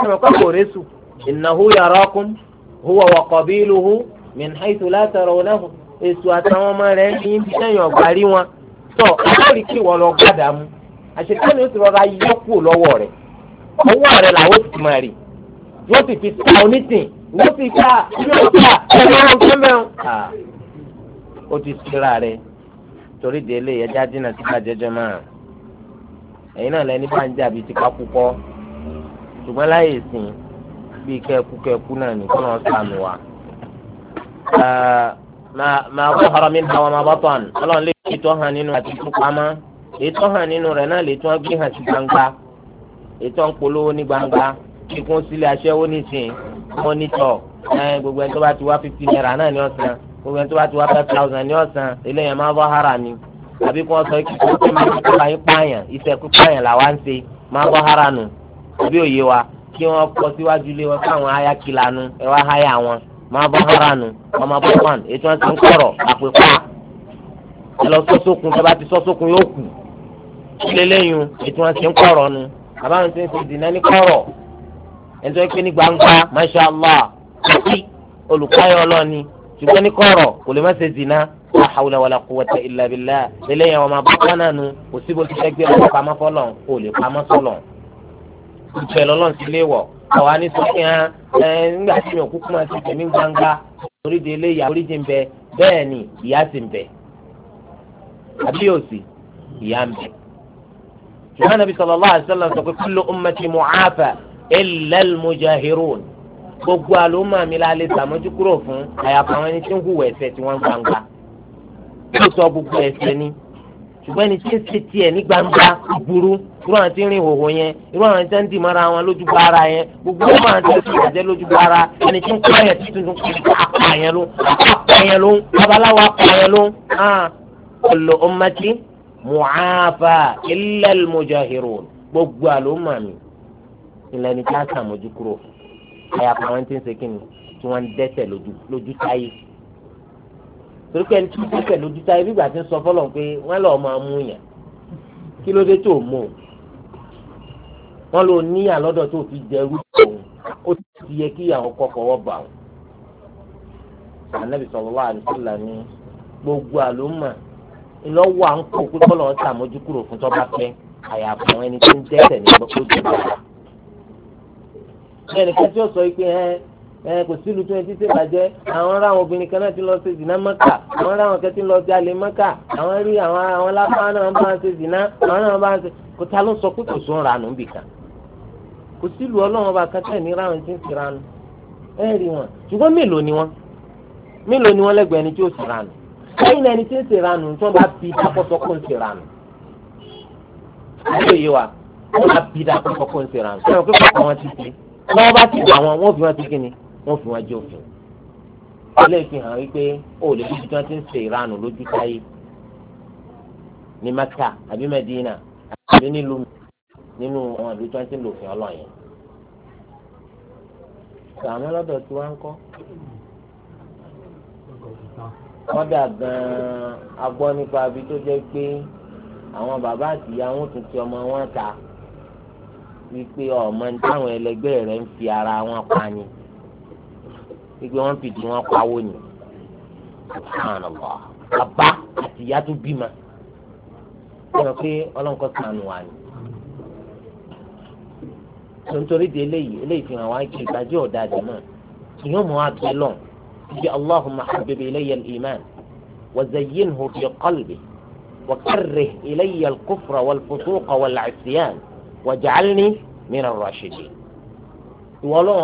ẹ̀rọ kọ́ kò rẹ́sù innahu yarakum huwa wa qabiluhu min haythu la tarawnahum èso àtàwọn ọmọ rẹ̀ ní ibi sẹ́yìn ọ̀gbà rí wọn tọ́ àkọ́rí kí wọ́n lọ gbàdá mu àṣetánì ó ti rọra yọ kúrò lọ́wọ́ rẹ̀ ọwọ́ rẹ̀ làwọn ti máa rì wọ́n sì fi ta onítìn wọ́n sì ta yóò ta ẹ̀rọ ọ̀gbọ́n mẹ́rin. ó ti síra rẹ̀ torí délé ẹja dínà tí bàjẹ́jọ́ máa ẹ̀yin náà lẹ́ni bá ń jà bíi tipa púpọ̀ ṣùgbọ́n láyè sìn bíi kẹ́kúkẹ́kú náà ní kọ́nà sànù ah, wa. máa bọ́ ọ̀rọ̀ mi bá wọn máa bọ́ tán ọlọ́run lè fi tọ́ hàn nínú àti tó pamọ́ ètò hàn nínú rẹ̀ náà lè tún gbé hàn sí gbangba ètò ń ní gbangba kíkún sílé aṣẹ́wó nísìn wọn nítọ̀ gbogbo ẹni tó bá ti wá fifty naira náà ní ọ̀sán gbogbo ẹni tó bá ti wá five thousand ní ọ̀sán eléyàn máa bọ́ hàrà ni àbí kí wọ́n sọ kí wọ́n ti máa ń pààyàn iṣẹ́ pípààyàn làwa ń ṣe máa bọ́ hàrà nù àbí òye wa kí wọ́n kọ́ síwájú lé wọn káwọn háyà kìlanu ẹ wá háyà wọn máa bọ́ haranu wọ́n máa bọ́ fan ètò wọn ti ń kọ̀rọ̀ àpèpá ẹ lọ sọ sókun tó bá ti sọ sókun yóò kù lélẹ́yìn ètò wọn ti ń kọ̀rọ̀ nu àbáwọn ti ń fi dìnnà ní kọ̀rọ̀ ẹni tó ń pè ní gbangba masha allah kàkí olùkọ́yọ̀ ọlọ́ni ṣùgbọ́n ní kọ̀rọ̀ kò lè má ṣe dìnnà wà hàwùlà wàlà quwwata illa billah lélẹ́yìn àwọn ọmọ abúlé náà nu kò síbo ti fẹ́ gbé ọmọ ìtù ẹ̀ lọ́lọ́run ti léwọ̀ àwa ní sọ pé hàn ẹ nígbà tí mi ò kúkú máa ti tẹ̀ ní gbangba oríde ilé ìyá oríjì ń bẹ bẹ́ẹ̀ ni ìyá sì ń bẹ àbí òsì ìyá ń bẹ. ṣùgbọ́n nàbí sallallahu alaihi wasallam sọ pé kullu ummati mu'afa illa al-mujahirun gbogbo àlùmọ́ mi la lè sàmójú kúrò fún àyàfà àwọn ẹni tí ń hùwà ẹ̀ṣẹ̀ tí wọ́n gbangba. yóò sọ gbogbo ẹ̀ṣẹ̀ ni ṣùgbọ́n ẹni tí ń ṣe tiẹ̀ ní gbangba ìgboro irú àwọn tí ń rìn ìhòòhò yẹn irú àwọn tí ń dì mọ́ra wọn lójú bara yẹn gbogbo ọmọ àwọn tí ń fi ìyàjẹ́ lójú bara ẹni tí ń kọ́ ẹ̀yẹ tuntun tó ń kọ́ apá yẹn ló apá yẹn ló babaláwo apá yẹn ló kullu ummati mu'afa illa al-mujahirun gbogbo àlùmọ̀ mi ilẹ̀ ní ká sàmójú àyàfọ̀ àwọn tí ń ṣe kíni tí wọ́n ń dẹ́ṣẹ̀ lójú táyé torí pé ẹni tí wọ́n pẹ̀lú dúta ibi ìgbà tí ń sọ fọlọ́n pé wọ́n lọ́ọ́ máa mú yàn kí ló dé tó mú o wọ́n lọ ní àlọ́dọ̀ tó fi jẹ irú òun ó ti yẹ kí àwọn kọ́ fọwọ́ bà wọ́n. ànábì sallallahu alaihi wasallam ní gbogbo àlómà ìlọ́wọ́ à ń kó pé kọ́ lọ́ọ́ sàmójú kúrò fún tọ́ba fẹ́ àyàfọ̀ ẹni tó ń dẹ́ṣẹ̀ ní gbogbo ìgbà. ẹnìkan tí ó sọ pé ẹ eh, kò sílu tó yẹ títí bàjẹ́ àwọn ará àwọn obìnrin kan náà ti lọ ṣe zìnà mọ́kà àwọn ará àwọn kan ti lọ jalè mọ́kà àwọn rí àwọn àwọn lápá náà bá ń ṣe zìnà àwọn náà bá ń ṣe kò ta ló sọ pé kò sún ranù bì kan kò sílu ọlọ́run bá kátà ní ráwọn tí ń ṣe ranù ẹ rí wọn ṣùgbọ́n mélòó ni wọn mélòó ni wọn lẹ́gbẹ̀ẹ́ ẹni tí ó ṣe ranù lẹ́yìn ẹni tí ń ṣe ranù tí wọ́n bá fi dákọ́sọ́ kó ń ṣe ranù àlọ́ yìí wọ́n bá fi dákọ́sọ́ kó ń ṣe ranù sọ wọ́n fi wọn jẹ òfin eléyìí fi hàn wípé ó lè bí jíjọ́ ti ń ṣe ìranù lójú táyé ní Mẹ́kà àbí Mẹ́dínà àbí nílùú nínú àwọn àbí tí wọ́n ti ń lò fún ọlọ́yìn. sàmì lọ́dọ̀ tí wọ́n ń kọ́. wọ́n dà gan-an agbọ́ nípa abí tó jẹ́ pé àwọn bàbá àti ìyá wọn tún ti ọmọ wọn ta wípé ọmọ táwọn ẹlẹgbẹ́ rẹ̀ ń fi ara wọn pa ni gbígbé wọn fi di wọn pawó ni sàn lọ bàbá àti ìyá tó bímọ wọn pé ọlọ́nkọ́ sànù wà ní. nítorí di eléyìí eléyìí fi hàn wá kí ìgbàjẹ́ ọ̀dà àjẹ́ náà ìyọ́n mọ́ àbẹ́ lọ́n bí aláhùnmá àbẹ̀bẹ̀ iléyà ìmán وزينه في قلبي وكره إلي الكفر والفسوق والعصيان واجعلني من الراشدين ولو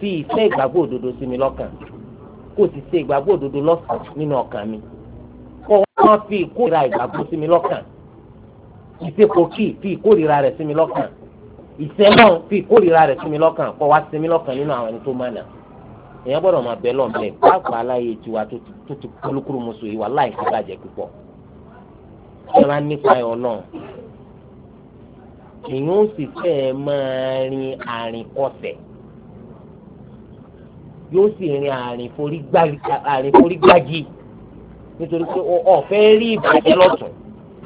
fi ìfẹ́ ìgbàgbọ́ òdodo sí mi lọ́kàn kó o sì ṣe ìgbàgbọ́ òdodo lọ́sàn nínú ọkàn mi kó wọ́n fi ìkórira ìgbàgbọ́ sí mi lọ́kàn ìsepòkì fi ìkórira rẹ̀ sí mi lọ́kàn ìsẹ́mọ̀ fi ìkórira rẹ̀ sí mi lọ́kàn kó wá sí mi lọ́kàn nínú àwọn ẹni tó máa nà èèyàn gbọ́dọ̀ máa bẹ̀ lọ́nbẹ̀ pàápàá láyé tiwa tó ti kúlúkúrú musu yìí wà láì bàjẹ́ púpọ̀ ìyẹn nípa ẹ̀ ọlọ́run èèyàn ó sì fẹ́ máa rin àrìnkọsẹ̀ yóò sì rin àrìn forí gbági nítorí pé ọ̀fẹ́ rí ìbàjẹ́ lọ́tún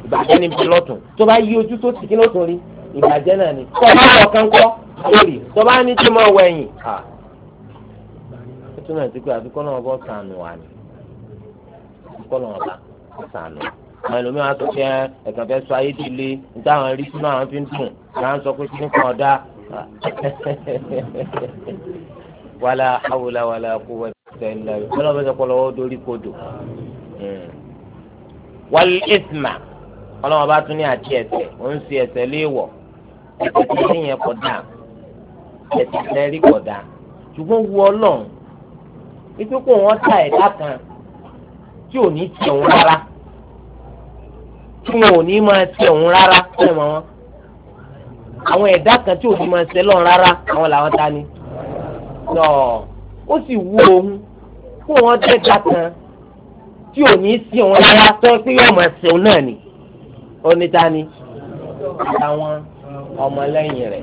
ìbàjẹ́ ní bí lọ́tún tó bá yí ojú tó sì kí lọ́tún rí ìbàjẹ́ náà ni tó bá lọ kánkọ́ lórí tó bá ní tí mo wọ ẹ̀yìn à ó túmọ̀ sí pé àdúgbò náà bọ́ sànù wà ní àdúgbò náà bá sànù àwọn ẹlòmíràn á sọ pé ẹ̀kan fẹ́ sọ ayé délé níta àwọn rí sínú àwọn fi ń dùn láwọn sọ pé kí n kàn ọ́ wàlà àwòlà wàlà kó wà tẹ̀lé ọlọ́run bẹ́sẹ̀ kọ́ lọ́wọ́ dórí kodò hmm. wàlì ìsìmà ọlọ́run bá tún ní àti ẹ̀ṣẹ̀ ó ń fi ẹ̀ṣẹ̀ léèwọ̀ ẹ̀ṣẹ̀ tí ní yẹn kọ̀ dáa ẹ̀ṣẹ̀ tẹ́ rí kọ̀ dáa ṣùgbọ́n wu ọlọ́run ipe kó wọn ta ẹ̀dá kan tí ò ní tẹ̀ òun rárá tí wọn ò ní máa tẹ̀ òun rárá fún ẹ̀ mọ́ wọn àwọn ẹ̀dá kan tí ò ní máa ṣẹlọ́run rárá àwọn làwọn ta ni lọ ó sì wú òun fún wọn dẹ́gbà kan tí ò ní sí òun lára tó pé yóò máa ṣeun náà ni onídàáni àtàwọn ọmọlẹ́yìn rẹ̀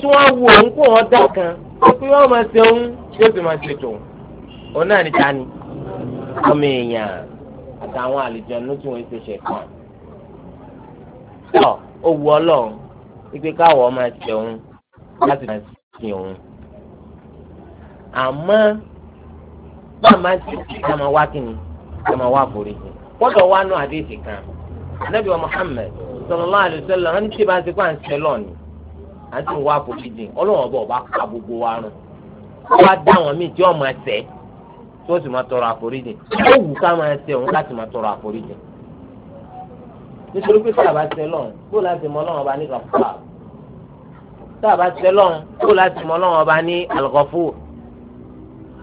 tí wọ́n wú òun kó wọn dá kan tó pé yóò máa ṣeun tí ó sì máa ṣètò òun náà níta ni ọmọ èèyàn àtàwọn àlùjànnú tí wọ́n ṣe ṣe kàn ó wù Ọlọ́run wípé káwọ́ máa ṣeun láti máa ṣe òun àmọ́ bàmá ti ká máa wá kíni ká máa wá àforíjì gbọ́dọ̀ wá nù àdéhìí kan anabi wa Muhammad sallallahu alaihi wasallam wọn ní tí bá ti kó à ń sẹlọ ni à ń tún wá àforíjì Ọlọ́run ọba ọba ká gbogbo wa rún wá dá àwọn míì tí wọ́n máa ṣẹ̀ tó sì máa tọrọ àforíjì ó wù ká máa ṣẹ̀ òun láti máa tọrọ àforíjì nítorí pé tá a bá ṣẹ̀ lọ́run kó láti mọ Ọlọ́run ọba ní kàfúrà tá a bá ṣẹ̀ lọ́run kó láti ní àlùkọ́fù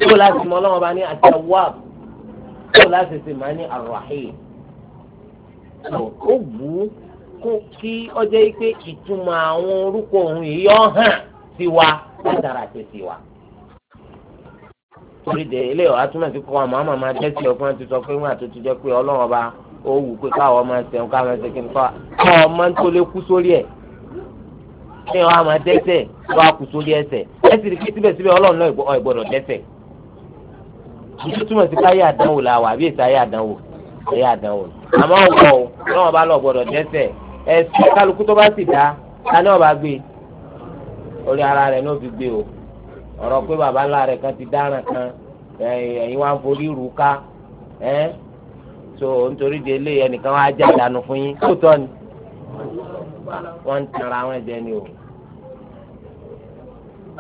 kó láti mọ ọlọ́wọ́n bá ní àtàwáb kó láti sì máa ní àròhìn ó wù ú kó kí ọjọ́ yìí pé ìtumọ̀ àwọn orúkọ òun yìí yọ hàn sí wa látara àti sí wa torí de ilé ọ̀hà túmọ̀ sí kọ́ àmọ́ àmọ́ máa tẹ́sí ọkùnrin ti sọ pé wọ́n àti jẹ́ pé ọlọ́run ọba ó wù pé káwọn máa sẹ̀wọ̀n káwọn máa sẹ̀kìn kọ́ káwọn ọmọ tó lé kú sórí ẹ̀ kí wọ́n á dẹ́sẹ̀ tó á kú sórí ẹsẹ̀ ẹ sì rí kí síbẹ̀síbẹ̀ ọlọ́run náà ìgbọ́dọ̀ dẹ́sẹ̀ ìtú túmọ̀ sí káyé àdánwò la wà àbí èsì ayé àdánwò ayé àdánwò àmọ́ ọ̀pọ̀ o ọlọ́wọ́n bá lọ gbọ́dọ̀ dẹ́sẹ̀ ẹ̀sìn kálukú tó bá sì dá tani ọba gbé orí ara rẹ̀ ló fi gbé o ọ̀rọ̀ pé baba ńlá rẹ̀ kan ti dáràn kan ẹ̀yin wá ń forí rù ká ẹ́ so nítorí de ilé ẹnìkan wá já ìdánù fún yín kó tọ́ ni wọ́n ń tara àwọn ẹ̀jẹ̀ ni o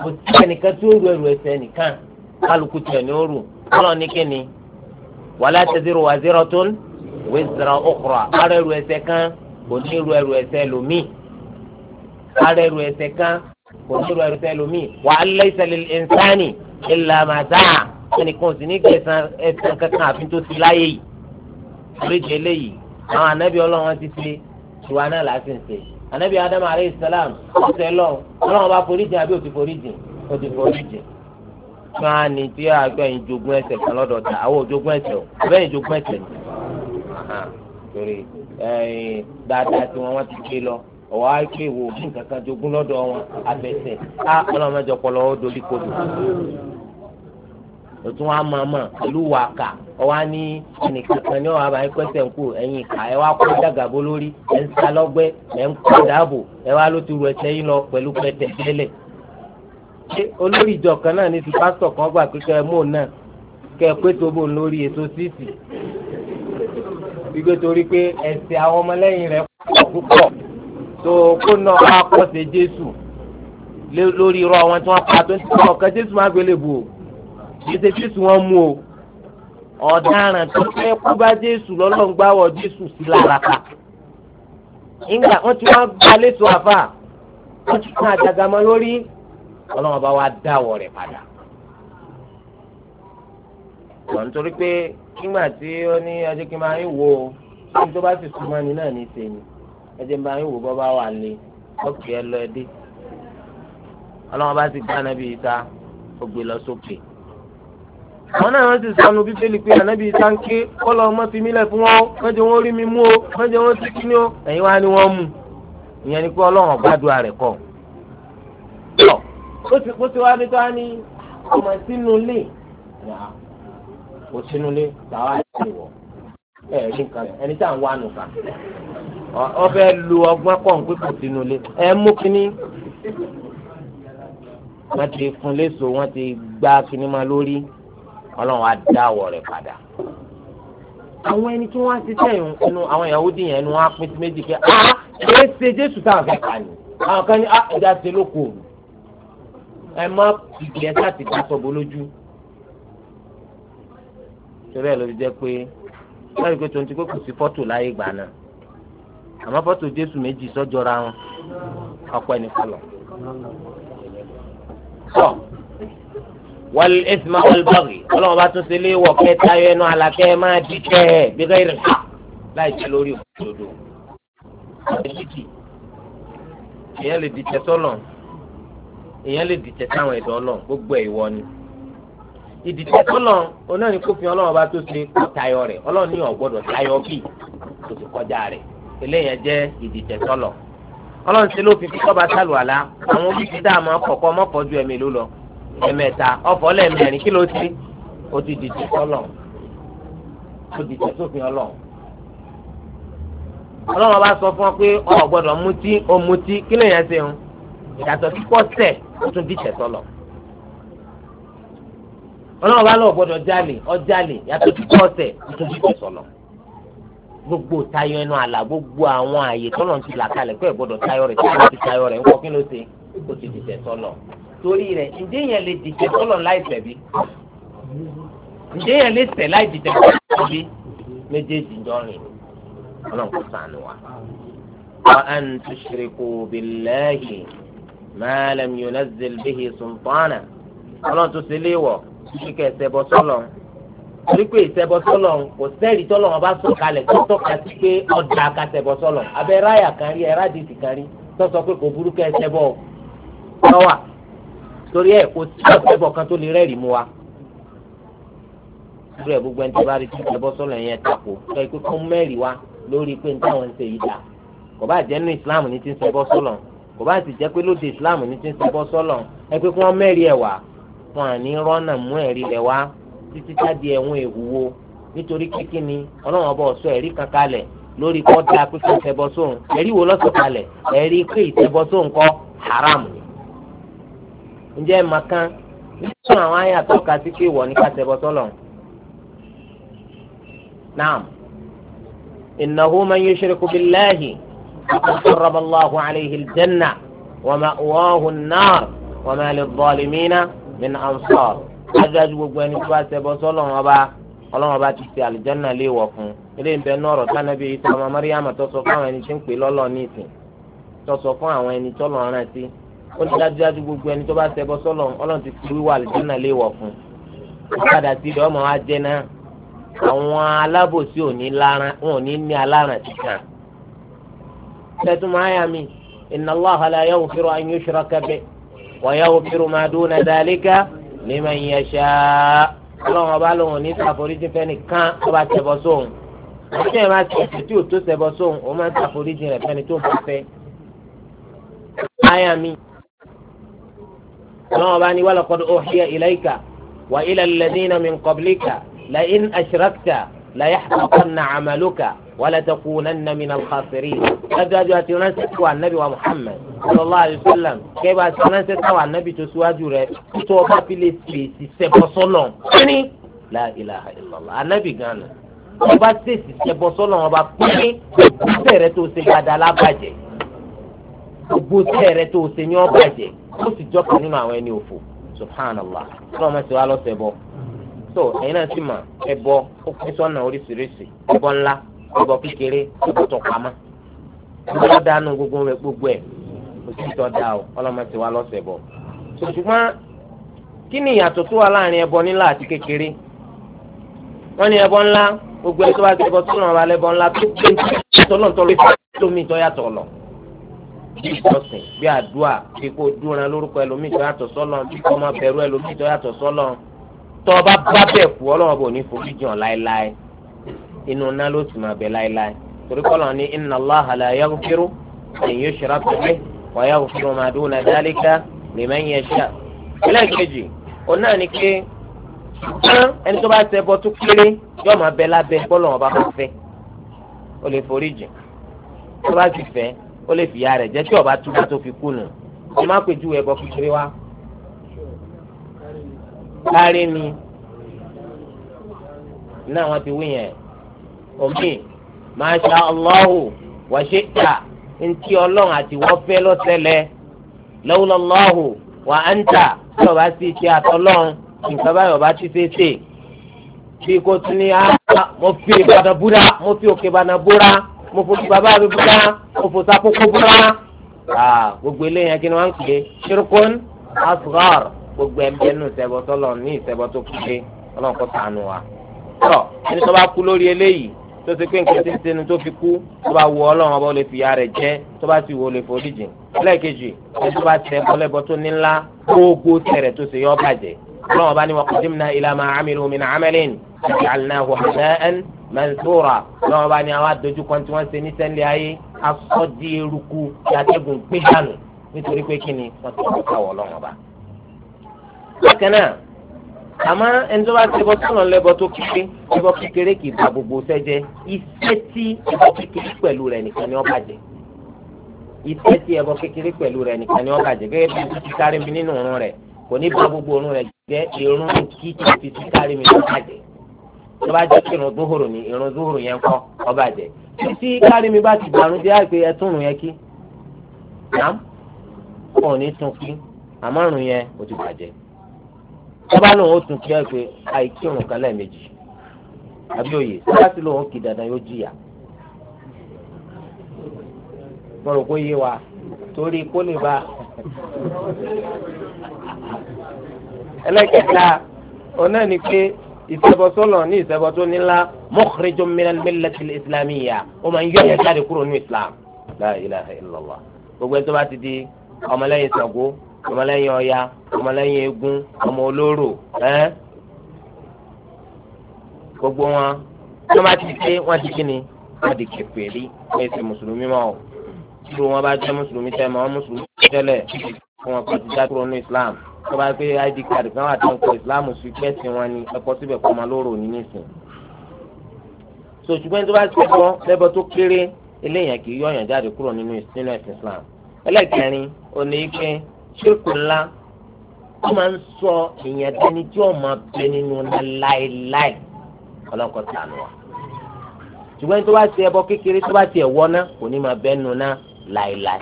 kò sí ẹnìkan tí ó rù ẹrù ẹsẹ̀ nìkan kálukú tiẹ̀ ni ó rù ọlọ́ọ̀ ní kíni wàlá tẹ̀síro wà zero tó ń wíṣọ̀rọ̀ ọkùnrà ara ẹrù ẹ̀ṣẹ̀ kan kò ní irú ẹrù ẹ̀ṣẹ̀ lómi ara ẹrù ẹ̀ṣẹ̀ kan kò ní irú ẹrù ẹ̀ṣẹ̀ lómi wà á lé ìṣẹ̀lẹ̀ ìnsáni ìlà màtá ẹnìkan sì ní gbẹ̀sán ẹ̀ṣẹ̀ kankan àfi tó ti láyé yìí oríṣi eléyìí àwọn anábì ọlọ́run ti ṣe ìwà náà láti ṣe anábì Adam alayhi salam ọ̀sẹ̀ lọ́wọ́ ọlọ́run bá foríjì àbí òtí foríjì òtí foríjì máa ní tí àgbẹ̀yìn jogún ẹsẹ̀ kan lọ́dọ̀ ta àwọn òjogún ẹsẹ̀ o àbẹ̀yìn jogún ẹsẹ̀ ni torí dáadáa tí wọ́n wá ti gbé lọ ọwọ àìpé wo nǹkan kan jogún lọ́dọ̀ wọn abẹsẹ á ọlọmọdé ọpọlọ ó dolí kodò òtún wa máa mọ ìlú wa kà ọwọ á ní ẹnìkan kan ní ọwọ àbáyé pẹsẹ ń kú ẹ̀yìn ìka ẹ wá kó dàgàbó lórí ẹ ń sá lọ́gbẹ́ ẹ ń kó dáàbò ẹ wá ló ti ru ẹsẹ̀ yín lọ pẹ̀lú pẹ̀tẹ̀ tẹ́lẹ̀ ṣé olórí ìjọ kan náà ní ti pásítọ̀ kan gbà pé kẹ́ ẹ mú un náà kẹ́ ẹ pé tóbó ń lórí ètò síìtì gbígbé torí pé ẹ̀sìn àwọn ọmọlẹ́yìn rẹ̀ pọ̀ púpọ̀ tó kó náà wá pọ̀ sí Jésù lórí irọ́ wọn tí wọ́n pa tó ń ti kọ́ ọ̀kan Jésù máa gbélé bò ó Jésù wọn mú o ọ̀daràn tó fẹ́ kú bá Jésù lọ́lọ́run gbá wọ Jésù sí lára ká wọn ti wọn gbalẹ̀ tó àfà wọn ti kún àjàgàmọ́ lórí ọlọ́run bá wá dáwọ̀ rẹ̀ padà lọ nítorí pé nígbà tí ó ní ẹjẹ́ kí n máa ń wò ó ní tó bá sì súnmọ́ ni náà ní í ṣe ni ẹjẹ́ máa ń wò bọ́ bá wà lé lọ́kì ẹ lọ ẹ dé ọlọ́run bá sì gbá anábì ìta ó gbé lọ sókè àwọn náà wọ́n ti sọnù bíbélì pé anábì ìta ń ké kọ́lọ́ ọmọ fi mílẹ̀ fún wọn wọ́n jẹ́ wọ́n rí mi mú o wọ́n jẹ́ wọ́n ti kí ni o ẹ̀yin wá ni wọ́n mú ìyẹn ni pé ọlọ́run ọ̀gbádùn rẹ̀ kọ́ ó ti kó tí wàá dé tó á ní ọmọ sínú ilé kò sínú ilé làwọn àti ìwọ ẹ ní nǹkan ẹni tí à ń wá nùkà ọbẹ̀ lu ọgbọ́n pọ̀ ń pé kò sínú ilé ẹ mú kínní wọ́n ti fún léṣo wọ́n ti gbá kinní ma lórí ọlọ́run á dá àwọ̀ rẹ̀ padà. àwọn ẹni tí wọ́n ti sẹ́yìn inú àwọn Yahudi yẹn ni wọ́n á pín sí méjì pé ah ṣe ṣe Jésù táwọn fẹ́ kà ní. àwọn kan ní ah ẹja ṣe lóko òru ẹ má ìgbìyànjú láti ká sọ̀bọ̀ lójú. torí ẹ̀ ló fi jẹ́ pé láti pé tuntun pé kò sí fọ́tò láyé ìgbà náà àmọ́ fọ́tò Jésù méjì sọ́jọ́ra wọn ọ̀pọ̀ ẹnìkan lọ. sọ wal isma wal baghi ọlọ́run bá tún ṣe lé wọ̀ kẹ́ tayọ ẹnu àlàkẹ́ máa di tẹ́ ẹ bí kẹ́ ìrìn ká láì jẹ́ lórí òdodo. ìyẹn lè di tẹ sọ́lọ̀ èèyàn lè dìtẹ̀ sáwọn ẹ̀dọ́ ọlọ́run gbogbo ẹ̀ ìwọ ni ìdìtẹ̀ tọ́lọ́run onáà ní kófin ọlọ́run bá tó ṣe kó tayọ rẹ̀ ọlọ́run ní ó gbọ́dọ̀ tayọ bí kò sì kọjá rẹ̀ eléyẹn jẹ́ ìdìtẹ̀ tọ́lọ̀ ọlọ́run ṣe lófin fi tọ́ba sálùwàlá àwọn oríṣi dáàmú ọkọ̀ọ̀kọ́ mọ́fọ́jú ẹ̀mí ló lọ ẹ̀mẹ́ta ọ̀fọ̀ lẹ́ẹ̀mẹ́rin kí ló ti ó ti dìtẹ̀ tọ́lọ̀ ó dìtẹ̀ sófin ọlọ́run ọlọ́run bá sọ fún ọ pé o gbọ́dọ̀ mutí o mutí kí lèyẹn ṣe ń yàtọ̀ sí pọ́sẹ̀ ó tún bí tẹ̀tọ́ lọ. ọlọ́run bá lọ́wọ́ gbọ́dọ̀ jálè ọjálè yàtọ̀ sí pọ́sẹ̀ ó tún bí tẹ̀tọ́ lọ. gbogbo tayọ ẹnu àlà gbogbo àwọn àyè tọ́lọ̀ ti là kalẹ̀ pé gbọ́dọ̀ tayọ rẹ̀ tayọ ti tayọ rẹ̀ ńkọ́ kí ló ṣe ó ti di tẹ̀tọ́ lọ. torí rẹ̀ ǹjẹ́ yẹn lè di tẹ̀tọ́ lọ láì ṣẹ̀ bí? ǹjẹ́ yẹn lè ṣẹ̀ láì di tẹ̀tọ́ lọ bí? méjèèjì jọrin ọlọ́run kò sànù wa. wa an tushriku billahi ma lam yunazil bihi sultana ọlọ́run tó ṣe léèwọ̀ kíkẹ́ ìṣẹ́bọ sọ́lọ̀ torí pé ìṣẹ́bọ sọ́lọ̀ kò sẹ́ẹ̀rì tọ́lọ̀ wọn bá sọ kalẹ̀ tó tọ́ka sí pé ọ̀dà kàṣẹ̀bọ sọ́lọ̀ abẹ́ ráyà kan rí ẹ̀rá dìtì kan rí tó sọ pé kò burú kẹ́ ìṣẹ́bọ lọ́wà torí ẹ̀ kò sí ìṣẹ́bọ kan tó lè rẹ́rìí mu wa. ìṣúra ẹ̀ gbogbo ẹni tó bá rí tí ìṣẹ́bọ sọ́lọ̀ yẹn tako sọ pé kó mẹ́rìí wa lórí pé ní táwọn ń ṣe yìí dà kò bá jẹ́ nínú ìsìláàmù ní ti ń ṣẹ́bọ sọ́lọ̀ kò bá sì jẹ́ pé lóde islam ní ti ń sọbọ́ sọ́lọ̀ ẹ pé kí wọ́n mẹ́rin ẹ̀ wá fún àní rọ́nà mú ẹ̀rí rẹ̀ wá títí jáde ẹ̀wọ̀n èwúwo nítorí kíkí ni ọlọ́run ọba ọ̀ṣọ́ ẹ̀rí kan kalẹ̀ lórí kọ́ da pé kí ìṣẹ́bọ sóhun ẹ̀rí wo lọ́sọ̀ kalẹ̀ ẹ̀rí pé ìṣẹ́bọ sóhun kọ́ haram ni. ǹjẹ́ màkàn nínú àwọn àyà tọ́ka sí pé ìwọ ní ká ṣẹbọ sọ́lọ̀ naam innahu man yushriku billahi. حرم الله عليه الجنة ومأواه النار وما للظالمين من أنصار adájú gbogbo ẹni tó bá ṣẹbọ sọ́lọ́run ọba Ọlọ́run ọba ti ṣe àlùjáná lè wọ̀ fún ilé ìbẹ nọrọ tánàbí ìtọ ọmọ mọríyàmà tó sọ fún àwọn ẹni tí ń pè lọlọ ní ìsìn tó sọ fún àwọn ẹni tó lọ rán sí ó ní dájúdájú gbogbo ẹni tó bá ṣẹbọ sọ́lọ́run Ọlọ́run ti fi wíwá àlùjáná lè wọ̀ fún padà sí ìdọ́mọ wa jẹ náà àwọn alábòsí ò ní ní aláràn ti kàn tẹ́tùmù àyà mi inna Allaha la yaghfiru an yushraka bihi wa yaghfiru ma duna dhalika liman yasha ọlọ́run ọba lòun ní ṣàforíjì fẹ́nìkan ọba tẹ̀bọ̀ sóhun ṣé ẹ máa ti ẹ̀sìn tí ò tó tẹ̀bọ̀ sóhun ó máa ń ṣàforíjì rẹ̀ fẹ́ni tó ń bá fẹ́. àyà mi ọlọ́run ọba ní wa laqad uhiya ilayka wa ila alladhina min qablika la in ashrakta la yahbatanna amaluka wa la takunanna min al-khasirin dájúdájú àti ránṣẹ́ tó wà nábì wa Muhammad sallallahu alayhi wa sallam kẹ́ bá ti ránṣẹ́ tó wà nábì tó síwájú rẹ̀ tó ọba fi lè fèsì sẹ́bọ̀ sọ́nà kíní la ilaha illallah anábì gánà ọba fèsì sẹ́bọ̀ sọ́nà ọba pín gbogbo rẹ̀ tó ṣe dáadáa lábàjẹ́ gbogbo rẹ̀ tó ṣe ní ọbàjẹ́ ó sì jọ́kọ̀ nínú àwọn ẹni òfò subhanallah ọlọ́mọ sì wá lọ́sẹ̀ bọ́ so ẹ̀yin náà sì mọ̀ ẹ̀bọ ó pín sọ́nà oríṣiríṣi ẹ̀bọ ńlá ẹ̀bọ kékeré ẹ̀bọ tó ọlọ́ dánú gbogbo rẹ̀ gbogbo ẹ̀ òsì dá o ọ ọlọ́mọ ti wá lọ́sẹ̀ bọ̀. ṣùgbọ́n kí ni ìyàtọ̀ tó wà láàrin ẹbọ ńlá àti kékeré wọ́n ní ẹbọ ńlá gbogbo ẹ̀ tó bá ti ẹbọ tó lọ́nà balẹ̀ ẹbọ ńlá tó gbé tọ́lọ́ntọ́ ló fi lómi tó yàtọ̀ lọ. bí ìjọsìn bí àdúrà bí kò dúran lórúkọ ẹlòmíì tó yàtọ̀ sọ́lọ̀ bí kò máa bẹ̀rù ẹlòmíì tó yàtọ̀ sọ́lọ̀ tó bá bá bẹ̀ kú ọlọ́wọ́ bò ní foríjì hàn láéláé inú ná ló sì máa bẹ láéláé torí kọ́ lọ́n ní inna Allaha la yaghfiru an yushraka bihi wa yaghfiru ma duna dhalika liman yasha. ẹlẹ́ẹ̀kejì òun náà ni pé ẹni tó bá ṣẹbọ tó kéré yóò máa bẹ lábẹ́ bọ́lọ̀ wọn bá bá fẹ́ ó lè forí jìn tó bá sì fẹ́ ó lè fìyà rẹ̀ jẹ́ tí ó bá túbọ̀ tó fi kùnà ó má pèjú ẹbọ kékeré wá. kárí ni náà wọ́n ti wí yẹn omi masha allahu wa shi'ta ntí ọlọ́run àti wọ́n fẹ́ lọ́sẹ̀lẹ̀ lawla allahu wa anta tí ọba sì ṣe àtọ́lọ́run nǹkan báyọ̀ bá ti ṣe ṣe bí kò tún ní á ah, mo fi ìbàdàn búra mo fi òkè ìbàdàn búra mo fò bàbá mi búra mo fò sapoko búra gbogbo eléyàn kí ni wọ́n ń pè é ṣírkún asghar gbogbo ẹgbẹ́ nù sẹ́bọ̀tọ́ lọ ní ìsẹ́bọ̀tọ́ kéde ọlọ́run kó ṣàánú wa. ẹni tó bá kú lórí eléyìí tó ṣe pé nǹkan tí ń tẹnu tó fi kú tó bá wọ ọlọ́run ọba ó lè fìyà rẹ̀ jẹ tó bá sì wọ ó lè forí jìn lẹ́ẹ̀kejì ẹni tó bá tẹ bọ́lẹ́bọ tó ní ńlá gbogbo tẹ̀rẹ̀ tó ṣe yọ bàjẹ́ ọlọ́run ọba ni wa qadimna ila ma amilu min amalin ja'alnahu haba'an mansura ọlọ́run ọba ni àwa dojú kan tí wọ́n ṣe ní sẹ́ńlẹ̀ ayé asọ́dí eruku yàtẹ̀gùn àmọ́ ẹni tó bá ti bọ́ sọ̀nà lẹ́bọ̀ tó kékeré ẹbọ kékeré kì í ba gbogbo sẹ́jẹ́ iṣẹ́ tí ẹbọ kékeré pẹ̀lú rẹ̀ nìkan ni ó bàjẹ́ iṣẹ́ tí ẹbọ kékeré pẹ̀lú rẹ̀ nìkan ni ó bàjẹ́ gẹ́gẹ́ bí ti sáré mi nínú òórùn rẹ̀ kò ní ba gbogbo òórùn rẹ̀ jẹ́ irun kí tó fi ti sáré mi ló bàjẹ́ tó bá jẹ́ irun dúhùrù ni irun dúhùrù yẹn kọ́ ó bàjẹ́ títí kárí mi bá ti bàrún jẹ́ àgbẹ̀ ẹtúrùn yẹn kí nàám kò ní tún kí àmọ́rùn ọba lòun ó tún kí ẹ pé àìkí òrùn kan lẹ́ẹ̀mejì àbí òye láti lòun kì dandan yóò jìyà mo rò pé yé wa torí kó lè ba ẹlẹ́kẹ̀ta ọ̀nà ni pé ìṣẹbọ sọlọ ní ìṣẹbọ tó nílá mọ́kìrìjọ ìsìlámì yá ó máa ń yọ ẹ̀yẹ jáde kúrò ní ìsìlám la ilaha illallah gbogbo ẹ̀ tó bá ti di ọmọlẹ́yìn Ṣàngó ọmọlẹ́yìn ọya ọmọlẹ́yìn eégún ọmọ olóró ẹ́ gbogbo wọn tí wọ́n bá ti dé wọ́n ti kí ni wọ́n di kèfèrí wọ́n ti mùsùlùmí mọ́ ọ́ tí wọ́n bá jẹ́ mùsùlùmí tẹ́ mọ́ mùsùlùmí tẹ́lẹ̀ fún wọn kò ti dá kúrò ní Islam tó bá gbé id card kan wà tó ń kọ Islam sí pẹ́ẹ́sì wọn ni ẹ̀kọ́ síbẹ̀ kọ́ ọmọ olóró ní nísìn so ṣùgbọ́n tó bá ti kọ́ lẹ́bọ̀ tó kéré eléyàn kì í yọ̀yàn jáde kúrò nínú ìsìn Islam ẹlẹ́kẹrin òní pé ṣéèkù ńlá wọ́n máa ń sọ èèyàn dání tí wọ́n máa pè nínú náà láéláé ọlọ́kọ̀ tànù wa ṣùgbọ́n tó bá ti ẹbọ kékeré tó bá ti ẹ̀wọ́ náà kò ní máa bẹ́ nu náà láéláé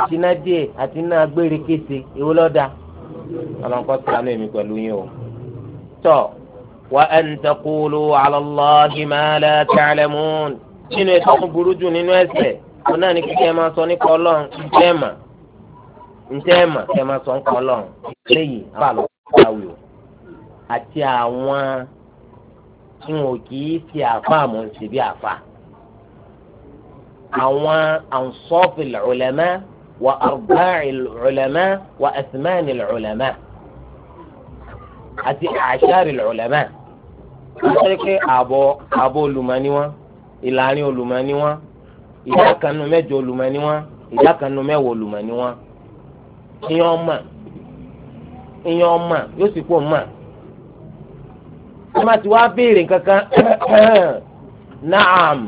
àti iná díẹ̀ àti iná agbére kése èwo lọ́dà ọlọ́kọ̀ tànù èmi pẹ̀lú yín o tọ́ wa an taqulu ala Allahi ma la ta'lamun nínú ẹ̀sọ́ burú jù nínú ẹ̀ṣẹ̀ òun náà ní kíkẹ́ máa sọ nípa ọlọ́run ìjẹ́ mà njẹ́ ẹ̀ mà kẹ́ ẹ máa sọ nǹkan ọlọ́run léyìí àwọn àlọ́kọ́ àwì o àti àwọn tí wọn kì í fi àfa àmọ́ ṣe bí àfa àwọn ansọ́fì lọ́lẹ́mẹ́ wà àrùbáì lọ́lẹ́mẹ́ wà ẹ̀sìmẹ́ẹ̀nì lọ́lẹ́mẹ́ àti àṣàrì lọ́lẹ́mẹ́ wọ́n àbọ̀ àbọ̀ olùmọ̀ni wọn ìlàrin olùmọ̀ni wọn ìdá kanu mẹ́jọ olùmọ̀ni wọn ìdá kanu mẹ́wọ̀ olùmọ̀ni wọn. ìyẹn ọmọ ìyẹn ọmọ yóò sì kó ẹ má ti wá béèrè kankan naam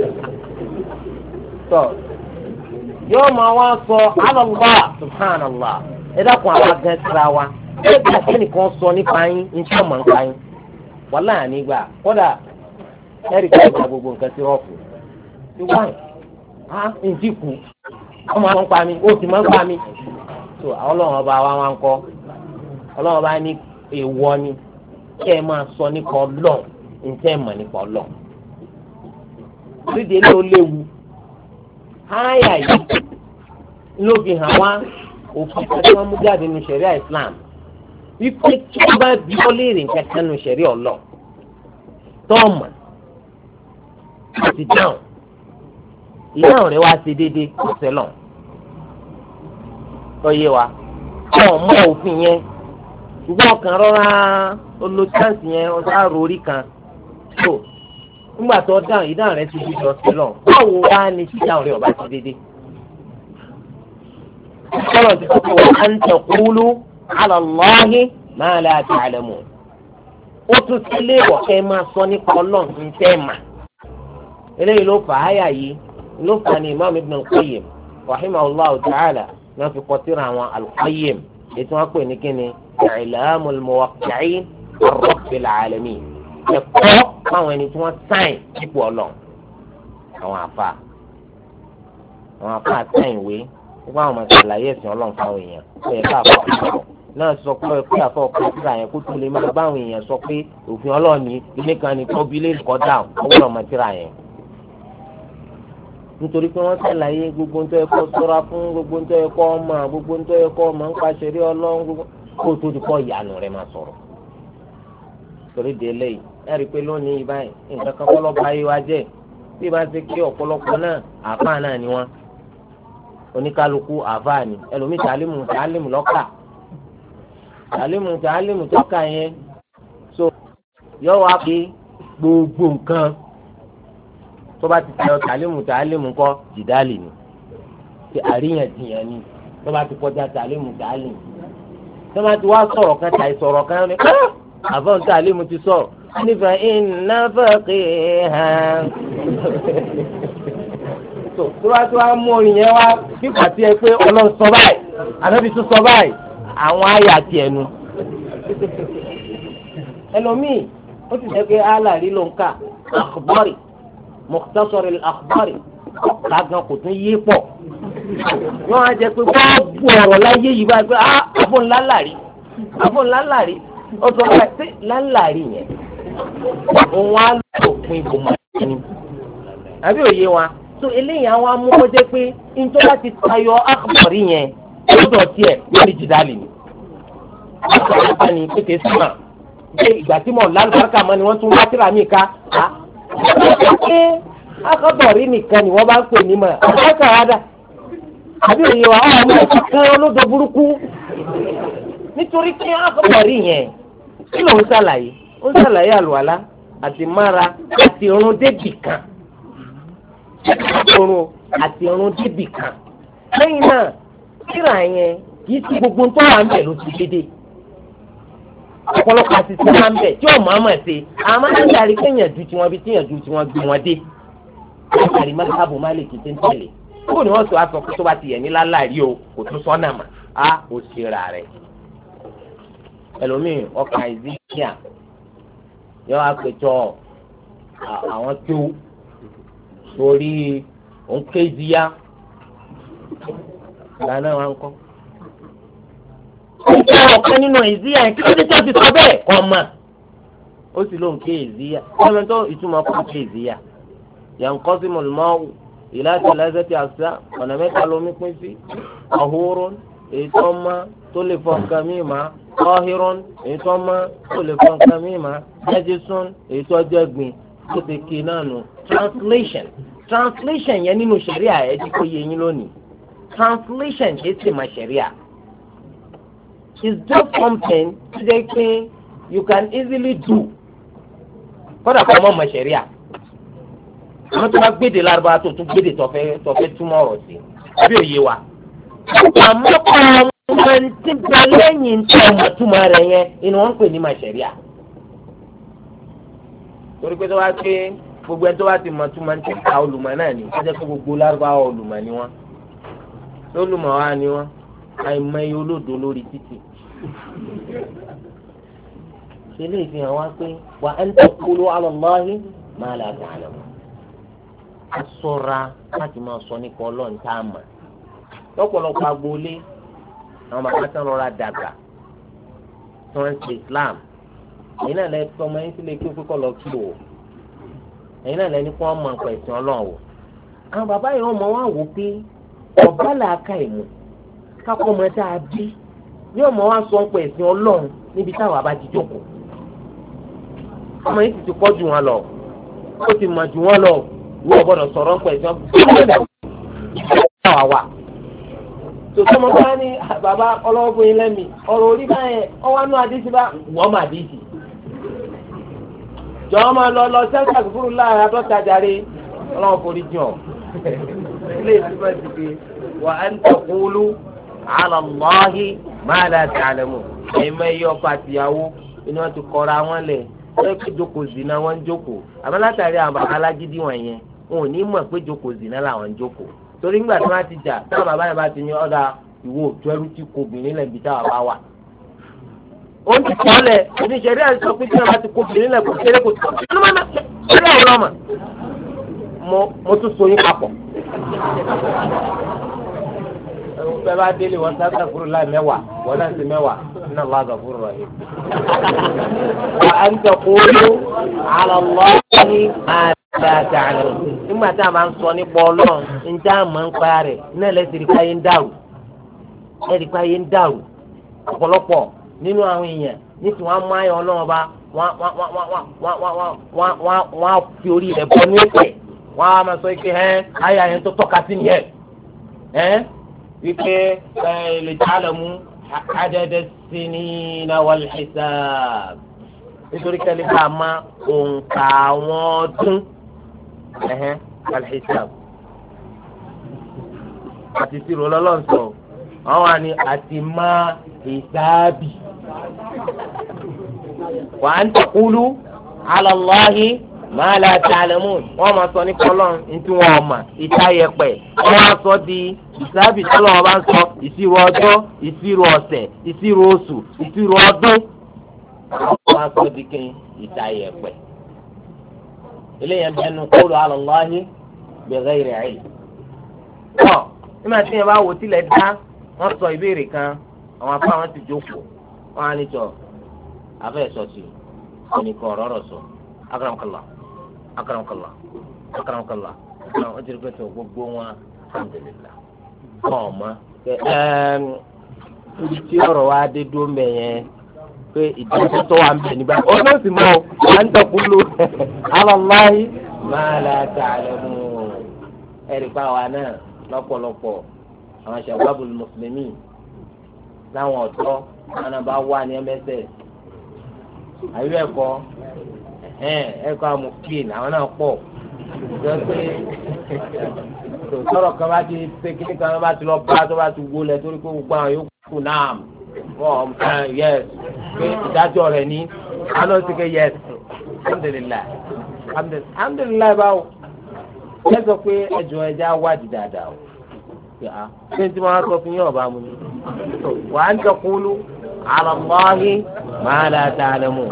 tọ yóò máa wá sọ alọlọ subhanallah ẹ dákun àwọn wa ẹ bí akẹ́nìkan sọ nípa yín ní sọ́mọ̀ nípa yín wàhálà nígbà kódà ẹ̀rí kan gba gbogbo nǹkan tí wọ́n fò ṣé kù. ọmọ àwọn pa mi ó sì máa ń pa mi tó ọlọ́run ọba wa wá ń kọ́ ọlọ́run ọba ní èèwọ̀ ni kẹ́ ẹ máa sọ nípa ọlọ́run nǹkan ẹ̀ mọ̀ nípa ọlọ́run lídìí ló léwu ááyà yìí ló fi hàn wá òfin tí wọ́n mú jáde nu ṣẹ̀ríà Islam wípé tí wọ́n bá bí ọ́ léèrè nǹkan kan nu ṣẹ̀ríà ọlọ́ tọ́ọ̀mù àti dáhùn ìdáhùn rẹ̀ wá ṣe déédéé ọ̀sẹ̀ lọ́hùn kọ́ yé wa ọ̀ mọ òfin yẹn ṣùgbọ́n ọkàn rọra olo chance yẹn ọ̀sá rori kan so nígbà tó dáhùn ìdáhùn rẹ ti di jọ sí lọ báwo wá ni sídáhùn rẹ ọba ti dédé sọlọ ti sọ pé wọn á ń tẹkúlú alàlọ́hìn máa la ti àlẹ́ mọ́ ó tún sílé máa sọ nípa ọlọ́run ní tẹ́ mà eléyìí ló fà áyà yìí ló fà ní Imam Ibn al-Qayyim rahimahullah ta'ala ni wọ́n fi kọ tírà àwọn Al-Qayyim èyí tí wọ́n pè ní kíni I'lamul Muwaqqi'in Rabbil Alamin ẹ̀kọ́ fáwọn ẹni tí wọ́n sáìn ipò ọlọ àwọn àfa àwọn àfa sáìn wé wọ́n àwọn ọmọ ìṣàlàyé ẹ̀sìn Ọlọ́run fáwọn èèyàn ó yẹ káàkó àkókò náà sọ pé ẹ pé àfọ ọkọ síra yẹn kó tó lè máa báwọn èèyàn sọ pé òfin ọlọ́ọ̀ni ilé kan ní tọ́bí lè kọ́ dà ọwọ́ ọmọ nítorí pé wọ́n ṣàlàyé gbogbo ntọ́ ẹ̀kọ́ sọ́ra fún gbogbo ntọ́ ẹ̀kọ́ ọmọ gbogbo ntọ́ ẹ̀kọ́ ọmọ ń paṣẹ rí ọlọ́run gbogbo kó tó ti kọ́ ìyanu rẹ̀ máa sọ̀rọ̀ torí de eléyìí ẹ rí i pé lónìí yìí báyìí nǹkan kan kọ́ lọ́ba ayé wa jẹ́ bí ìbá ti kí ọ̀pọ̀lọpọ̀ náà àáfàá náà ni wọ́n oníkálukú àáfàá ni ẹlòmíì tàálímù tàálímù lọ́kà tàálímù tàálímù tọ́ka yẹn so yọ wá pé gbogbo nǹkan tó bá ti tayọ tàlímù tàlímù kọ́ jìdálì ni ti àríyànjiyàn ni tó bá ti kọjá tàlímù tàlímù tó bá ti wá sọ̀rọ̀ kan tàì sọ̀rọ̀ kan ni ah! àbọ̀n tàlímù ti sọ̀rọ̀ nífà iná fẹ́ẹ́kì hàn. tó bá ti wá mú orin yẹn wá nípa tí ẹ pé ọlọ́run sọ báyìí ànábì tún sọ báyìí àwọn àyà tiẹ̀ nu ẹlòmíì ó ti jẹ́ pé aláàrí ló ń kà àkùbọ́rì. Mukhtasar al-Akhbar kàgàn kò tún yé pọ̀ wọ́n á jẹ pé wọ́n bu ọ̀rọ̀ láyé yìí báyìí pé ah àbọ̀n lálàrí àbọ̀n lálàrí ó sọ pé ṣé lálàrí yẹn òun á lò pin ìbò mọ̀ ní. àbí òye wa tó eléyìí àwọn amúkọ́jẹ́ pé nítorí láti tayọ àkọ́rí yẹn lọ́dọ̀ tiẹ̀ lórí jìdálì ni. wọ́n sọ ní pété símà pé ìgbà tí mo lálùbáríkà mọ́ ni wọ́n tún wá síra mi ká ṣé akọ́bọ̀rí nìkan ni wọ́n bá ń pè ní mọ̀ ọ̀pọ̀lọpọ̀ àdá àbí òye wa ọmọ kan olódò burúkú nítorí pé akọ́bọ̀rí yẹn kí ló ń ṣàlàyé ó ń ṣàlàyé àlùwàlá àti mara àti irun débì kan irun àti irun débì kan náà kíra yẹn kì í sí gbogbo tó wà ń bẹ̀ ló ti ọ̀pọ̀lọpọ̀ àti tí wọ́n bẹ̀ tí ọ̀mọ́ àmọ̀ ṣe àmọ́ látàrí pé yànjú tí bí tí yànjú tí gbé wọn dé látàrí mọ́tàbù Málíkì tí ń tẹ̀lé kó ni wọ́n sọ aṣọ kó tó bá ti yẹ̀ ní láláàrí o kò tún sọ́nà mà á ò ṣe ra rẹ̀ ẹlòmíì ọkàn ìzíkíà yọ apẹ̀tọ̀ àwọn tó torí òun kéjìyà gbaná wa kọ́ ọjọ́ ọ̀kan nínú ìzíyà yẹn kí tó ti sọ bẹ́ẹ̀ kọ́ ma ó sì ló ké ìzíyà ọlọ́run tó ìtumọ̀ kó ké ìzíyà yàn sí mọ̀lùmọ́wù ìlàtí lẹ́sẹ̀ ti àṣà ọ̀nà mẹ́ta lomi pín sí ọ̀húrún ètò ọmọ tó lè fọ nǹkan mí ma ọ̀hírún ètò ọmọ tó lè fọ nǹkan mí ma ẹ̀jísún ètò ọjọ́ gbìn tó ti ké náà nù translation translation yẹn nínú sẹ̀ríà ẹ̀ ti kó yẹ yín lónìí translation kì í sì máa sẹ̀ríà is just something tó jẹ́ pé you can easily do kódà kó ọmọ ọmọ ṣẹ̀ríà àwọn tó bá gbéde lárúbá tó tún gbéde tọ́fẹ́ tọ́fẹ́ túmọ̀ ọ̀rọ̀ sí àbí òye wa. àmọ́ kọ́ ọmọ tí bá lẹ́yìn tí ọmọ túmọ̀ rẹ̀ yẹn inú wọn ń pè ní màṣẹ̀ríà. torí pé tó bá pé gbogbo ẹni tó bá ti mọ̀ túmọ̀ ní ká olùmọ̀ náà ni wọ́n jẹ́ pé gbogbo lárúbá olùmọ̀ ni wọ́n lólùmọ̀ wa ni wọ́n àìmọye olódo lórí títì. ilé ìfihàn wa pé wà á ń ala Allahi ma la a sọra láti máa sọ nípa ọlọ́run tá a mọ̀ lọ́pọ̀lọpọ̀ agboolé àwọn bàbá tán lọ́ra dàgbà ń ṣe Islam èyí náà lẹ́yìn tó ọmọ yín sílé kí ó lọ kí o èyí náà lẹ́yìn kó wọ́n mọ nǹkan ẹ̀sìn ọlọ́run o. àwọn bàbá yìí wọ́n mọ wọn wò pé ní ọmọ wa sọ pé ẹ̀sìn ọlọ́run níbi táwọn abá ti jókòó ọmọ yìí ti ti kọ́ ju wọn lọ ó ti mọ̀ ju wọn lọ wọ́n gbọ́dọ̀ sọ̀rọ̀ pé ẹ̀sìn ọlọ́run tòtọ́mọ bá ní bàbá ọlọ́gbọ́n yín lẹ́mìí ọ̀rọ̀ orí báyẹn ọwọ́ inú adé ti bá wọ́n mà dé jì jọ̀ọ́ máa lọ lọ sẹ́ńtà kúkúrú láàrin àtọ́ta jàre ọlọ́run forí jìn ọ́ ilé ìtura ti pé wà á ń tọ̀kú olú ala Allahi ma la ta'lamun ẹ̀yin máa yí ọkọ àtìyàwó inú wọn ti kọra wọn lẹ̀ ẹ pé jókòó zina wọn ń jókòó àmọ́ látàrí àwọn alágídí wọn yẹn wọn ò ní mọ̀ pé jókòó zina làwọn ń jókòó torí ńgbà tí wọ́n ti jà táwọn bàbá yẹn bá ti yan ọ̀dà ìwò òtúẹ́rú tí kò obìnrin lẹ̀ ń bi táwọn bá wà. ó ti kọ́ lẹ̀ oníṣẹ́rí àti sọ pé tí wọ́n bá ti kó obìnrin lẹ̀ kò kéré kò tó mo tún so yín papọ̀ bẹ́ẹ̀ bá délé wọn sá sàfúrú láì mẹ́wàá wọn náà sì mẹ́wàá iná lọ́wọ́ sàfúrú rẹ̀ wà á ń tẹ kóòlù alọ́lọ́ọ̀ni àdàdà rẹ̀ nígbà tá a máa ń sọ nípa ọlọ́run njẹ́ àmọ́ ń pa rẹ̀ náà lẹ́sìn ìrìkà yẹn ń dàrú ẹ̀rìkà yẹn ń dàrú ọ̀pọ̀lọpọ̀ nínú àwọn èèyàn ọba wọn á fi orí rẹ̀ bọ́ ní á máa sọ ike tó tọ́ka sí ni ẹ̀ wípé ẹ lè jálẹ̀mú adẹ́dẹ́ sí ní nawal hisab nítorí kẹ́lẹ́ bá a ma òǹkà àwọn ọdún ẹ̀hẹ́n alhisab àti sírò lọ́lọ́sọ̀ àwọn wà ní àti má hisabi wà á ń tẹ̀kúlú alàlọ́hìn. maala la ta àlẹmú wọn máa sọ nípa Ọlọ́run ntí wọn ọmọ ìta sọ di ìsáàbì tí ọba ń sọ ìṣirò ọjọ́ ìṣirò ọ̀sẹ̀ ìṣirò oṣù ìṣirò ọdún sọ di kí ìta eléyàn bẹ́ẹ̀ nu kóòlù alọ́láhi bẹ̀rẹ̀ rẹ̀ ẹ̀. ọ nígbà tí yẹn bá wò tilẹ̀ dá wọ́n sọ ìbéèrè kan àwọn apá wọn ti jókòó á ní sọ sí i ọ̀rọ̀ akaramakala akaramakala akaramakala ọjọ́ ìgbà tó gbogbo wọn alhamdulilah ọmọ ibi tí ọ̀rọ̀ wa dé dúró mbẹ yẹn pé ìdájọ́ tó wà mbẹ nígbà ó ló sì mọ à ń dọ̀kúlù alọ́láyé máa la ta àlẹ́ mu ẹ̀rí pa wa náà lọ́pọ̀lọpọ̀ àwọn ṣàbábù mùsùlùmí láwọn ọ̀dọ́ wọn náà bá wà ní ẹ̀mẹ́sẹ̀ àyẹ̀wò ẹ̀kọ́ ẹ̀kọ́ amòfin àwọn náà pọ̀ jọ pé sọ̀rọ̀ kan bá ti pé kíní kan bá ti lọ bá tó bá ti wó lẹ̀ torí pé gbogbo àwọn yóò kú náà wọ́n yẹs pé ìdájọ́ rẹ̀ ní àná sì ké yẹs alhamdulilayi alhamdulilayi báwo ẹ sọ pé ẹjọ́ ẹjẹ awádìí dáadáa o ah, ṣé tí wọ́n á sọ fún yín ọba mu ni wàá ń tẹkulu alàmọ́hí máa dáa dáa lẹ́mú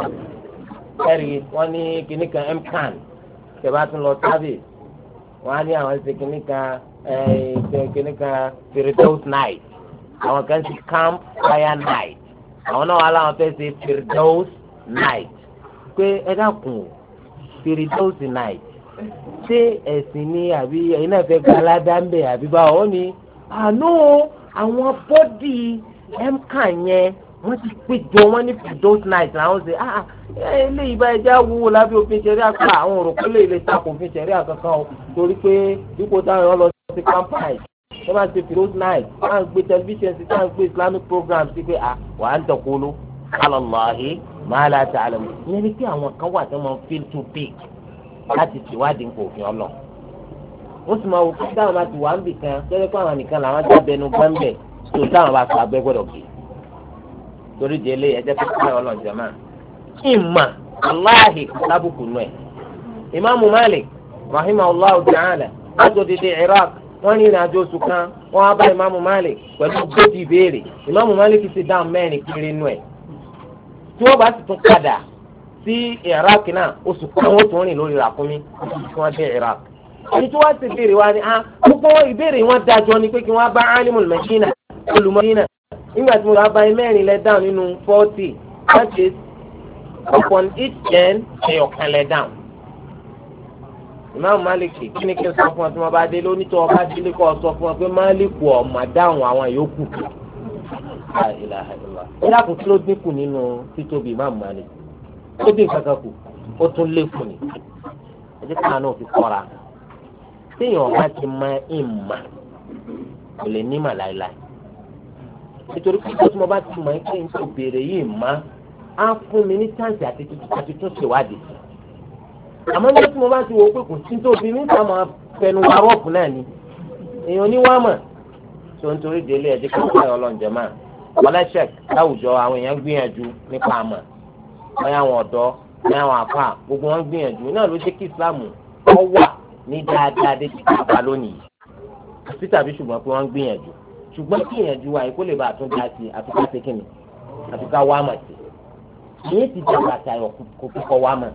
ẹ̀rí wọ́n ní kinní kan mcan tẹ̀bá tún lọ tábì wọ́n á ní àwọn ṣe kinní kan kinní kan firdaus night àwọn kan ṣe camp fire night àwọn náà wà láwọn fẹ́ ṣe firdaus night pé ẹ dákun firdaus night ṣé ẹ̀sìn ni àbí ẹ̀yin náà fẹ́ gba aládá ń bẹ̀ àbí báwo ni àánú àwọn bọ́dì mcan yẹn wọ́n ti péjọ wọ́n ní fìdóòtù náìtì làwọn ṣe ah, ah eh, eléyìí bá ẹja wúwo lábẹ́ òfin ṣẹ̀rí àpá àwọn òrò kó lè lè takò òfin ṣẹ̀rí àkankan o torí pé dípò táwọn lọ sí campaign wọ́n máa ṣe fìdóòtù náìtì wọ́n á gbé tẹlifíṣàn sí wọ́n á gbé islamic program sí pé ah wàá ń tọ́kolo alọ́láhi máa la ta àlọ́ ìyẹn ni pé àwọn kan wà tó máa ń feel too big láti tìwádìí nǹkan òfin ọlọ́ọ̀ ó sì máa wò pé táwọn bá ti wà ń bì kan tẹ́lẹ̀ pé àwọn nìkan làwọn jábẹ́nu gbọ́ńbẹ̀ tó táwọn bá sọ abẹ́ gbọ́dọ̀ gbé torí di eléyìí ẹjẹ tó kọ́ ọ lọ́njẹ́ máa ìmà aláhi lábùkù nù ẹ̀ ìmáàmù Malik rahimahullahu ta'ala láti òdìdí Iraq wọ́n ní ìrìn àjò oṣù kan wọ́n á bá ìmáàmù Malik pẹ̀lú gbòdì ìbéèrè ìmáàmù Malik ti dáhùn mẹ́rin kiri nù ẹ̀ tí wọ́n bá sì tún padà sí Iraq náà oṣù kan wọ́n tún rìn lórí ràkúnmí tí wọ́n dé Iraq ẹni tí wọ́n ti béèrè wa ni ah gbogbo ìbéèrè wọn dájọ́ ni pé kí wọ́n bá alimul Madina olùmọ̀dínà nígbà tí mo rà bá yín mẹ́rin lẹ down nínú forty that is upon each ten ẹ̀yọ̀kan lẹ down. ìmáàmù máàlìkì kí ni kí n sọ fún ọ tí wọ́n bá dé lónìí tó wọ́n bá délé kó o sọ fún ọ pé máàlìkù ọ̀mà dáhùn àwọn yòókù. ìlà kò tí ló dínkù nínú títóbi ìmáàmù máàlìkì ó dín kankan kù ó tún lékun ni ẹ jẹ́ káà náà fi kọ́ra téèyàn ọba ti mọ ìmọ̀ kò lè ní màláìláì nítorí pé ìjọsìn mo bá ti mọ̀ pé nǹkan ìbéèrè yìí má á fún mi ní chance àti àti tún ṣèwádìí àmọ́ nígbà tí mo bá ti wò ó pé kò sí tó bí níta máa fẹnu wa rọ́ọ̀pù náà ni èèyàn ní wá mọ̀ tó ń torí délé ẹ̀jẹ̀ kí wọ́n ọlọ́njẹ́ máa ọlẹ́sẹ̀k láwùjọ àwọn èèyàn gbìyànjú nípa àmọ̀ báyà àwọn ọ̀dọ́ báyà àwọn àfà gbogbo wọn gbìyànjú náà ló ṣe kí ìsìláàmù ọ wà ní dáadáa dé ti ká lónìí àti tàbí ṣùgbọ́n pé wọ́n gbìyànjú ṣùgbọ́n kí ìyànjú wa kó lè bá àtún dá sí àti ká ṣe kíni àti ká wá èyí ti dà bàtà ẹ̀ kó kókó wá mo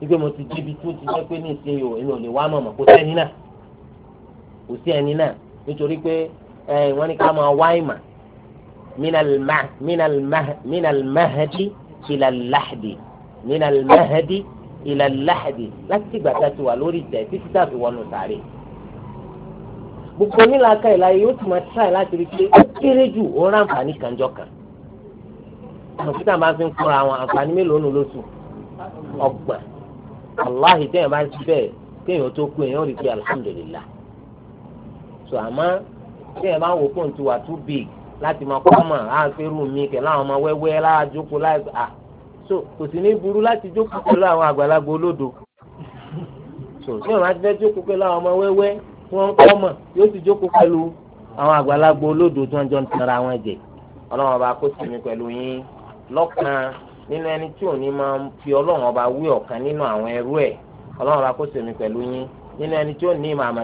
ti débi tó ti jẹ́ pé ní ìsìn yìí èmi ò lè wá mà mà kó sẹ́ni náà kò sí ẹni náà nítorí pé wọ́n ní ká máa wá ìmà mínàlmáhàdì ìlàláhàdì mínàlmáhàdì ìlàláhàdì láti ìgbà tá a wà lórí ìtẹ̀ títí tá a fi wọnú sàárè gbogbo onílàákà ìlàyé yóò tún máa tíráì láti rí pé ó kéré jù ó ń ráǹfààní kanjọ kan kọ̀ǹpútà máa fi ń kúnra àwọn àǹfààní mélòó nù lóṣù ọgbọ̀n aláhi téèyàn bá ń ti bẹ́ẹ̀ téèyàn tó kú èèyàn rí pé alihamudulilá so àmọ́ téèyàn bá wò pé òun wà too big láti máa kọ́ mọ̀ á fi rú mi kẹ̀ láwọn ọmọ wẹ́wẹ́ láàjókòó láì à so kò sí ní burú láti jókòó pẹ̀lú àwọn àgbàlagbà olódo so téèyàn bá ti fẹ́ wọn wọ́n ń kọ́ yóò sì jókòó pẹ̀lú àwọn àgbàlagbà olódò tí wọ́n jọ ń tẹ̀ra wọn jẹ ọlọ́run ọba kó sì pẹ̀lú yín lọ́kàn nínú ẹni tí ní fi ọlọ́run ọba wí ọ̀kan nínú àwọn ẹrú ẹ̀ ọlọ́run ọba kó pẹ̀lú yín nínú ẹni tí ó ní ìmọ̀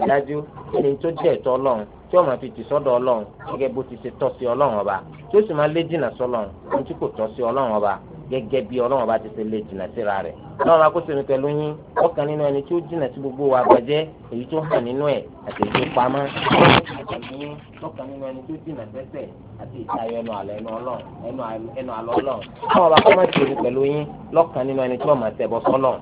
ẹni tó jẹ́ ẹ̀tọ́ ọlọ́run tí ó máa fi tì sọ́dọ̀ ọlọ́run gẹ́gẹ́ bó ti ṣe tọ́ gẹ́gẹ́ bí ọlọ́run bá ti ṣe lè jìnnà síra rẹ̀ ọlọ́run bá kó sèmi pẹ̀lú yín ọkàn nínú ẹni tí ó jìnnà sí gbogbo wa bàjẹ́ èyí tó hàn nínú ẹ̀ àti èyí tó pamọ́ ọkàn nínú ẹni tó jìnnà sẹ́sẹ̀ àti ìtayọ ẹnu àlọ́ ẹnu ọlọ́run ẹnu àlọ́ ọlọ́run ọlọ́run bá kó má sèmi pẹ̀lú yín lọ́kàn nínú ẹni tí ó máa ṣẹbọ sọ́lọ̀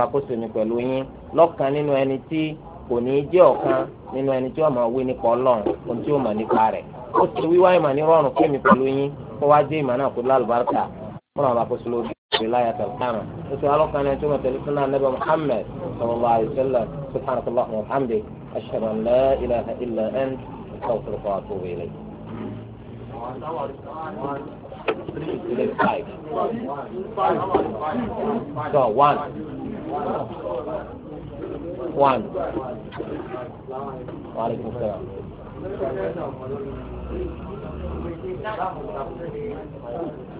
bá kó sèmi pẹ̀lú yín lọ́kàn nínú ẹni tí kò ní í jẹ́ ọ̀kan nínú ẹni tí ó wí nípa ọlọ́run ohun tí ó mọ̀ nípa rẹ̀ ó ti wíwá ìmọ̀ ní rọrùn fún mi pẹ̀lú yín kó wá dé ìmọ̀ náà kó lálùbáríkà kọ́nà àbá kó sínú oṣù láyà tẹ̀lifánà ó ti kan ẹni tó mọ̀ tẹ̀lifánà nàbẹ muhammed sallallahu alayhi wa sallam subhanahu wa ta'ala alhamdi ashhadu an la ilaha illa ant astaghfiruka wa atubu ilayk. So one. One. Wa alaykum salaam. Thank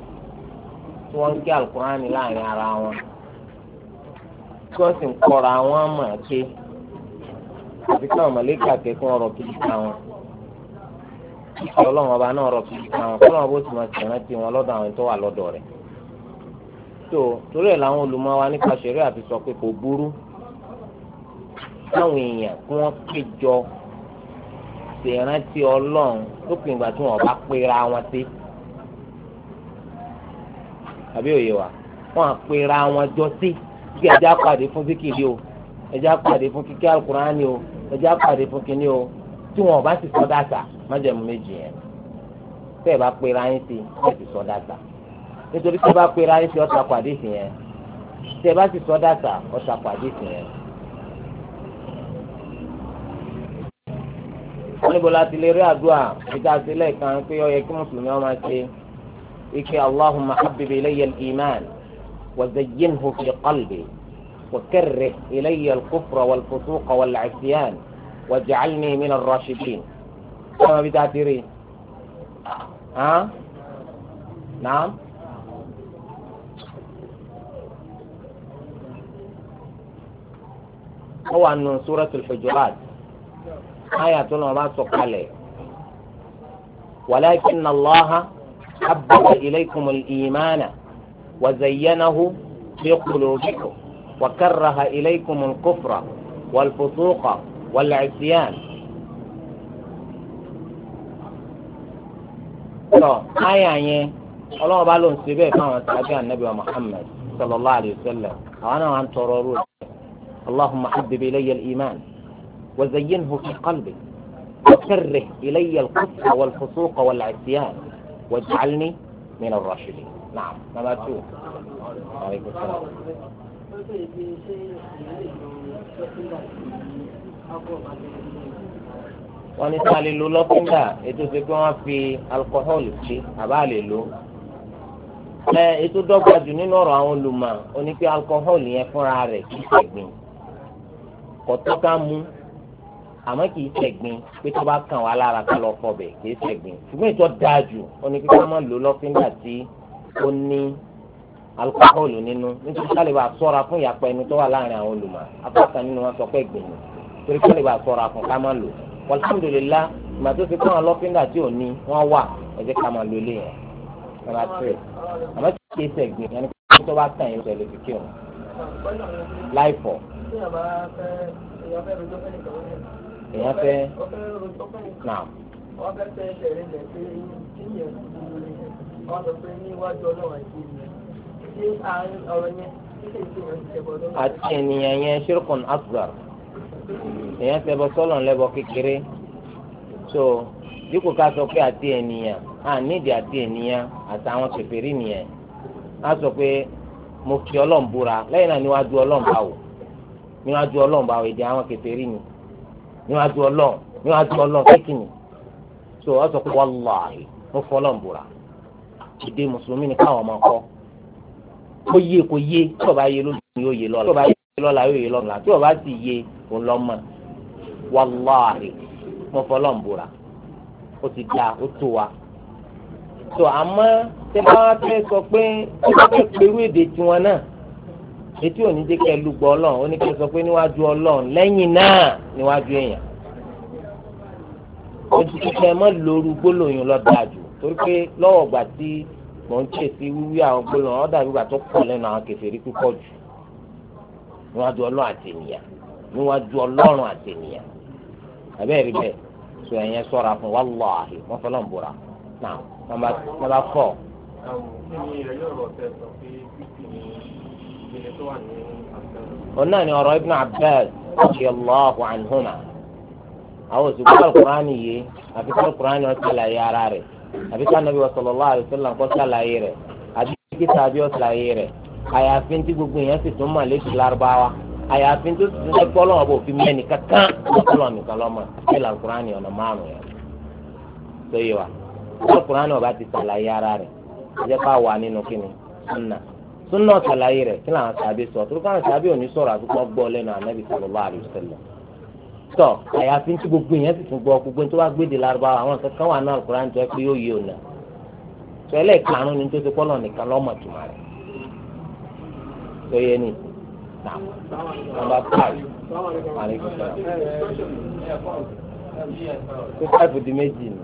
tí wọ́n ń ké alukurani láàrin ara wọn tí wọ́n sì ń kọ́ra wọn mọ̀ ké àti káwọn mọ̀lẹ́kà kẹ́kọ̀ọ́ ọ̀rọ̀ kìí ká wọn ìṣẹ́ ọlọ́run ọba náà ọ̀rọ̀ kìí ká wọn kọ́lọ́run bó ti máa ti rántí wọn lọ́dọ̀ àwọn tó wà lọ́dọ̀ rẹ̀ tó torí ẹ̀ làwọn olùmọ̀ wa nípa ṣẹ̀rí àti sọ pé kò burú káwọn èèyàn kí wọ́n péjọ ṣèrántí ọlọ́run lópin ìgbà tí wọ́n bá pera wọn sí. Si àbí òye wa wọn àpèrà wọn jọ sí kí ẹjẹ àpàdé fún zikiri o ẹjẹ àpàdé fún kíké alukurani o ẹjẹ àpàdé fún kíní o tí wọn bá sì sọ dáta májẹ̀mú méjì yẹn tẹ́ ẹ bá pèrà yín sí ẹ sì sọ dáta nítorí tí ẹ bá pèrà yín sí ọ̀tà pàdé sí yẹn tẹ́ ẹ bá sì sọ dáta ọ̀tà pàdé sí yẹn. wọ́n níbo la ti lè rí àdúrà ìdásílẹ̀ kan pé ó yẹ kí mùsùlùmí ó máa ṣe. يكي اللهم حبب إلي الإيمان وزينه في قلبي وكره إلي الكفر والفسوق والعصيان واجعلني من الراشدين كما بتعتري ها نعم هو أن سورة الحجرات آية ما سقى ولكن الله حبب إليكم الإيمان وزينه في قلوبكم وكره إليكم الكفر والفسوق والعصيان آية آية الله بالون سبي كان تابعا النبي محمد صلى الله عليه وسلم أنا عن ترورون اللهم حبب إلي الإيمان وزينه في قلبي وكره إلي الكفر والفسوق والعصيان واجعلني من الراشدين نعم نمبر 2 عليكم السلام wọ́n ní sáà lè lo lọ́fíńdà ètò ìsìn pé wọ́n fi alukọ́hólì sí àbá lè lo ẹ ètò dọ́gba jù nínú ọ̀rọ̀ àwọn olùmọ̀ oní pé alukọ́hólì yẹn fúnra rẹ̀ kì í ṣẹ̀gbìn kò ká mú àmọ́ kì í ṣẹ̀gbin pé tó bá kàn wá lára ká lọ fọbẹ̀ kì í ṣẹ̀gbin ṣùgbọ́n ìtọ́ dáa jù ó ní kíkọ́ máa lò lọ́fíńdà tí ó ní alukóhólù nínú nítorí kálí bá sọ́ra fún ìyapa ẹnu tó wà láàrin àwọn olùmọ̀ apáta nínú wọn sọ pé gbìn ní torí kálí bá sọ́ra fún ká máa lò alhamdulilá ìgbà tó ti kọ́ àwọn lọ́fíńdà tí ò ní wọ́n wà ẹ jẹ́ ká máa lo ilé yẹn nàbà tẹ̀ àmọ́ kì í ṣẹ̀gbin yẹn ní tó bá kàn yín lọ́sẹ̀ lè fi kírun láìpọ̀ èèyàn fẹ́ nà. wọ́n fẹ́ fẹ́ ṣẹ̀rẹ̀ lẹ̀ pé kí ni ẹ̀kú wọn sọ pé níwájú ọlọ́run àti ènìyàn ṣé àárín ọ̀rọ̀ yẹn àti ènìyàn yẹn ṣírkùn asgar èèyàn ṣẹbọ sọlọ ńlẹbọ kékeré so dípò ká sọ pé àti ènìyàn à nídìí àti ènìyàn àtàwọn kèfèrí nìyẹn á sọ pé mo fi ọlọ́run lẹ́yìn náà níwájú ọlọ́run níwájú ọlọ́run èdè àwọn kèfèrí nìyẹn níwájú ọlọ́run níwájú ọlọ́run kékeré so ọ sọ pé wàláhì mo fọlọ́n bùrà èdè mùsùlùmí ni káwọn máa kọ́ kó yé kó yé tí ọba yé lónìí yóò yé lọ́la tí ọba yé lọ́la yóò yé lọ́la tí ọba sì yé òun lọ́mọ wàláhì mo fọlọ́n bùrà ó ti da ó tó wa so àmọ́ tẹ́ bá fẹ́ sọ pé ó fẹ́ pẹ̀lú èdè tiwọn náà etí òní jẹ́ kẹ́ lùgbọ́ ọlọ́run ó ní kẹ́ sọ pé níwájú ọlọ́run lẹ́yìn náà níwájú èèyàn ojú kíkẹ́ mọ́ lóru gbólóyún lọ dáa jù torí pé lọ́wọ́ gbà tí mò ń ṣèṣì wíwí àwọn gbólóyún ọ̀dà gbígbà tó pọ̀ lẹ́nu àwọn kèfèrí púpọ̀ jù níwájú ọlọ́run àti ènìyàn níwájú ọlọ́run àti ènìyàn àbẹ́rẹ́ bẹ́ẹ̀ sọ ẹ̀yẹn sọ́ra fún wàláhì wọ́n fọlọ́n náà wọ́n fọ́. àwọn ọmọ mi yẹn yọ̀rọ̀ tẹ̀ sọ pé ọ̀nà ni ọ̀rọ̀ ibn abbas radiyallahu anhuma àwọn òṣùpá alukurani yìí àfi kí alukurani ó ṣàlàyé ara rẹ̀ àfi kí anabi sallallahu alaihi wasallam kó ṣàlàyé rẹ̀ àbí kí sàbí ó ṣàlàyé rẹ̀ àyàfi tí gbogbo èèyàn sì tún mà léṣe lárúbáwá àyàfi tó ti ṣe gbọ́ lọ́wọ́ bò fi mẹ́ni kankan lọ́kọ́lọ́ nìkan lọ́mọ kí alukurani ọ̀nà márùn yẹn tó yẹ wa alukurani ó bá ti ṣàlàyé ara rẹ̀ ẹ jẹ́ ká wà nínú kíni sunna súnà ṣàlàyé rẹ̀ kí làwọn sàbí sọ torí káwọn sàbí ò ní sọ̀rọ̀ àfikún gbọ́ lẹ́nu ànábì sallallahu alaihi wasallam tọ àyàfi tí gbogbo yẹn sì tún gbọ́ gbogbo tó bá gbéde lárúbáwá àwọn kankan wà náà Kùránì tó ẹ pé yóò yé ònà tó ẹ lẹ́ẹ̀kanú ni tó ti kọ́ lọ́ọ̀ nìkan lọ́mọ tó máa rẹ̀ tó yẹ ní nà nàmbà five àlejò sọ̀rọ̀ tó five di méjì ni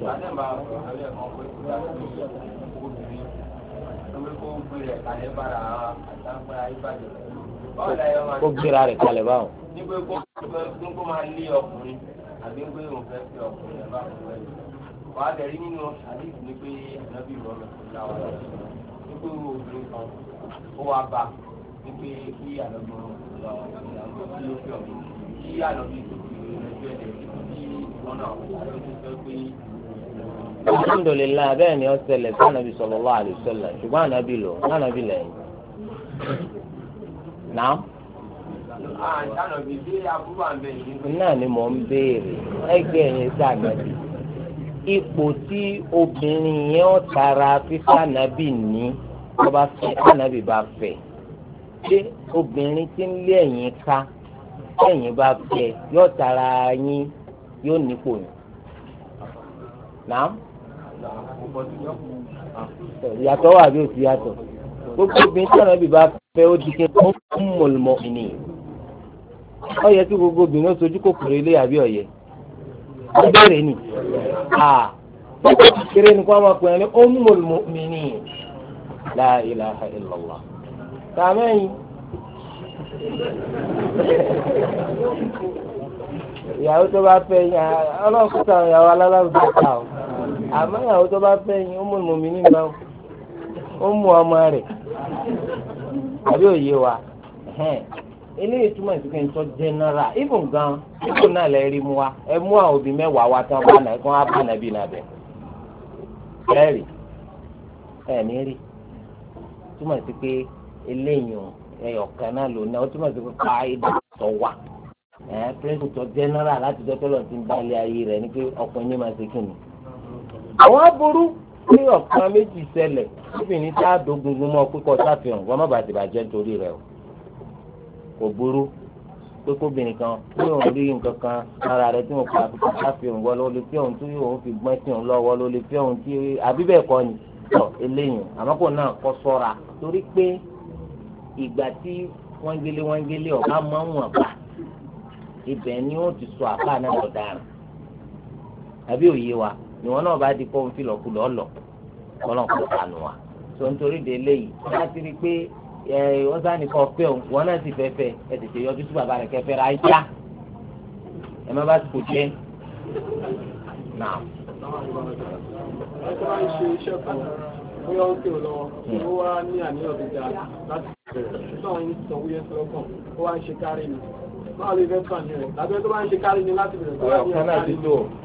kó gbéra rẹ̀ kalẹ̀ báwọn. nígbà kó fẹ́ kó máa lé ọkùnrin àbí pé òun fẹ́ fi ọkùnrin ẹ̀ bá fún ẹ̀. wàá tẹ̀rí nínú àdìsí ni pé ànábì rọrùn ìlà wà lọ́sẹ̀ nígbà obìnrin kan ó wá bá ní pé kí ànábì rọrùn ìlà wà ló fi ọ̀gbìn kí ànábì tó fi ẹgbẹ́ rẹ̀ kí ìwọ náà àlọ́ tó fẹ́ pé alhamdulilayi bẹ́ẹ̀ ni ó ṣẹlẹ̀ sí anabi sallallahu alaihi wasallam ṣùgbọ́n anabi lò anabi lẹ́yìn. náà. náà ni mò ń béèrè ẹgbẹ́ yẹn sí anabi. ipò tí obìnrin yẹn ó tara fífá anabi ní tó bá fẹ́ anabi bá fẹ́ ṣé obìnrin tí ń lé ẹ̀yìn ká ẹ̀yìn bá fẹ́ yóò tara yín yóò nípò yín. náà ìyàtọ̀ wà bí o ti yàtọ̀ gbogbo obìnrin tí ànábì bá fẹ́ ó di kí ó ń mọ̀lmọ́ ìní ó yẹ kí gbogbo obìnrin ó sojú kòkòrò ilé àbí ọ̀yẹ́ ó bẹ̀rẹ̀ nì gbogbo kékeré ni kó a máa pè é ó ń mọ̀lmọ́ ìní la ilaha illallah ìyàwó tó bá fẹ́ yàn ọlọ́run kúta ìyàwó alálàbùdó ta o àmọ́ ìyàwó tó bá fẹ́ yín ó mú ìmọ̀mí nígbà ó mú ọmọ rẹ̀ àbí òye wa eléyìí túmọ̀ sí pé nǹkan general even gan kíkò náà lè rí mu wa ẹ mú àwọn òbí mẹ́wàá wa tán bá nàá kí wọ́n á bá nàbí nàbẹ̀ ẹ rí ẹ ní rí túmọ̀ sí pé eléyìí ẹyọkan náà ló ná ó túmọ̀ sí pé káyidà tó wà láti dọ́tọ́lọ́ ń bá ilé ayé rẹ̀ ni pé ọkùnrin ní ma ṣe kí àwọn aburú ní ọ̀kan méjì ṣẹlẹ̀ obìnrin tá a dogungun mọ́ pé kọ́ sáfihàn wọ́n má bàa ti bàjẹ́ nítorí rẹ̀ o kò burú pé kóbìnrin kan pé òun rí nǹkan kan lára rẹ̀ tí wọ́n pa àfikún sáfihàn wọ́n ló lè fi òun tí òun fi gbọ́n sí òun lọ́wọ́ ló lè fi òun tí àbí ni tọ̀ eléyìn àmọ́ kò náà kọ́ sọ́ra torí pé ìgbà tí wọ́n gbélé wọ́n gbélé ọ̀gá máa bá ibẹ̀ ni ó ti sọ àbá náà lọ́daràn ìwọ náà bá di kó ń filọ̀ kulọ̀ ọ̀lọ̀ kọ́lọ̀ kó sànù wa tó ń torí de eléyìí láti rí pé ẹ wọ́n sá nìkan pé òun wọn náà ti fẹ́ fẹ́ ẹ tètè yọjú sí bàbá rẹ̀ kẹfẹ́ ra yá ẹ má bá ti kò jẹ́ náà. ẹ ṣe iṣẹ́ kan bóyá ó tè ó wá ní àníyàn tó láti bẹ̀rẹ̀ tó ń sọ wúyẹ́ sọ́kàn ó wá ń ṣe kárí ni máa lè fẹ́ fà ní rẹ̀ lábẹ́ tó bá ń ṣe kárí ni láti bẹ̀rẹ̀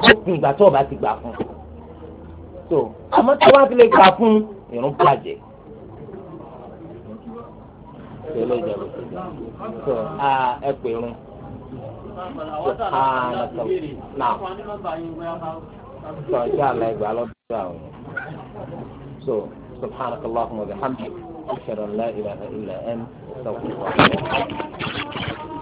ó ti ìgbà tó o bá ti gbà fún un so àmọ́ tí wọ́n á fi lè gbà fún un ìrún bàjẹ́ tẹ́lẹ̀ ìjọba ìjọba so ẹ pè irun náà sọ ìṣe àlẹ́ ìgbà lọ́dún àwọn so subhanaka allahumma wa bihamdik ashhadu an la ilaha illa anta astaghfiruka wa atubu ilayk